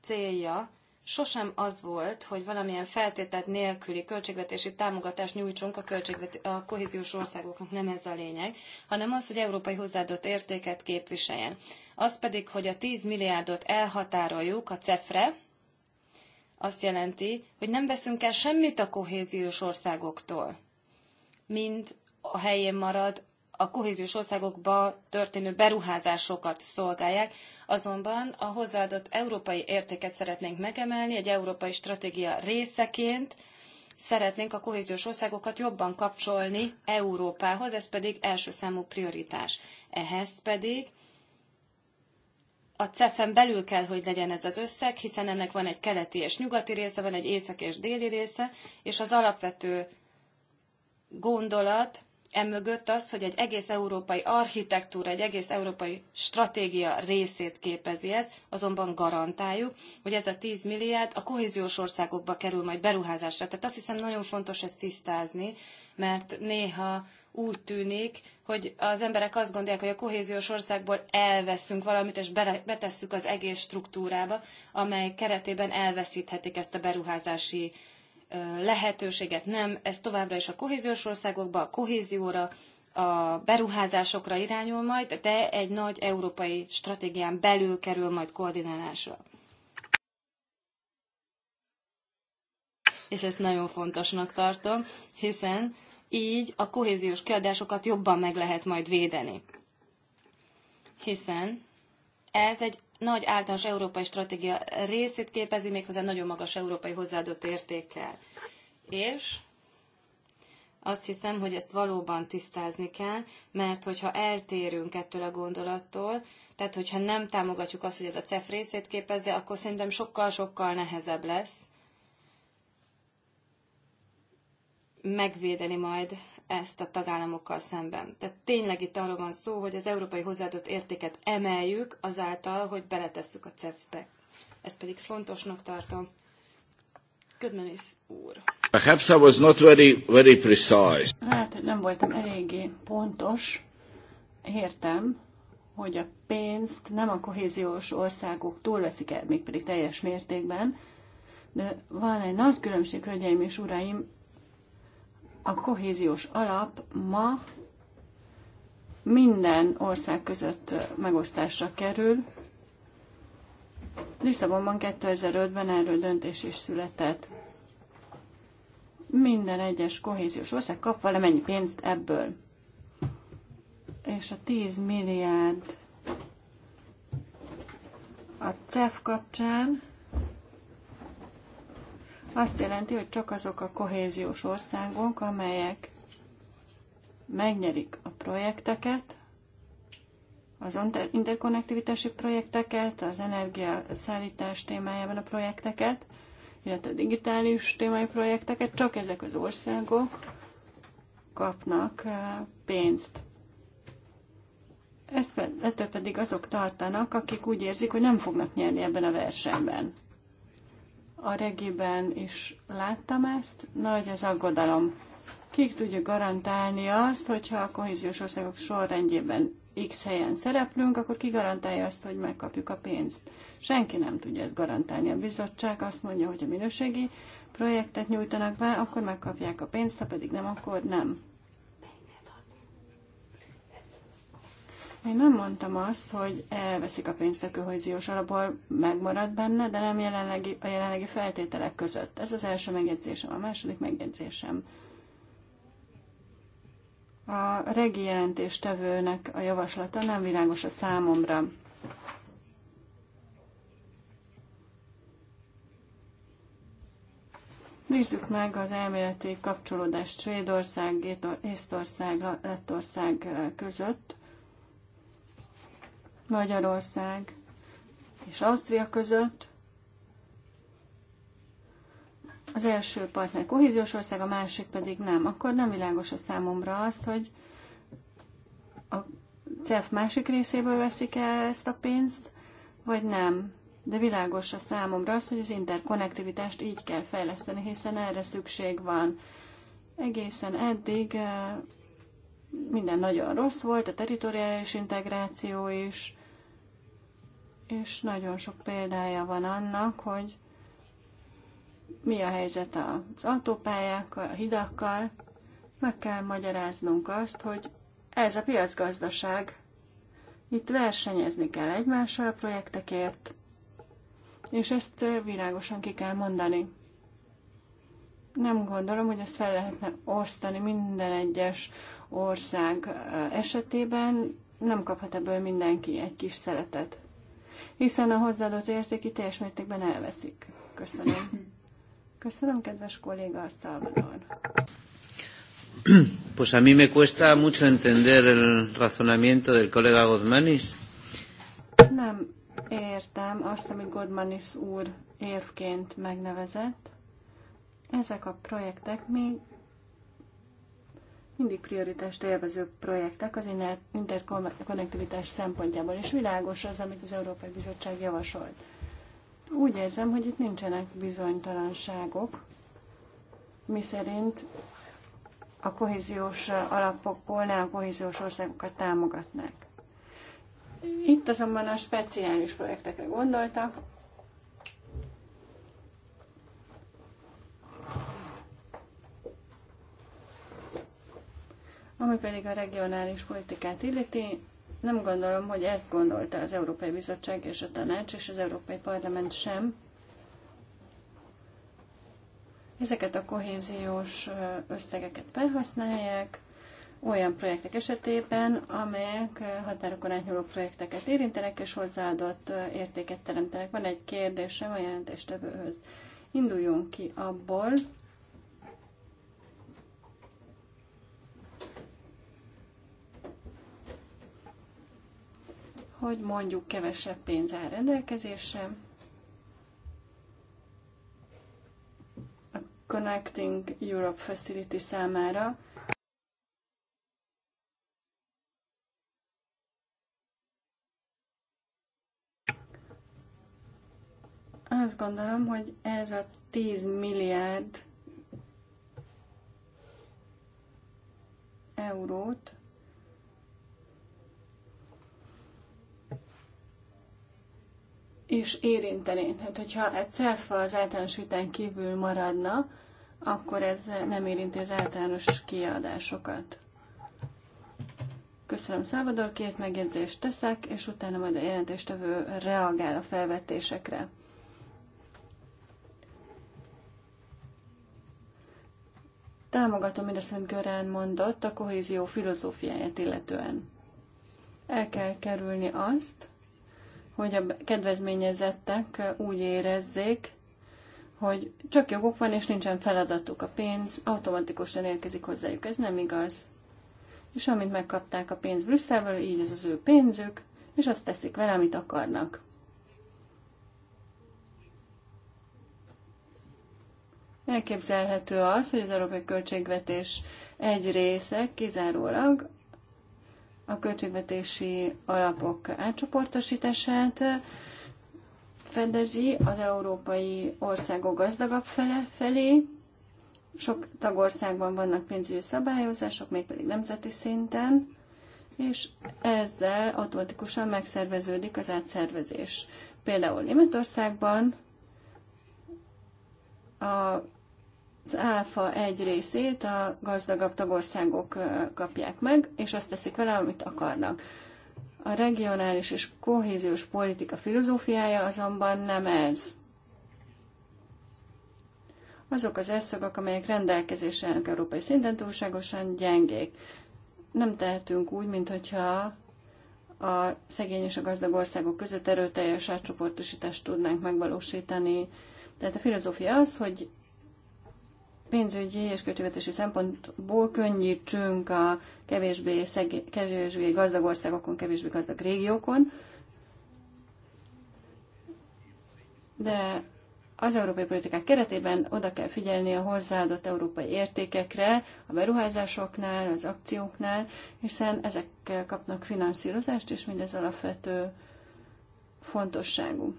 célja sosem az volt, hogy valamilyen feltételt nélküli költségvetési támogatást nyújtsunk a, költségvet- a kohéziós országoknak, nem ez a lényeg, hanem az, hogy európai hozzáadott értéket képviseljen. Az pedig, hogy a 10 milliárdot elhatároljuk a CEFRE, azt jelenti, hogy nem veszünk el semmit a kohéziós országoktól. Mind a helyén marad a kohéziós országokba történő beruházásokat szolgálják, azonban a hozzáadott európai értéket szeretnénk megemelni, egy európai stratégia részeként szeretnénk a kohéziós országokat jobban kapcsolni Európához, ez pedig első számú prioritás. Ehhez pedig a CEF-en belül kell, hogy legyen ez az összeg, hiszen ennek van egy keleti és nyugati része, van egy északi és déli része, és az alapvető gondolat, emögött az, hogy egy egész európai architektúra, egy egész európai stratégia részét képezi ez, azonban garantáljuk, hogy ez a 10 milliárd a kohéziós országokba kerül majd beruházásra. Tehát azt hiszem nagyon fontos ezt tisztázni, mert néha úgy tűnik, hogy az emberek azt gondolják, hogy a kohéziós országból elveszünk valamit, és betesszük az egész struktúrába, amely keretében elveszíthetik ezt a beruházási lehetőséget nem, ez továbbra is a kohéziós országokba, a kohézióra, a beruházásokra irányul majd, de egy nagy európai stratégián belül kerül majd koordinálásra. És ezt nagyon fontosnak tartom, hiszen így a kohéziós kiadásokat jobban meg lehet majd védeni. Hiszen ez egy nagy általános európai stratégia részét képezi, méghozzá nagyon magas európai hozzáadott értékkel. És azt hiszem, hogy ezt valóban tisztázni kell, mert hogyha eltérünk ettől a gondolattól, tehát hogyha nem támogatjuk azt, hogy ez a CEF részét képezze, akkor szerintem sokkal-sokkal nehezebb lesz megvédeni majd ezt a tagállamokkal szemben. Tehát tényleg itt arról van szó, hogy az európai hozzáadott értéket emeljük azáltal, hogy beletesszük a CEF-be. Ezt pedig fontosnak tartom. Ködmenész úr. Perhaps I was not very, very precise. Hát, nem voltam eléggé pontos. Értem, hogy a pénzt nem a kohéziós országok túlveszik el, mégpedig teljes mértékben, de van egy nagy különbség, hölgyeim és uraim, a kohéziós alap ma minden ország között megosztásra kerül. Lisszabonban 2005-ben erről döntés is született. Minden egyes kohéziós ország kap valamennyi pénzt ebből. És a 10 milliárd a CEF kapcsán azt jelenti, hogy csak azok a kohéziós országok, amelyek megnyerik a projekteket, az interkonnektivitási projekteket, az energiaszállítás témájában a projekteket, illetve a digitális témai projekteket, csak ezek az országok kapnak eh, pénzt. Ezt ettől pedig azok tartanak, akik úgy érzik, hogy nem fognak nyerni ebben a versenyben. A regiben is láttam ezt, nagy az aggodalom. Kik tudja garantálni azt, hogyha a kohéziós országok sorrendjében X helyen szereplünk, akkor ki garantálja azt, hogy megkapjuk a pénzt? Senki nem tudja ezt garantálni. A bizottság azt mondja, hogy a minőségi projektet nyújtanak be, akkor megkapják a pénzt, ha pedig nem, akkor nem. Én nem mondtam azt, hogy elveszik a pénzt a kohéziós alapból, megmarad benne, de nem jelenlegi, a jelenlegi feltételek között. Ez az első megjegyzésem. A második megjegyzésem. A regi jelentéstevőnek a javaslata nem világos a számomra. Nézzük meg az elméleti kapcsolódást Svédország, Észtország, Lettország között. Magyarország és Ausztria között. Az első partner kohéziós ország, a másik pedig nem. Akkor nem világos a számomra azt, hogy a CEF másik részéből veszik el ezt a pénzt, vagy nem. De világos a számomra az, hogy az interkonnektivitást így kell fejleszteni, hiszen erre szükség van. Egészen eddig eh, minden nagyon rossz volt, a teritoriális integráció is, és nagyon sok példája van annak, hogy mi a helyzet az autópályákkal, a hidakkal. Meg kell magyaráznunk azt, hogy ez a piacgazdaság. Itt versenyezni kell egymással a projektekért, és ezt világosan ki kell mondani. Nem gondolom, hogy ezt fel lehetne osztani minden egyes ország esetében, nem kaphat ebből mindenki egy kis szeretet hiszen a hozzáadott értéki teljes mértékben elveszik. Köszönöm. Köszönöm, kedves kolléga, Salvador. Pues a mí me cuesta mucho entender el razonamiento del colega Godmanis. Nem értem azt, amit Godmanis úr érvként megnevezett. Ezek a projektek még mindig prioritást élvező projektek az interkonnektivitás szempontjából, és világos az, amit az Európai Bizottság javasolt. Úgy érzem, hogy itt nincsenek bizonytalanságok, mi szerint a kohéziós alapokból ne a kohéziós országokat támogatnák. Itt azonban a speciális projektekre gondoltak, Ami pedig a regionális politikát illeti, nem gondolom, hogy ezt gondolta az Európai Bizottság és a Tanács és az Európai Parlament sem. Ezeket a kohéziós összegeket felhasználják olyan projektek esetében, amelyek határokon átnyúló projekteket érintenek és hozzáadott értéket teremtenek. Van egy kérdésem a jelentéstevőhöz. Induljunk ki abból, hogy mondjuk kevesebb pénz áll rendelkezésre. A Connecting Europe Facility számára Azt gondolom, hogy ez a 10 milliárd eurót is érinteni. Tehát, hogyha egy CEF az általános vitán kívül maradna, akkor ez nem érinti az általános kiadásokat. Köszönöm, Szávador, két megjegyzést teszek, és utána majd a jelentéstevő reagál a felvetésekre. Támogatom mindazt, amit Görán mondott a kohézió filozófiáját illetően. El kell kerülni azt, hogy a kedvezményezettek úgy érezzék, hogy csak joguk van, és nincsen feladatuk. A pénz automatikusan érkezik hozzájuk. Ez nem igaz. És amint megkapták a pénzt Brüsszelből, így ez az ő pénzük, és azt teszik vele, amit akarnak. Elképzelhető az, hogy az európai költségvetés egy része kizárólag a költségvetési alapok átcsoportosítását fedezi az európai országok gazdagabb fele felé. Sok tagországban vannak pénzügyi szabályozások, mégpedig nemzeti szinten, és ezzel automatikusan megszerveződik az átszervezés. Például Németországban a az áfa egy részét a gazdagabb tagországok kapják meg, és azt teszik vele, amit akarnak. A regionális és kohéziós politika filozófiája azonban nem ez. Azok az eszögök, amelyek rendelkezésre állnak európai szinten, túlságosan gyengék. Nem tehetünk úgy, mintha a szegény és a gazdag országok között erőteljes átcsoportosítást tudnánk megvalósítani. Tehát a filozófia az, hogy pénzügyi és költségvetési szempontból könnyítsünk a kevésbé, szegé, kevésbé gazdag országokon, kevésbé gazdag régiókon, de az európai politikák keretében oda kell figyelni a hozzáadott európai értékekre, a beruházásoknál, az akcióknál, hiszen ezekkel kapnak finanszírozást, és mindez alapvető fontosságú.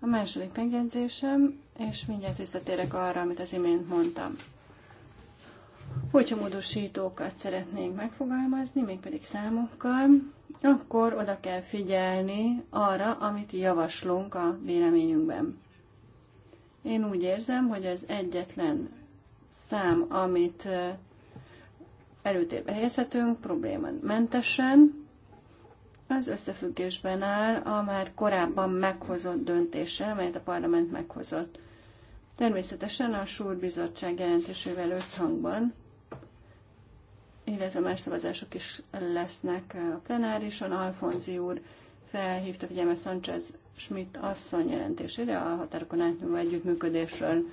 A második megjegyzésem és mindjárt visszatérek arra, amit az imént mondtam. Hogyha módosítókat szeretnénk megfogalmazni, mégpedig számokkal, akkor oda kell figyelni arra, amit javaslunk a véleményünkben. Én úgy érzem, hogy az egyetlen szám, amit előtérbe helyezhetünk, problémamentesen, az összefüggésben áll a már korábban meghozott döntéssel, amelyet a parlament meghozott. Természetesen a Súr Bizottság jelentésével összhangban, illetve más szavazások is lesznek a plenárison. Alfonzi úr felhívta figyelmet Sanchez Schmidt asszony jelentésére a határokon átnyúló együttműködésről,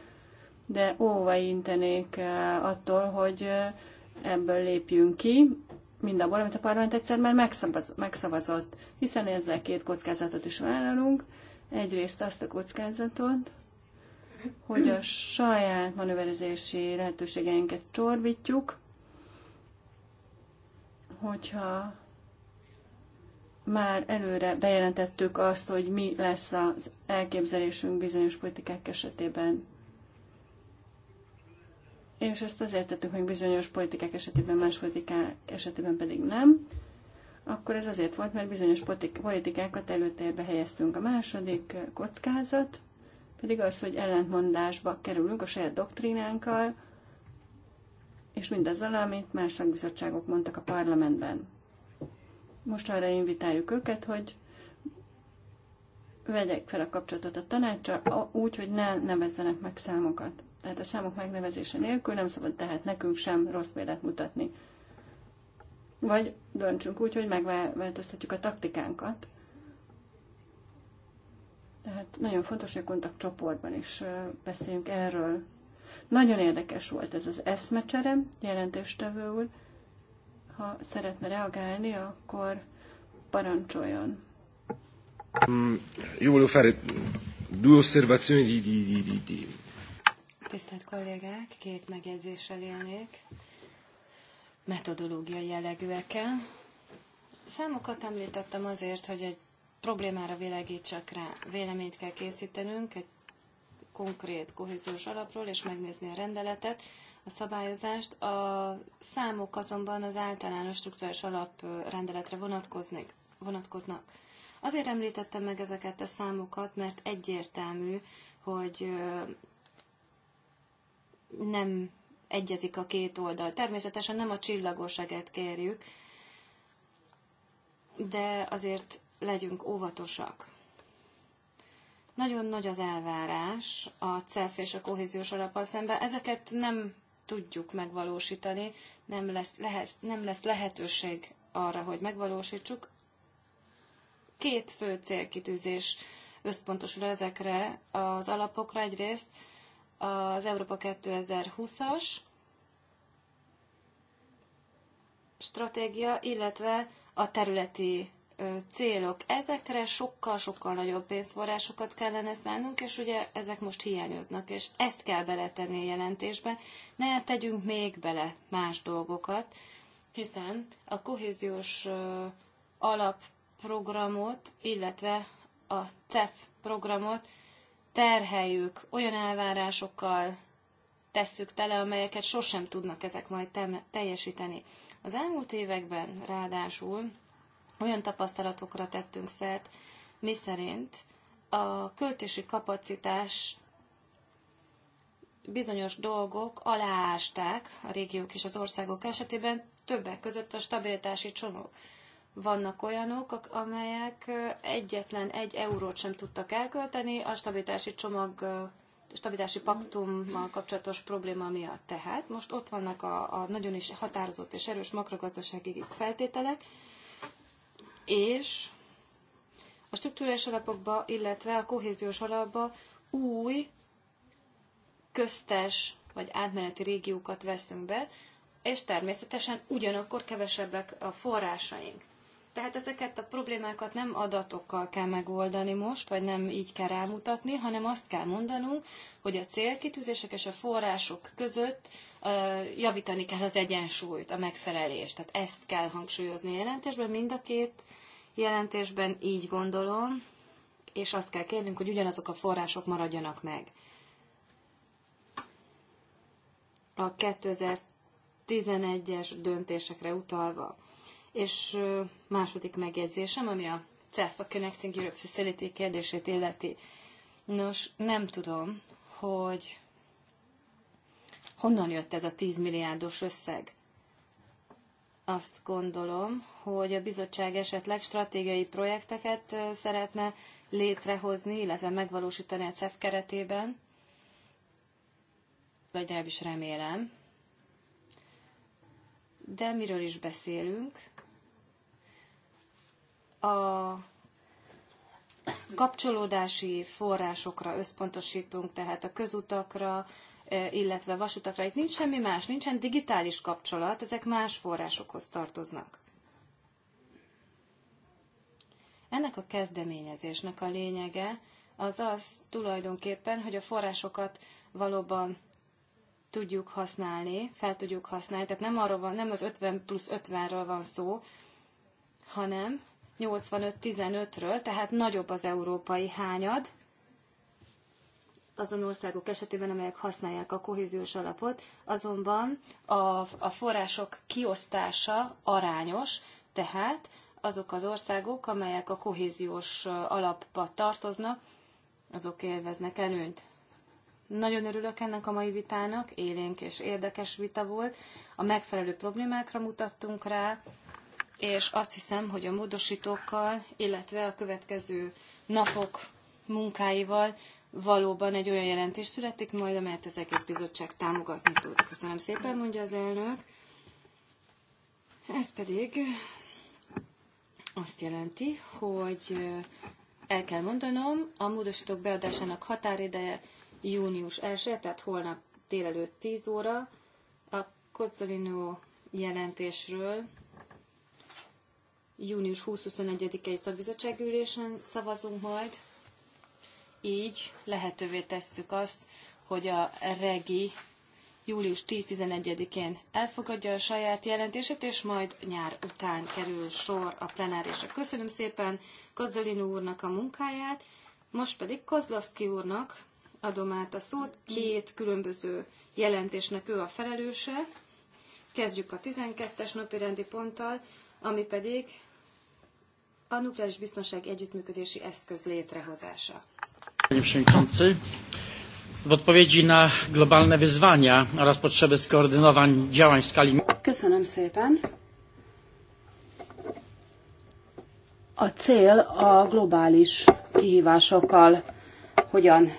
de óva intenék eh, attól, hogy eh, ebből lépjünk ki, mindabból, amit a parlament egyszer már megszavazott, hiszen ezzel két kockázatot is vállalunk. Egyrészt azt a kockázatot, hogy a saját manőverezési lehetőségeinket csorbítjuk, hogyha már előre bejelentettük azt, hogy mi lesz az elképzelésünk bizonyos politikák esetében. És ezt azért tettük meg bizonyos politikák esetében, más politikák esetében pedig nem. Akkor ez azért volt, mert bizonyos politikákat előtérbe helyeztünk. A második kockázat pedig az, hogy ellentmondásba kerülünk a saját doktrínánkkal, és mindazzal, amit más szakbizottságok mondtak a parlamentben. Most arra invitáljuk őket, hogy vegyek fel a kapcsolatot a tanácsra, úgy, hogy ne nevezzenek meg számokat. Tehát a számok megnevezése nélkül nem szabad tehát nekünk sem rossz példát mutatni. Vagy döntsünk úgy, hogy megváltoztatjuk a taktikánkat, tehát nagyon fontos, hogy a kontaktcsoportban is beszéljünk erről. Nagyon érdekes volt ez az eszmecsere, jelentéstevő úr. Ha szeretne reagálni, akkor parancsoljon. Mm, jó io volevo Tisztelt kollégák, két megjegyzéssel élnék, metodológiai jellegűekkel. Számokat említettem azért, hogy egy problémára világítsak rá. Véleményt kell készítenünk egy konkrét kohéziós alapról, és megnézni a rendeletet, a szabályozást. A számok azonban az általános struktúrás alap vonatkoznak. vonatkoznak. Azért említettem meg ezeket a számokat, mert egyértelmű, hogy nem egyezik a két oldal. Természetesen nem a csillagoseget kérjük, de azért legyünk óvatosak. Nagyon nagy az elvárás a CEF és a kohéziós alappal szemben. Ezeket nem tudjuk megvalósítani, nem lesz, lehet, nem lesz lehetőség arra, hogy megvalósítsuk. Két fő célkitűzés összpontosul ezekre az alapokra. Egyrészt az Európa 2020-as stratégia, illetve a területi célok. Ezekre sokkal-sokkal nagyobb pénzforrásokat kellene szánnunk, és ugye ezek most hiányoznak, és ezt kell beletenni a jelentésbe. Ne tegyünk még bele más dolgokat, hiszen a kohéziós alapprogramot, illetve a CEF programot terheljük olyan elvárásokkal, tesszük tele, amelyeket sosem tudnak ezek majd teljesíteni. Az elmúlt években ráadásul olyan tapasztalatokra tettünk szert, miszerint a költési kapacitás bizonyos dolgok aláásták a régiók és az országok esetében, többek között a stabilitási csomag. Vannak olyanok, amelyek egyetlen egy eurót sem tudtak elkölteni a stabilitási csomag stabilitási paktummal kapcsolatos probléma miatt. Tehát most ott vannak a, a nagyon is határozott és erős makrogazdasági feltételek, és a struktúrás alapokba, illetve a kohéziós alapba új köztes vagy átmeneti régiókat veszünk be, és természetesen ugyanakkor kevesebbek a forrásaink. Tehát ezeket a problémákat nem adatokkal kell megoldani most, vagy nem így kell rámutatni, hanem azt kell mondanunk, hogy a célkitűzések és a források között javítani kell az egyensúlyt, a megfelelést. Tehát ezt kell hangsúlyozni a jelentésben, mind a két jelentésben így gondolom, és azt kell kérnünk, hogy ugyanazok a források maradjanak meg. A 2011-es döntésekre utalva. És második megjegyzésem, ami a CEF, a Connecting Europe Facility kérdését illeti. Nos, nem tudom, hogy honnan jött ez a 10 milliárdos összeg. Azt gondolom, hogy a bizottság esetleg stratégiai projekteket szeretne létrehozni, illetve megvalósítani a CEF keretében, legalábbis remélem. De miről is beszélünk? A kapcsolódási forrásokra összpontosítunk, tehát a közutakra, illetve vasutakra. Itt nincs semmi más, nincsen digitális kapcsolat, ezek más forrásokhoz tartoznak. Ennek a kezdeményezésnek a lényege az az tulajdonképpen, hogy a forrásokat valóban tudjuk használni, fel tudjuk használni. Tehát nem, arról van, nem az 50 plusz 50-ről van szó, hanem 85-15-ről, tehát nagyobb az európai hányad, azon országok esetében, amelyek használják a kohéziós alapot, azonban a, a források kiosztása arányos, tehát azok az országok, amelyek a kohéziós alapba tartoznak, azok élveznek előnyt. Nagyon örülök ennek a mai vitának, élénk és érdekes vita volt. A megfelelő problémákra mutattunk rá, és azt hiszem, hogy a módosítókkal, illetve a következő napok munkáival valóban egy olyan jelentés születik majd, amelyet az egész bizottság támogatni tud. Köszönöm szépen, mondja az elnök. Ez pedig azt jelenti, hogy el kell mondanom, a módosítók beadásának határideje június 1 tehát holnap délelőtt 10 óra. A Kocolino jelentésről június 20-21-i szakbizottságülésen szavazunk majd, így lehetővé tesszük azt, hogy a regi július 10-11-én elfogadja a saját jelentését, és majd nyár után kerül sor a plenárisra. Köszönöm szépen Kozolino úrnak a munkáját, most pedig Kozlovszki úrnak adom át a szót. Két különböző jelentésnek ő a felelőse. Kezdjük a 12-es napi rendi ponttal, ami pedig a nukleáris biztonság együttműködési eszköz létrehozása. Panie Przewodniczący. W odpowiedzi na globalne wyzwania oraz potrzeby skoordynowań działań w skali... Köszönöm szépen. A cél a globális kihívásokkal hogyan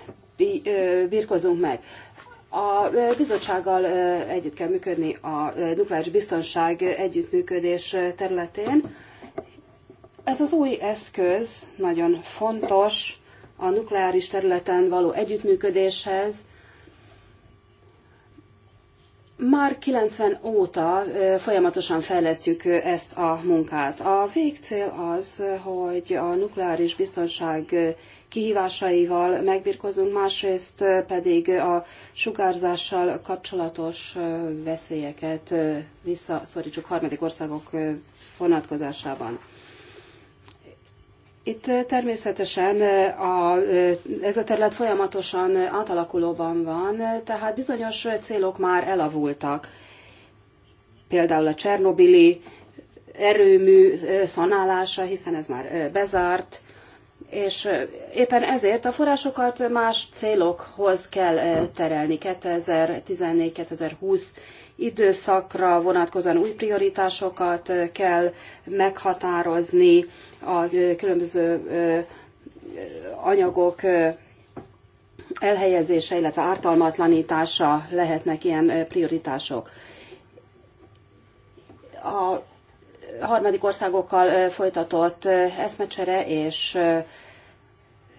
birkozunk meg. A bizottsággal együtt kell működni a nukleáris biztonság együttműködés területén. Ez az új eszköz nagyon fontos, a nukleáris területen való együttműködéshez. Már 90 óta folyamatosan fejlesztjük ezt a munkát. A végcél az, hogy a nukleáris biztonság kihívásaival megbirkozunk, másrészt pedig a sugárzással kapcsolatos veszélyeket visszaszorítsuk harmadik országok vonatkozásában. Itt természetesen a, ez a terület folyamatosan átalakulóban van, tehát bizonyos célok már elavultak. Például a Csernobili erőmű szanálása, hiszen ez már bezárt, és éppen ezért a forrásokat más célokhoz kell terelni. 2014-2020 időszakra vonatkozóan új prioritásokat kell meghatározni, a különböző anyagok elhelyezése, illetve ártalmatlanítása lehetnek ilyen prioritások. A harmadik országokkal folytatott eszmecsere és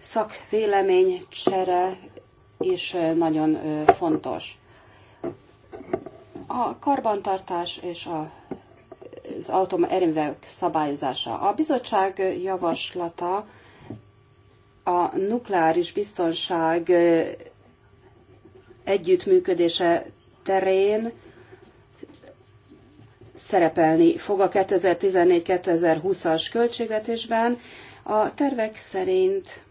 szakvéleménycsere is nagyon fontos. A karbantartás és a az atomerőművek szabályozása. A bizottság javaslata a nukleáris biztonság együttműködése terén szerepelni fog a 2014-2020-as költségvetésben. A tervek szerint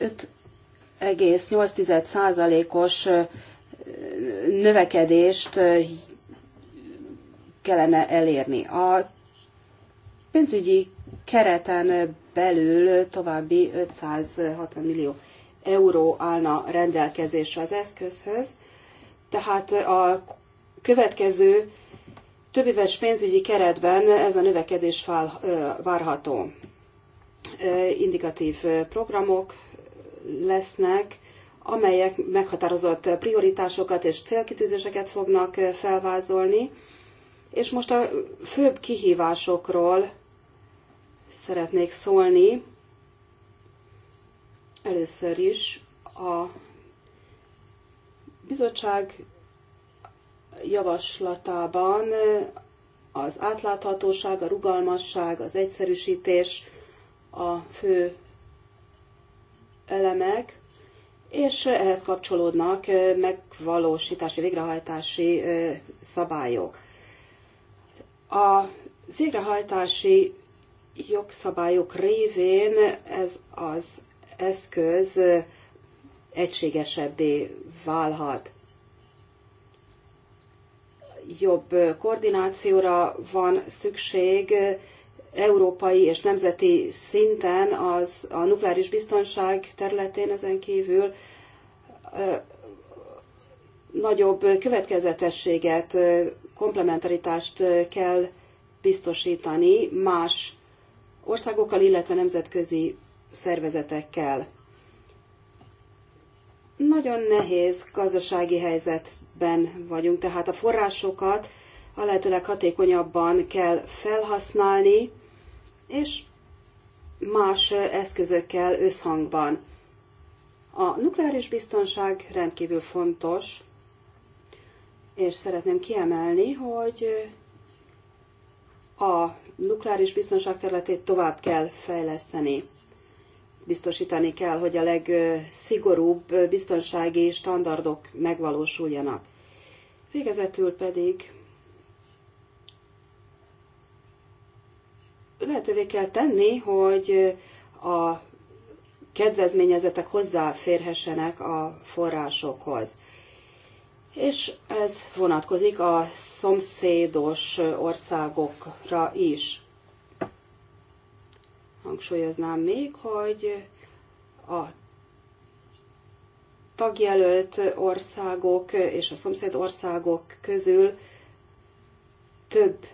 5,8%-os növekedést kellene elérni. A pénzügyi kereten belül további 560 millió euró állna rendelkezésre az eszközhöz, tehát a következő többéves pénzügyi keretben ez a növekedés várható. Indikatív programok lesznek, amelyek meghatározott prioritásokat és célkitűzéseket fognak felvázolni. És most a főbb kihívásokról szeretnék szólni. Először is a bizottság javaslatában az átláthatóság, a rugalmasság, az egyszerűsítés a fő elemek, és ehhez kapcsolódnak megvalósítási, végrehajtási szabályok. A végrehajtási jogszabályok révén ez az eszköz egységesebbé válhat. Jobb koordinációra van szükség, európai és nemzeti szinten az a nukleáris biztonság területén ezen kívül nagyobb következetességet, komplementaritást kell biztosítani más országokkal, illetve nemzetközi szervezetekkel. Nagyon nehéz gazdasági helyzetben vagyunk, tehát a forrásokat a lehető hatékonyabban kell felhasználni, és más eszközökkel összhangban. A nukleáris biztonság rendkívül fontos, és szeretném kiemelni, hogy a nukleáris biztonság területét tovább kell fejleszteni. Biztosítani kell, hogy a legszigorúbb biztonsági standardok megvalósuljanak. Végezetül pedig lehetővé kell tenni, hogy a kedvezményezetek hozzáférhessenek a forrásokhoz. És ez vonatkozik a szomszédos országokra is. Hangsúlyoznám még, hogy a tagjelölt országok és a szomszéd országok közül több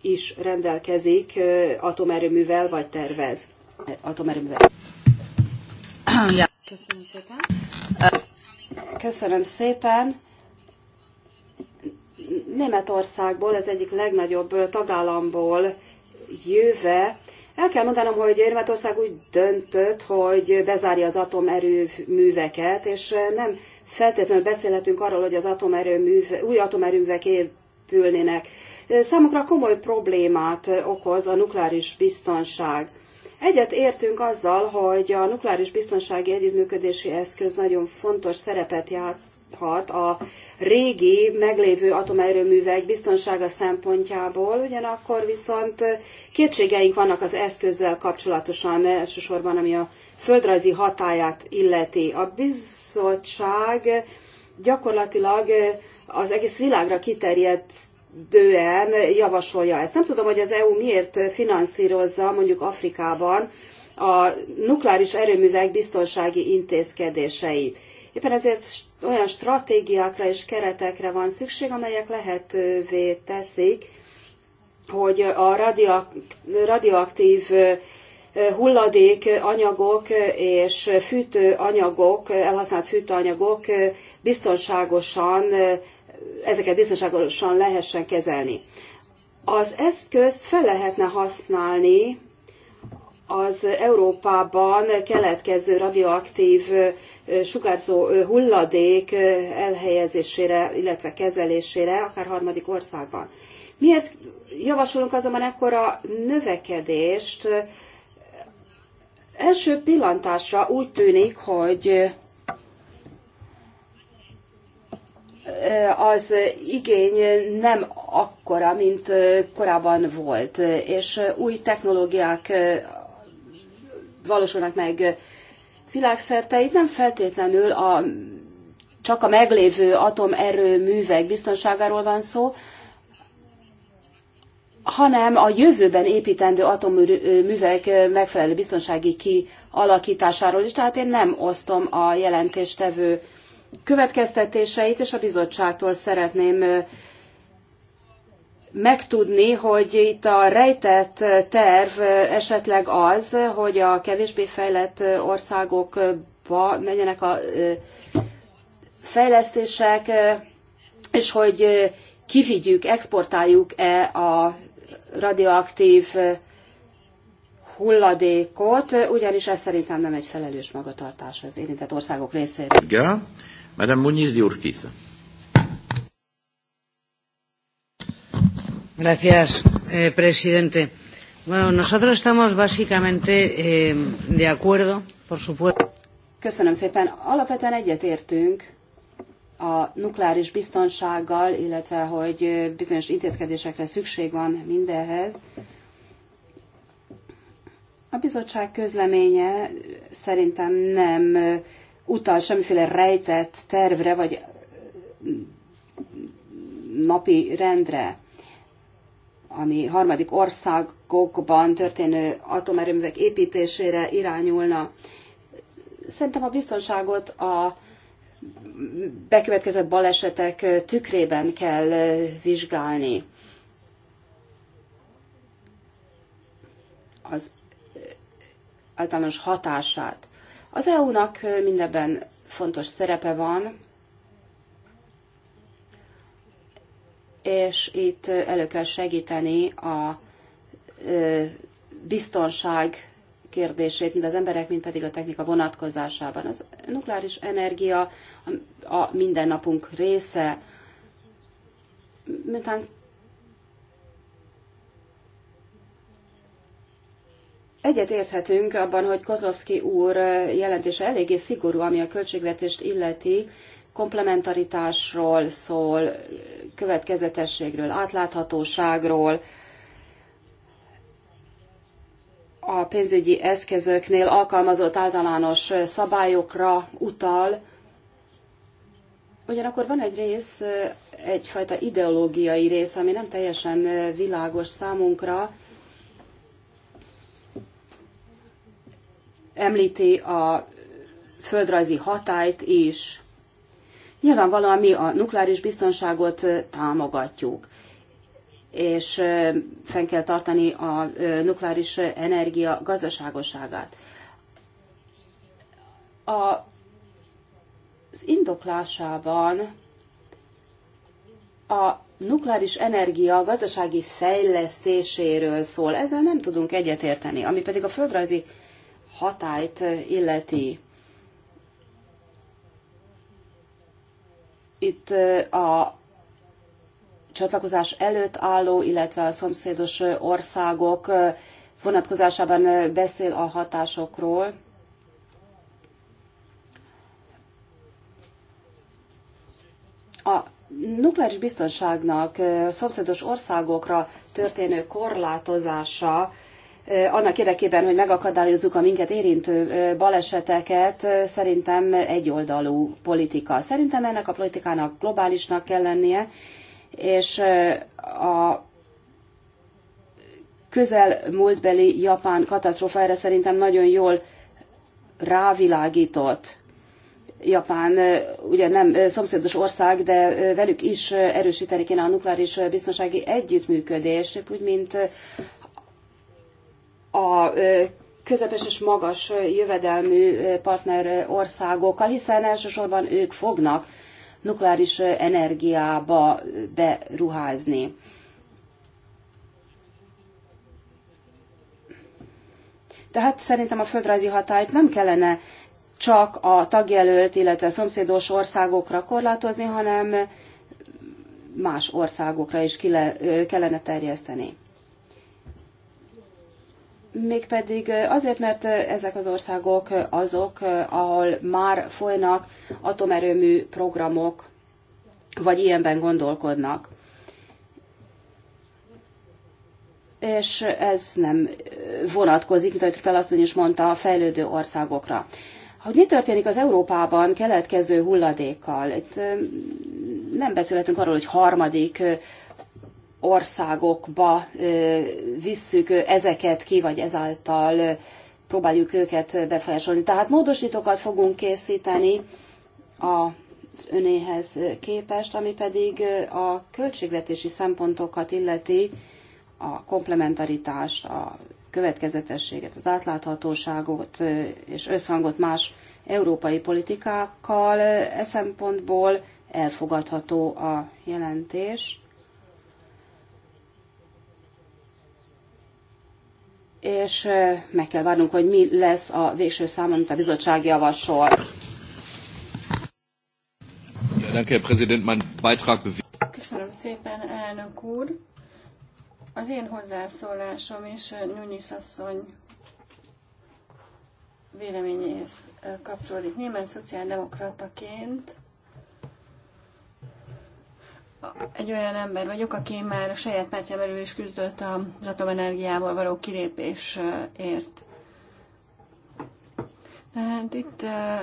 is rendelkezik atomerőművel, vagy tervez atomerőművel. Köszönöm szépen. Köszönöm szépen. Németországból, az egyik legnagyobb tagállamból jöve, el kell mondanom, hogy Németország úgy döntött, hogy bezárja az atomerőműveket, és nem feltétlenül beszélhetünk arról, hogy az atomerőműve, új atomerőművek épülnének számukra komoly problémát okoz a nukleáris biztonság. Egyet értünk azzal, hogy a nukleáris biztonsági együttműködési eszköz nagyon fontos szerepet játszhat a régi, meglévő atomerőművek biztonsága szempontjából, ugyanakkor viszont kétségeink vannak az eszközzel kapcsolatosan, elsősorban ami a földrajzi hatáját illeti. A bizottság gyakorlatilag az egész világra kiterjedt dően javasolja ezt. Nem tudom, hogy az EU miért finanszírozza mondjuk Afrikában a nukleáris erőművek biztonsági intézkedéseit. Éppen ezért olyan stratégiákra és keretekre van szükség, amelyek lehetővé teszik, hogy a radioaktív hulladék anyagok és fűtőanyagok, elhasznált fűtőanyagok biztonságosan ezeket biztonságosan lehessen kezelni. Az eszközt fel lehetne használni az Európában keletkező radioaktív sugárzó hulladék elhelyezésére, illetve kezelésére, akár harmadik országban. Miért javasolunk azonban ekkora növekedést? Első pillantásra úgy tűnik, hogy az igény nem akkora, mint korábban volt, és új technológiák valósulnak meg világszerte. Itt nem feltétlenül a, csak a meglévő atomerőművek biztonságáról van szó, hanem a jövőben építendő atomművek megfelelő biztonsági kialakításáról is. Tehát én nem osztom a jelentéstevő következtetéseit, és a bizottságtól szeretném megtudni, hogy itt a rejtett terv esetleg az, hogy a kevésbé fejlett országokba menjenek a fejlesztések, és hogy kivigyük, exportáljuk-e a radioaktív hulladékot, ugyanis ez szerintem nem egy felelős magatartás az érintett országok részéről. Madame Muñiz de Urquiza. Gracias, eh, presidente. Bueno, nosotros estamos básicamente eh, de acuerdo, por supuesto. Köszönöm szépen. Alapvetően egyetértünk a nukleáris biztonsággal, illetve hogy bizonyos intézkedésekre szükség van mindehhez. A bizottság közleménye szerintem nem utal semmiféle rejtett tervre, vagy mm, napi rendre, ami harmadik országokban történő atomerőművek építésére irányulna. Szerintem a biztonságot a bekövetkezett balesetek tükrében kell vizsgálni. Az általános hatását. Az EU-nak mindebben fontos szerepe van, és itt elő kell segíteni a biztonság kérdését, mind az emberek, mind pedig a technika vonatkozásában. Az nukleáris energia a mindennapunk része. Miután Egyet érthetünk abban, hogy Kozlovszki úr jelentése eléggé szigorú, ami a költségvetést illeti, komplementaritásról szól, következetességről, átláthatóságról, a pénzügyi eszközöknél alkalmazott általános szabályokra utal. Ugyanakkor van egy rész, egyfajta ideológiai rész, ami nem teljesen világos számunkra, említi a földrajzi hatályt is. Nyilvánvalóan mi a nukleáris biztonságot támogatjuk, és fenn kell tartani a nukleáris energia gazdaságosságát. A, az indoklásában a nukleáris energia gazdasági fejlesztéséről szól. Ezzel nem tudunk egyetérteni, ami pedig a földrajzi hatályt eh, illeti. Itt eh, a csatlakozás előtt álló, illetve a szomszédos eh, országok vonatkozásában beszél a hatásokról. A nukleáris biztonságnak szomszédos országokra történő korlátozása annak érdekében, hogy megakadályozzuk a minket érintő baleseteket, szerintem egyoldalú politika. Szerintem ennek a politikának globálisnak kell lennie, és a közel múltbeli japán katasztrófa erre szerintem nagyon jól rávilágított. Japán ugye nem szomszédos ország, de velük is erősíteni kéne a nukleáris biztonsági együttműködést, úgy mint a közepes és magas jövedelmű partner országokkal, hiszen elsősorban ők fognak nukleáris energiába beruházni. Tehát szerintem a földrajzi hatályt nem kellene csak a tagjelölt, illetve szomszédos országokra korlátozni, hanem más országokra is kellene terjeszteni mégpedig azért, mert ezek az országok azok, ahol már folynak atomerőmű programok, vagy ilyenben gondolkodnak. És ez nem vonatkozik, mint ahogy Trüppel asszony is mondta, a fejlődő országokra. Hogy mi történik az Európában keletkező hulladékkal? Itt nem beszélhetünk arról, hogy harmadik országokba visszük ezeket ki, vagy ezáltal próbáljuk őket befolyásolni. Tehát módosítókat fogunk készíteni az önéhez képest, ami pedig a költségvetési szempontokat illeti, a komplementaritást, a következetességet, az átláthatóságot és összhangot más európai politikákkal. E szempontból elfogadható a jelentés. és meg kell várnunk, hogy mi lesz a végső szám, amit a bizottság javasol. Köszönöm szépen, elnök úr. Az én hozzászólásom is Nyúnyis asszony véleményéhez kapcsolódik. Német szociáldemokrataként egy olyan ember vagyok, aki már a saját pártja belül is küzdött az atomenergiával való kilépésért. Tehát itt eh,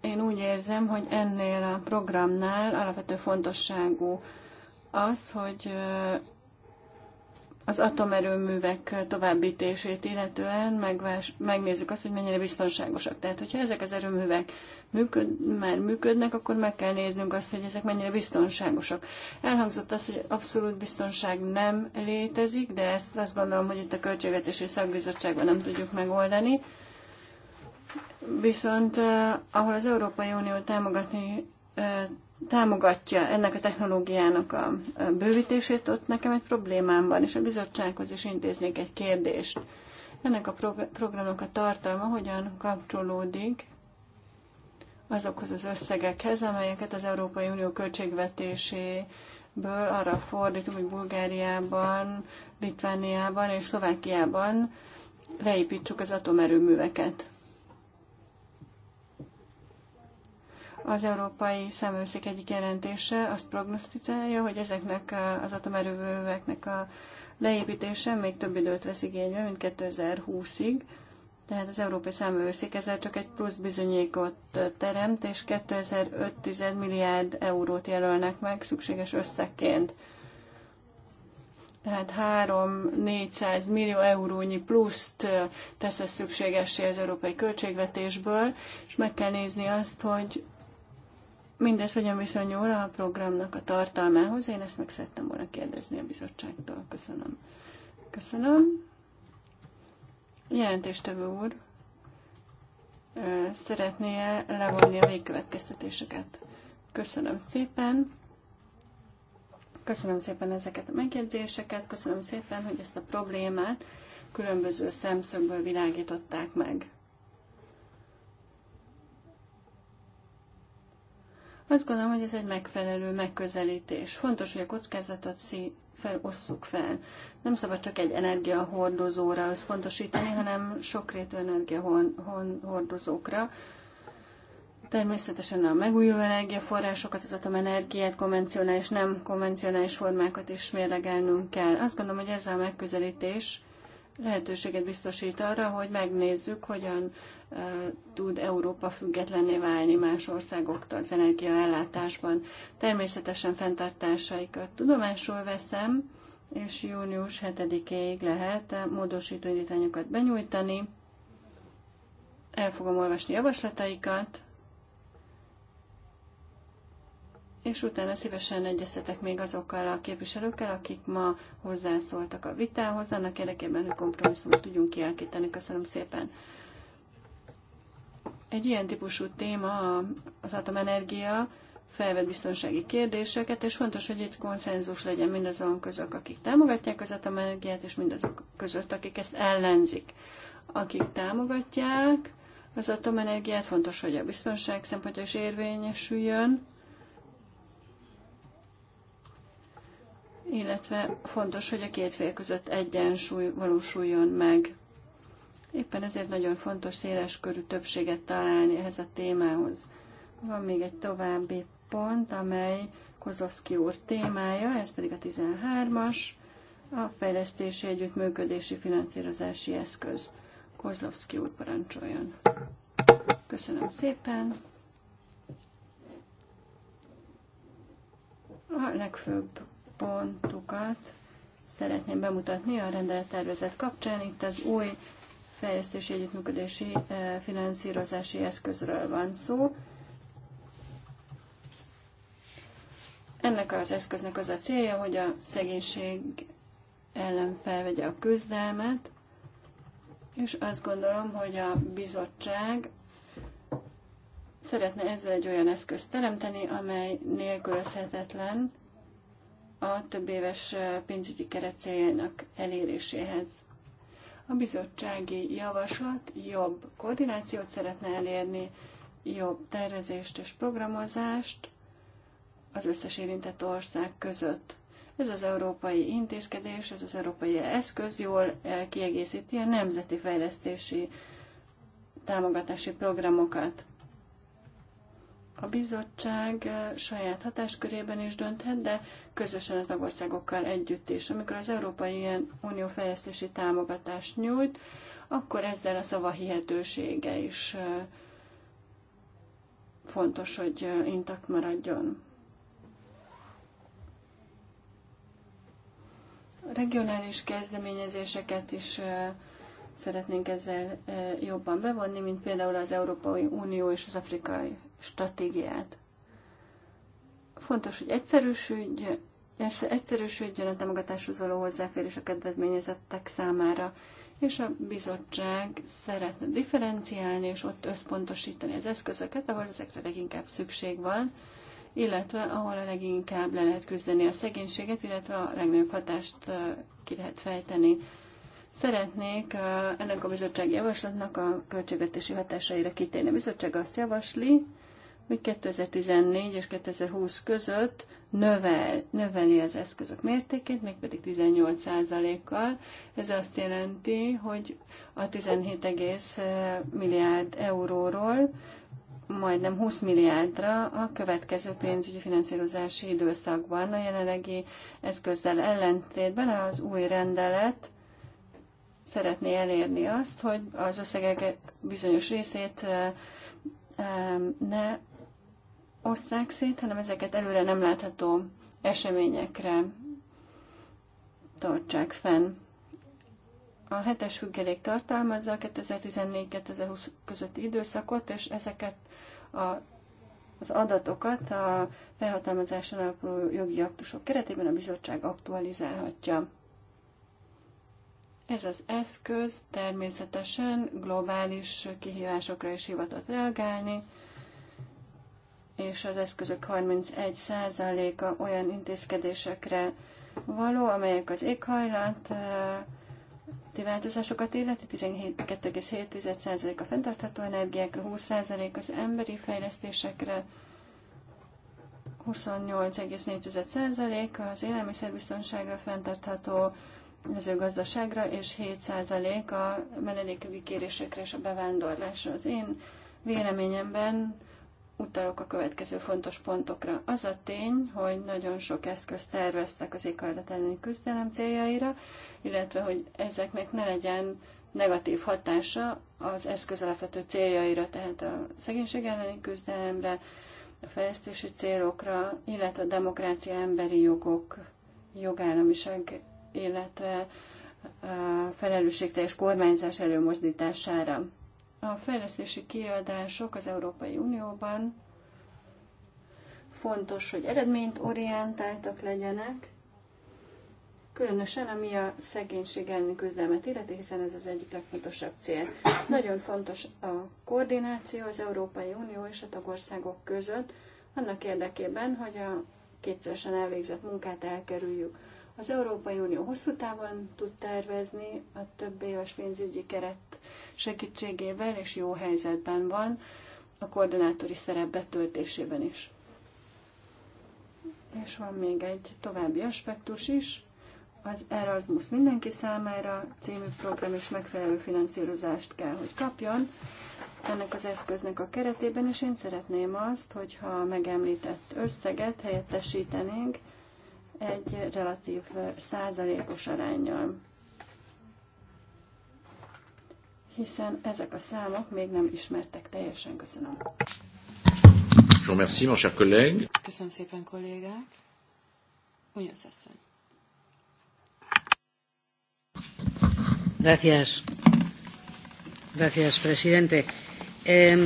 én úgy érzem, hogy ennél a programnál alapvető fontosságú az, hogy eh, az atomerőművek továbbítését illetően megvás, megnézzük azt, hogy mennyire biztonságosak. Tehát, hogyha ezek az erőművek működ, már működnek, akkor meg kell néznünk azt, hogy ezek mennyire biztonságosak. Elhangzott az, hogy abszolút biztonság nem létezik, de ezt azt gondolom, hogy itt a Költségvetési Szakbizottságban nem tudjuk megoldani. Viszont eh, ahol az Európai Unió támogatni eh, támogatja ennek a technológiának a bővítését, ott nekem egy problémám van, és a bizottsághoz is intéznék egy kérdést. Ennek a prog- programnak a tartalma hogyan kapcsolódik azokhoz az összegekhez, amelyeket az Európai Unió költségvetéséből arra fordítunk, hogy Bulgáriában, Litvániában és Szlovákiában leépítsük az atomerőműveket. Az Európai Szemőszék egyik jelentése azt prognosztizálja, hogy ezeknek az atomerőműveknek a leépítése még több időt vesz igénybe, mint 2020-ig. Tehát az Európai Számőszék ezzel csak egy plusz bizonyékot teremt, és 2500 milliárd eurót jelölnek meg szükséges összegként. Tehát 3-400 millió eurónyi pluszt tesz ez szükségessé az európai költségvetésből, és meg kell nézni azt, hogy Mindez hogyan viszonyul a programnak a tartalmához? Én ezt meg szerettem volna kérdezni a bizottságtól. Köszönöm. Köszönöm. Jelentéstevő úr, szeretné -e levonni a végkövetkeztetéseket? Köszönöm szépen. Köszönöm szépen ezeket a megjegyzéseket, köszönöm szépen, hogy ezt a problémát különböző szemszögből világították meg. Azt gondolom, hogy ez egy megfelelő megközelítés. Fontos, hogy a kockázatot felosszuk fel. Nem szabad csak egy energiahordozóra összpontosítani, hanem sokrétű energiahordozókra. Természetesen a megújuló energiaforrásokat, az atomenergiát, konvencionális, nem konvencionális formákat is mérlegelnünk kell. Azt gondolom, hogy ez a megközelítés lehetőséget biztosít arra, hogy megnézzük, hogyan tud Európa függetlenné válni más országoktól az energiaellátásban. Természetesen fenntartásaikat tudomásul veszem, és június 7-éig lehet módosító benyújtani. El fogom olvasni javaslataikat, és utána szívesen egyeztetek még azokkal a képviselőkkel, akik ma hozzászóltak a vitához, annak érdekében, hogy kompromisszumot tudjunk kialakítani. Köszönöm szépen! Egy ilyen típusú téma az atomenergia, felvett biztonsági kérdéseket, és fontos, hogy itt konszenzus legyen mindazon közök, akik támogatják az atomenergiát, és mindazok között, akik ezt ellenzik. Akik támogatják az atomenergiát, fontos, hogy a biztonság szempontja is érvényesüljön, illetve fontos, hogy a két fél között egyensúly valósuljon meg. Éppen ezért nagyon fontos széles körű többséget találni ehhez a témához. Van még egy további pont, amely Kozlovszki úr témája, ez pedig a 13-as, a fejlesztési együttműködési finanszírozási eszköz. Kozlovszki úr parancsoljon. Köszönöm szépen. A legfőbb pontokat szeretném bemutatni a rendelettervezet kapcsán. Itt az új fejlesztési együttműködési eh, finanszírozási eszközről van szó. Ennek az eszköznek az a célja, hogy a szegénység ellen felvegye a küzdelmet, és azt gondolom, hogy a bizottság szeretne ezzel egy olyan eszközt teremteni, amely nélkülözhetetlen a több éves pénzügyi keret céljának eléréséhez. A bizottsági javaslat jobb koordinációt szeretne elérni, jobb tervezést és programozást az összes érintett ország között. Ez az európai intézkedés, ez az európai eszköz jól kiegészíti a nemzeti fejlesztési támogatási programokat. A bizottság eh, saját hatáskörében is dönthet, de közösen a tagországokkal együtt is. Amikor az Európai Unió fejlesztési támogatást nyújt, akkor ezzel a szava hihetősége is eh, fontos, hogy eh, intakt maradjon. regionális kezdeményezéseket is szeretnénk ezzel jobban bevonni, mint például az Európai Unió és az Afrikai stratégiát. Fontos, hogy egyszerűsügy, egyszerűsödjön a támogatáshoz való hozzáférés a kedvezményezettek számára, és a bizottság szeretne differenciálni és ott összpontosítani az eszközöket, ahol ezekre leginkább szükség van, illetve ahol a leginkább le lehet küzdeni a szegénységet, illetve a legnagyobb hatást ki lehet fejteni. Szeretnék ennek a bizottsági javaslatnak a költségvetési hatásaira kitérni. A bizottság azt javasli, hogy 2014 és 2020 között növel, növeli az eszközök mértékét, mégpedig 18%-kal. Ez azt jelenti, hogy a 17,1 milliárd euróról majdnem 20 milliárdra a következő pénzügyi finanszírozási időszakban. A jelenlegi eszközzel ellentétben az új rendelet szeretné elérni azt, hogy az összegek bizonyos részét eh, eh, ne oszták szét, hanem ezeket előre nem látható eseményekre tartsák fenn. A hetes függelék tartalmazza a 2014-2020 közötti időszakot, és ezeket a, az adatokat a felhatalmazáson alapuló jogi aktusok keretében a bizottság aktualizálhatja. Ez az eszköz természetesen globális kihívásokra is hivatott reagálni, és az eszközök 31%-a olyan intézkedésekre való, amelyek az éghajlat, változásokat illeti, 12,7% a fenntartható energiákra, 20% az emberi fejlesztésekre, 28,4% az élelmiszerbiztonságra fenntartható mezőgazdaságra, és 7% a menedékügyi kérésekre és a bevándorlásra. Az én véleményemben utalok a következő fontos pontokra. Az a tény, hogy nagyon sok eszközt terveztek az éghajlat elleni küzdelem céljaira, illetve hogy ezeknek ne legyen negatív hatása az eszköz alapvető céljaira, tehát a szegénység elleni küzdelemre, a fejlesztési célokra, illetve a demokrácia, emberi jogok, jogállamiság, illetve a felelősségteljes kormányzás előmozdítására. A fejlesztési kiadások az Európai Unióban fontos, hogy eredményt orientáltak legyenek, különösen ami a szegénység elleni küzdelmet illeti, hiszen ez az egyik legfontosabb cél. Nagyon fontos a koordináció az Európai Unió és a tagországok között, annak érdekében, hogy a kétszeresen elvégzett munkát elkerüljük. Az Európai Unió hosszú távon tud tervezni a több éves pénzügyi keret segítségével, és jó helyzetben van a koordinátori szerep betöltésében is. És van még egy további aspektus is, az Erasmus mindenki számára című program is megfelelő finanszírozást kell, hogy kapjon ennek az eszköznek a keretében, és én szeretném azt, hogyha a megemlített összeget helyettesítenénk egy relatív százalékos arányjal. Hiszen ezek a számok még nem ismertek teljesen. Köszönöm. Je mon cher collègue. Köszönöm szépen, kollégák. Ugyanaz asszony. Gracias. Gracias, presidente. Eh,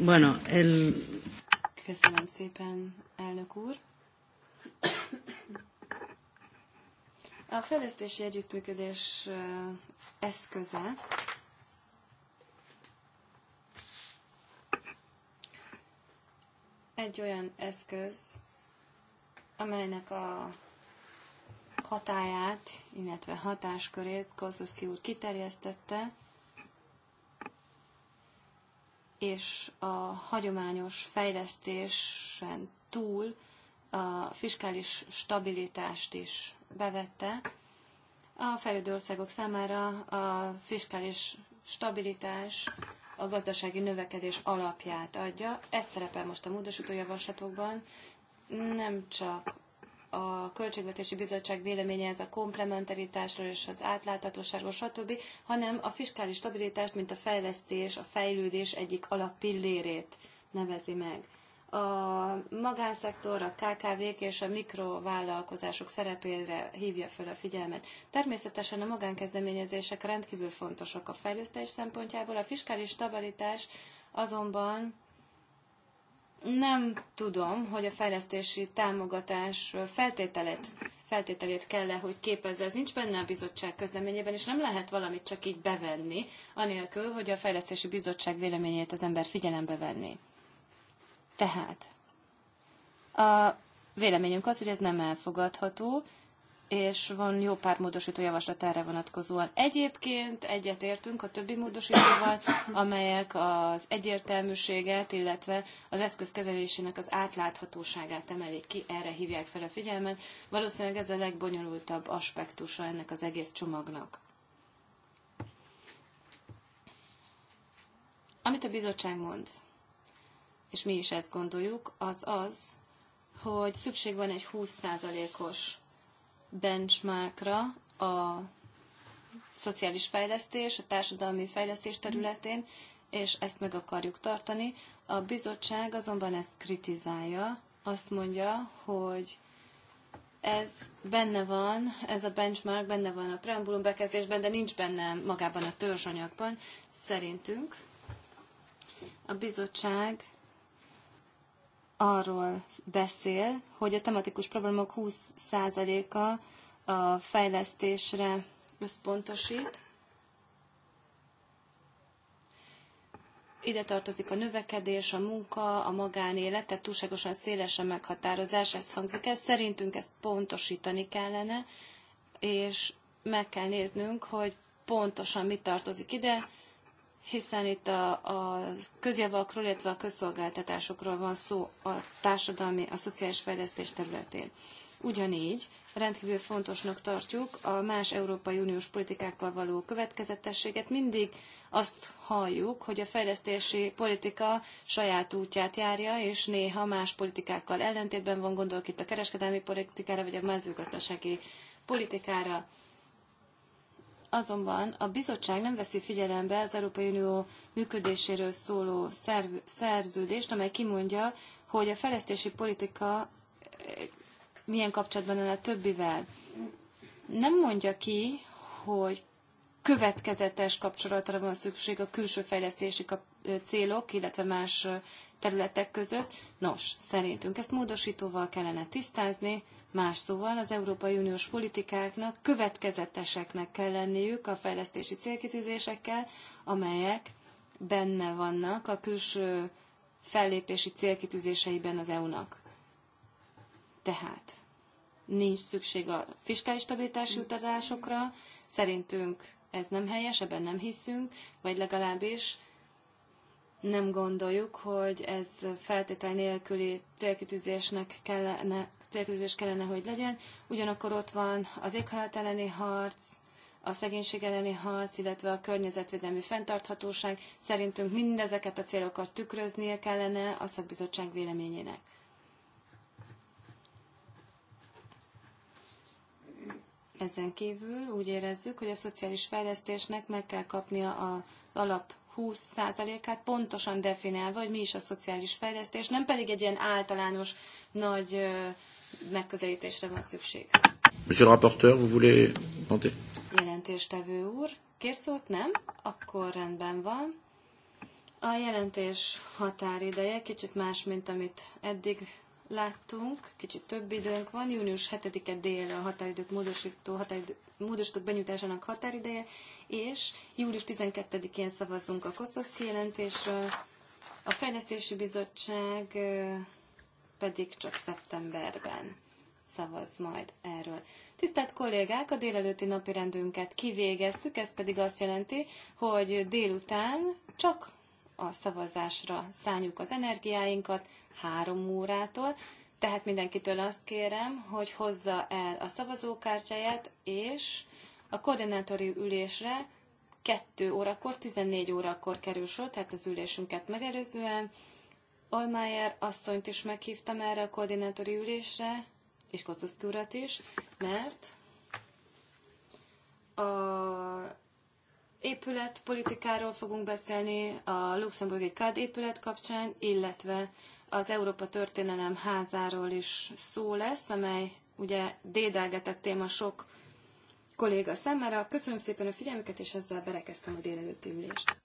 bueno, el... Köszönöm szépen, elnök úr. A fejlesztési együttműködés eszköze egy olyan eszköz, amelynek a hatáját, illetve hatáskörét Kozoszki úr kiterjesztette, és a hagyományos fejlesztésen túl a fiskális stabilitást is bevette. A fejlődő országok számára a fiskális stabilitás a gazdasági növekedés alapját adja. Ez szerepel most a módosító javaslatokban. Nem csak a Költségvetési Bizottság véleménye ez a komplementaritásról és az átláthatóságról, stb., hanem a fiskális stabilitást, mint a fejlesztés, a fejlődés egyik alappillérét nevezi meg a magánszektor, a KKV-k és a mikrovállalkozások szerepére hívja föl a figyelmet. Természetesen a magánkezdeményezések rendkívül fontosak a fejlesztés szempontjából, a fiskális stabilitás azonban nem tudom, hogy a fejlesztési támogatás feltételét, feltételét kell -e, hogy képezze. Ez nincs benne a bizottság közleményében, és nem lehet valamit csak így bevenni, anélkül, hogy a fejlesztési bizottság véleményét az ember figyelembe venné. Tehát a véleményünk az, hogy ez nem elfogadható, és van jó pár módosító javaslat erre vonatkozóan. Egyébként egyetértünk a többi módosítóval, amelyek az egyértelműséget, illetve az eszközkezelésének az átláthatóságát emelik ki, erre hívják fel a figyelmet. Valószínűleg ez a legbonyolultabb aspektusa ennek az egész csomagnak. Amit a bizottság mond, és mi is ezt gondoljuk, az az, hogy szükség van egy 20%-os benchmarkra a szociális fejlesztés, a társadalmi fejlesztés területén, és ezt meg akarjuk tartani. A bizottság azonban ezt kritizálja, azt mondja, hogy ez benne van, ez a benchmark benne van a preambulum bekezdésben, de nincs benne magában a törzsanyagban, szerintünk. A bizottság arról beszél, hogy a tematikus programok 20%-a a fejlesztésre összpontosít. Ide tartozik a növekedés, a munka, a magánélet, tehát túlságosan széles a meghatározás, ez hangzik el. Szerintünk ezt pontosítani kellene, és meg kell néznünk, hogy pontosan mit tartozik ide, hiszen itt a, a közjavakról, illetve a közszolgáltatásokról van szó a társadalmi, a szociális fejlesztés területén. Ugyanígy rendkívül fontosnak tartjuk a más Európai Uniós politikákkal való következetességet. Mindig azt halljuk, hogy a fejlesztési politika saját útját járja, és néha más politikákkal ellentétben van, gondolok itt a kereskedelmi politikára, vagy a mezőgazdasági politikára azonban a bizottság nem veszi figyelembe az Európai Unió működéséről szóló szerződést, amely kimondja, hogy a fejlesztési politika eh, milyen kapcsolatban lenne a többivel. Nem mondja ki, hogy következetes kapcsolatra van szükség a külső fejlesztési célok, illetve más területek között. Nos, szerintünk ezt módosítóval kellene tisztázni, más szóval az Európai Uniós politikáknak következeteseknek kell lenniük a fejlesztési célkitűzésekkel, amelyek benne vannak a külső fellépési célkitűzéseiben az EU-nak. Tehát nincs szükség a fiskális stabilitási utazásokra, szerintünk ez nem helyes, ebben nem hiszünk, vagy legalábbis nem gondoljuk, hogy ez feltétel nélküli célkitűzésnek kellene, célkitűzés kellene, hogy legyen. Ugyanakkor ott van az éghalat elleni harc, a szegénység elleni harc, illetve a környezetvédelmi fenntarthatóság. Szerintünk mindezeket a célokat tükröznie kellene a szakbizottság véleményének. Ezen kívül úgy érezzük, hogy a szociális fejlesztésnek meg kell kapnia az alap 20%-át pontosan definálva, hogy mi is a szociális fejlesztés, nem pedig egy ilyen általános nagy megközelítésre van szükség. Monsieur le rapporteur, vous voulez monter? Jelentéstevő úr, kér szót nem? Akkor rendben van. A jelentés határideje kicsit más, mint amit eddig láttunk, kicsit több időnk van, június 7-e dél a határidők módosító, határidő, módosítók benyújtásának határideje, és július 12-én szavazunk a Koszosz kijelentésről, a Fejlesztési Bizottság pedig csak szeptemberben szavaz majd erről. Tisztelt kollégák, a délelőtti napi rendünket kivégeztük, ez pedig azt jelenti, hogy délután csak a szavazásra szálljuk az energiáinkat, három órától, tehát mindenkitől azt kérem, hogy hozza el a szavazókártyáját, és a koordinátori ülésre 2 órakor, 14 órakor kerül sor, tehát az ülésünket megelőzően. Olmájer asszonyt is meghívtam erre a koordinátori ülésre, és Kocuszki urat is, mert a épületpolitikáról fogunk beszélni, a luxemburgi kád épület kapcsán, illetve az Európa Történelem házáról is szó lesz, amely ugye dédelgetett téma sok kolléga számára. Köszönöm szépen a figyelmüket, és ezzel berekeztem a délelőtti ülést.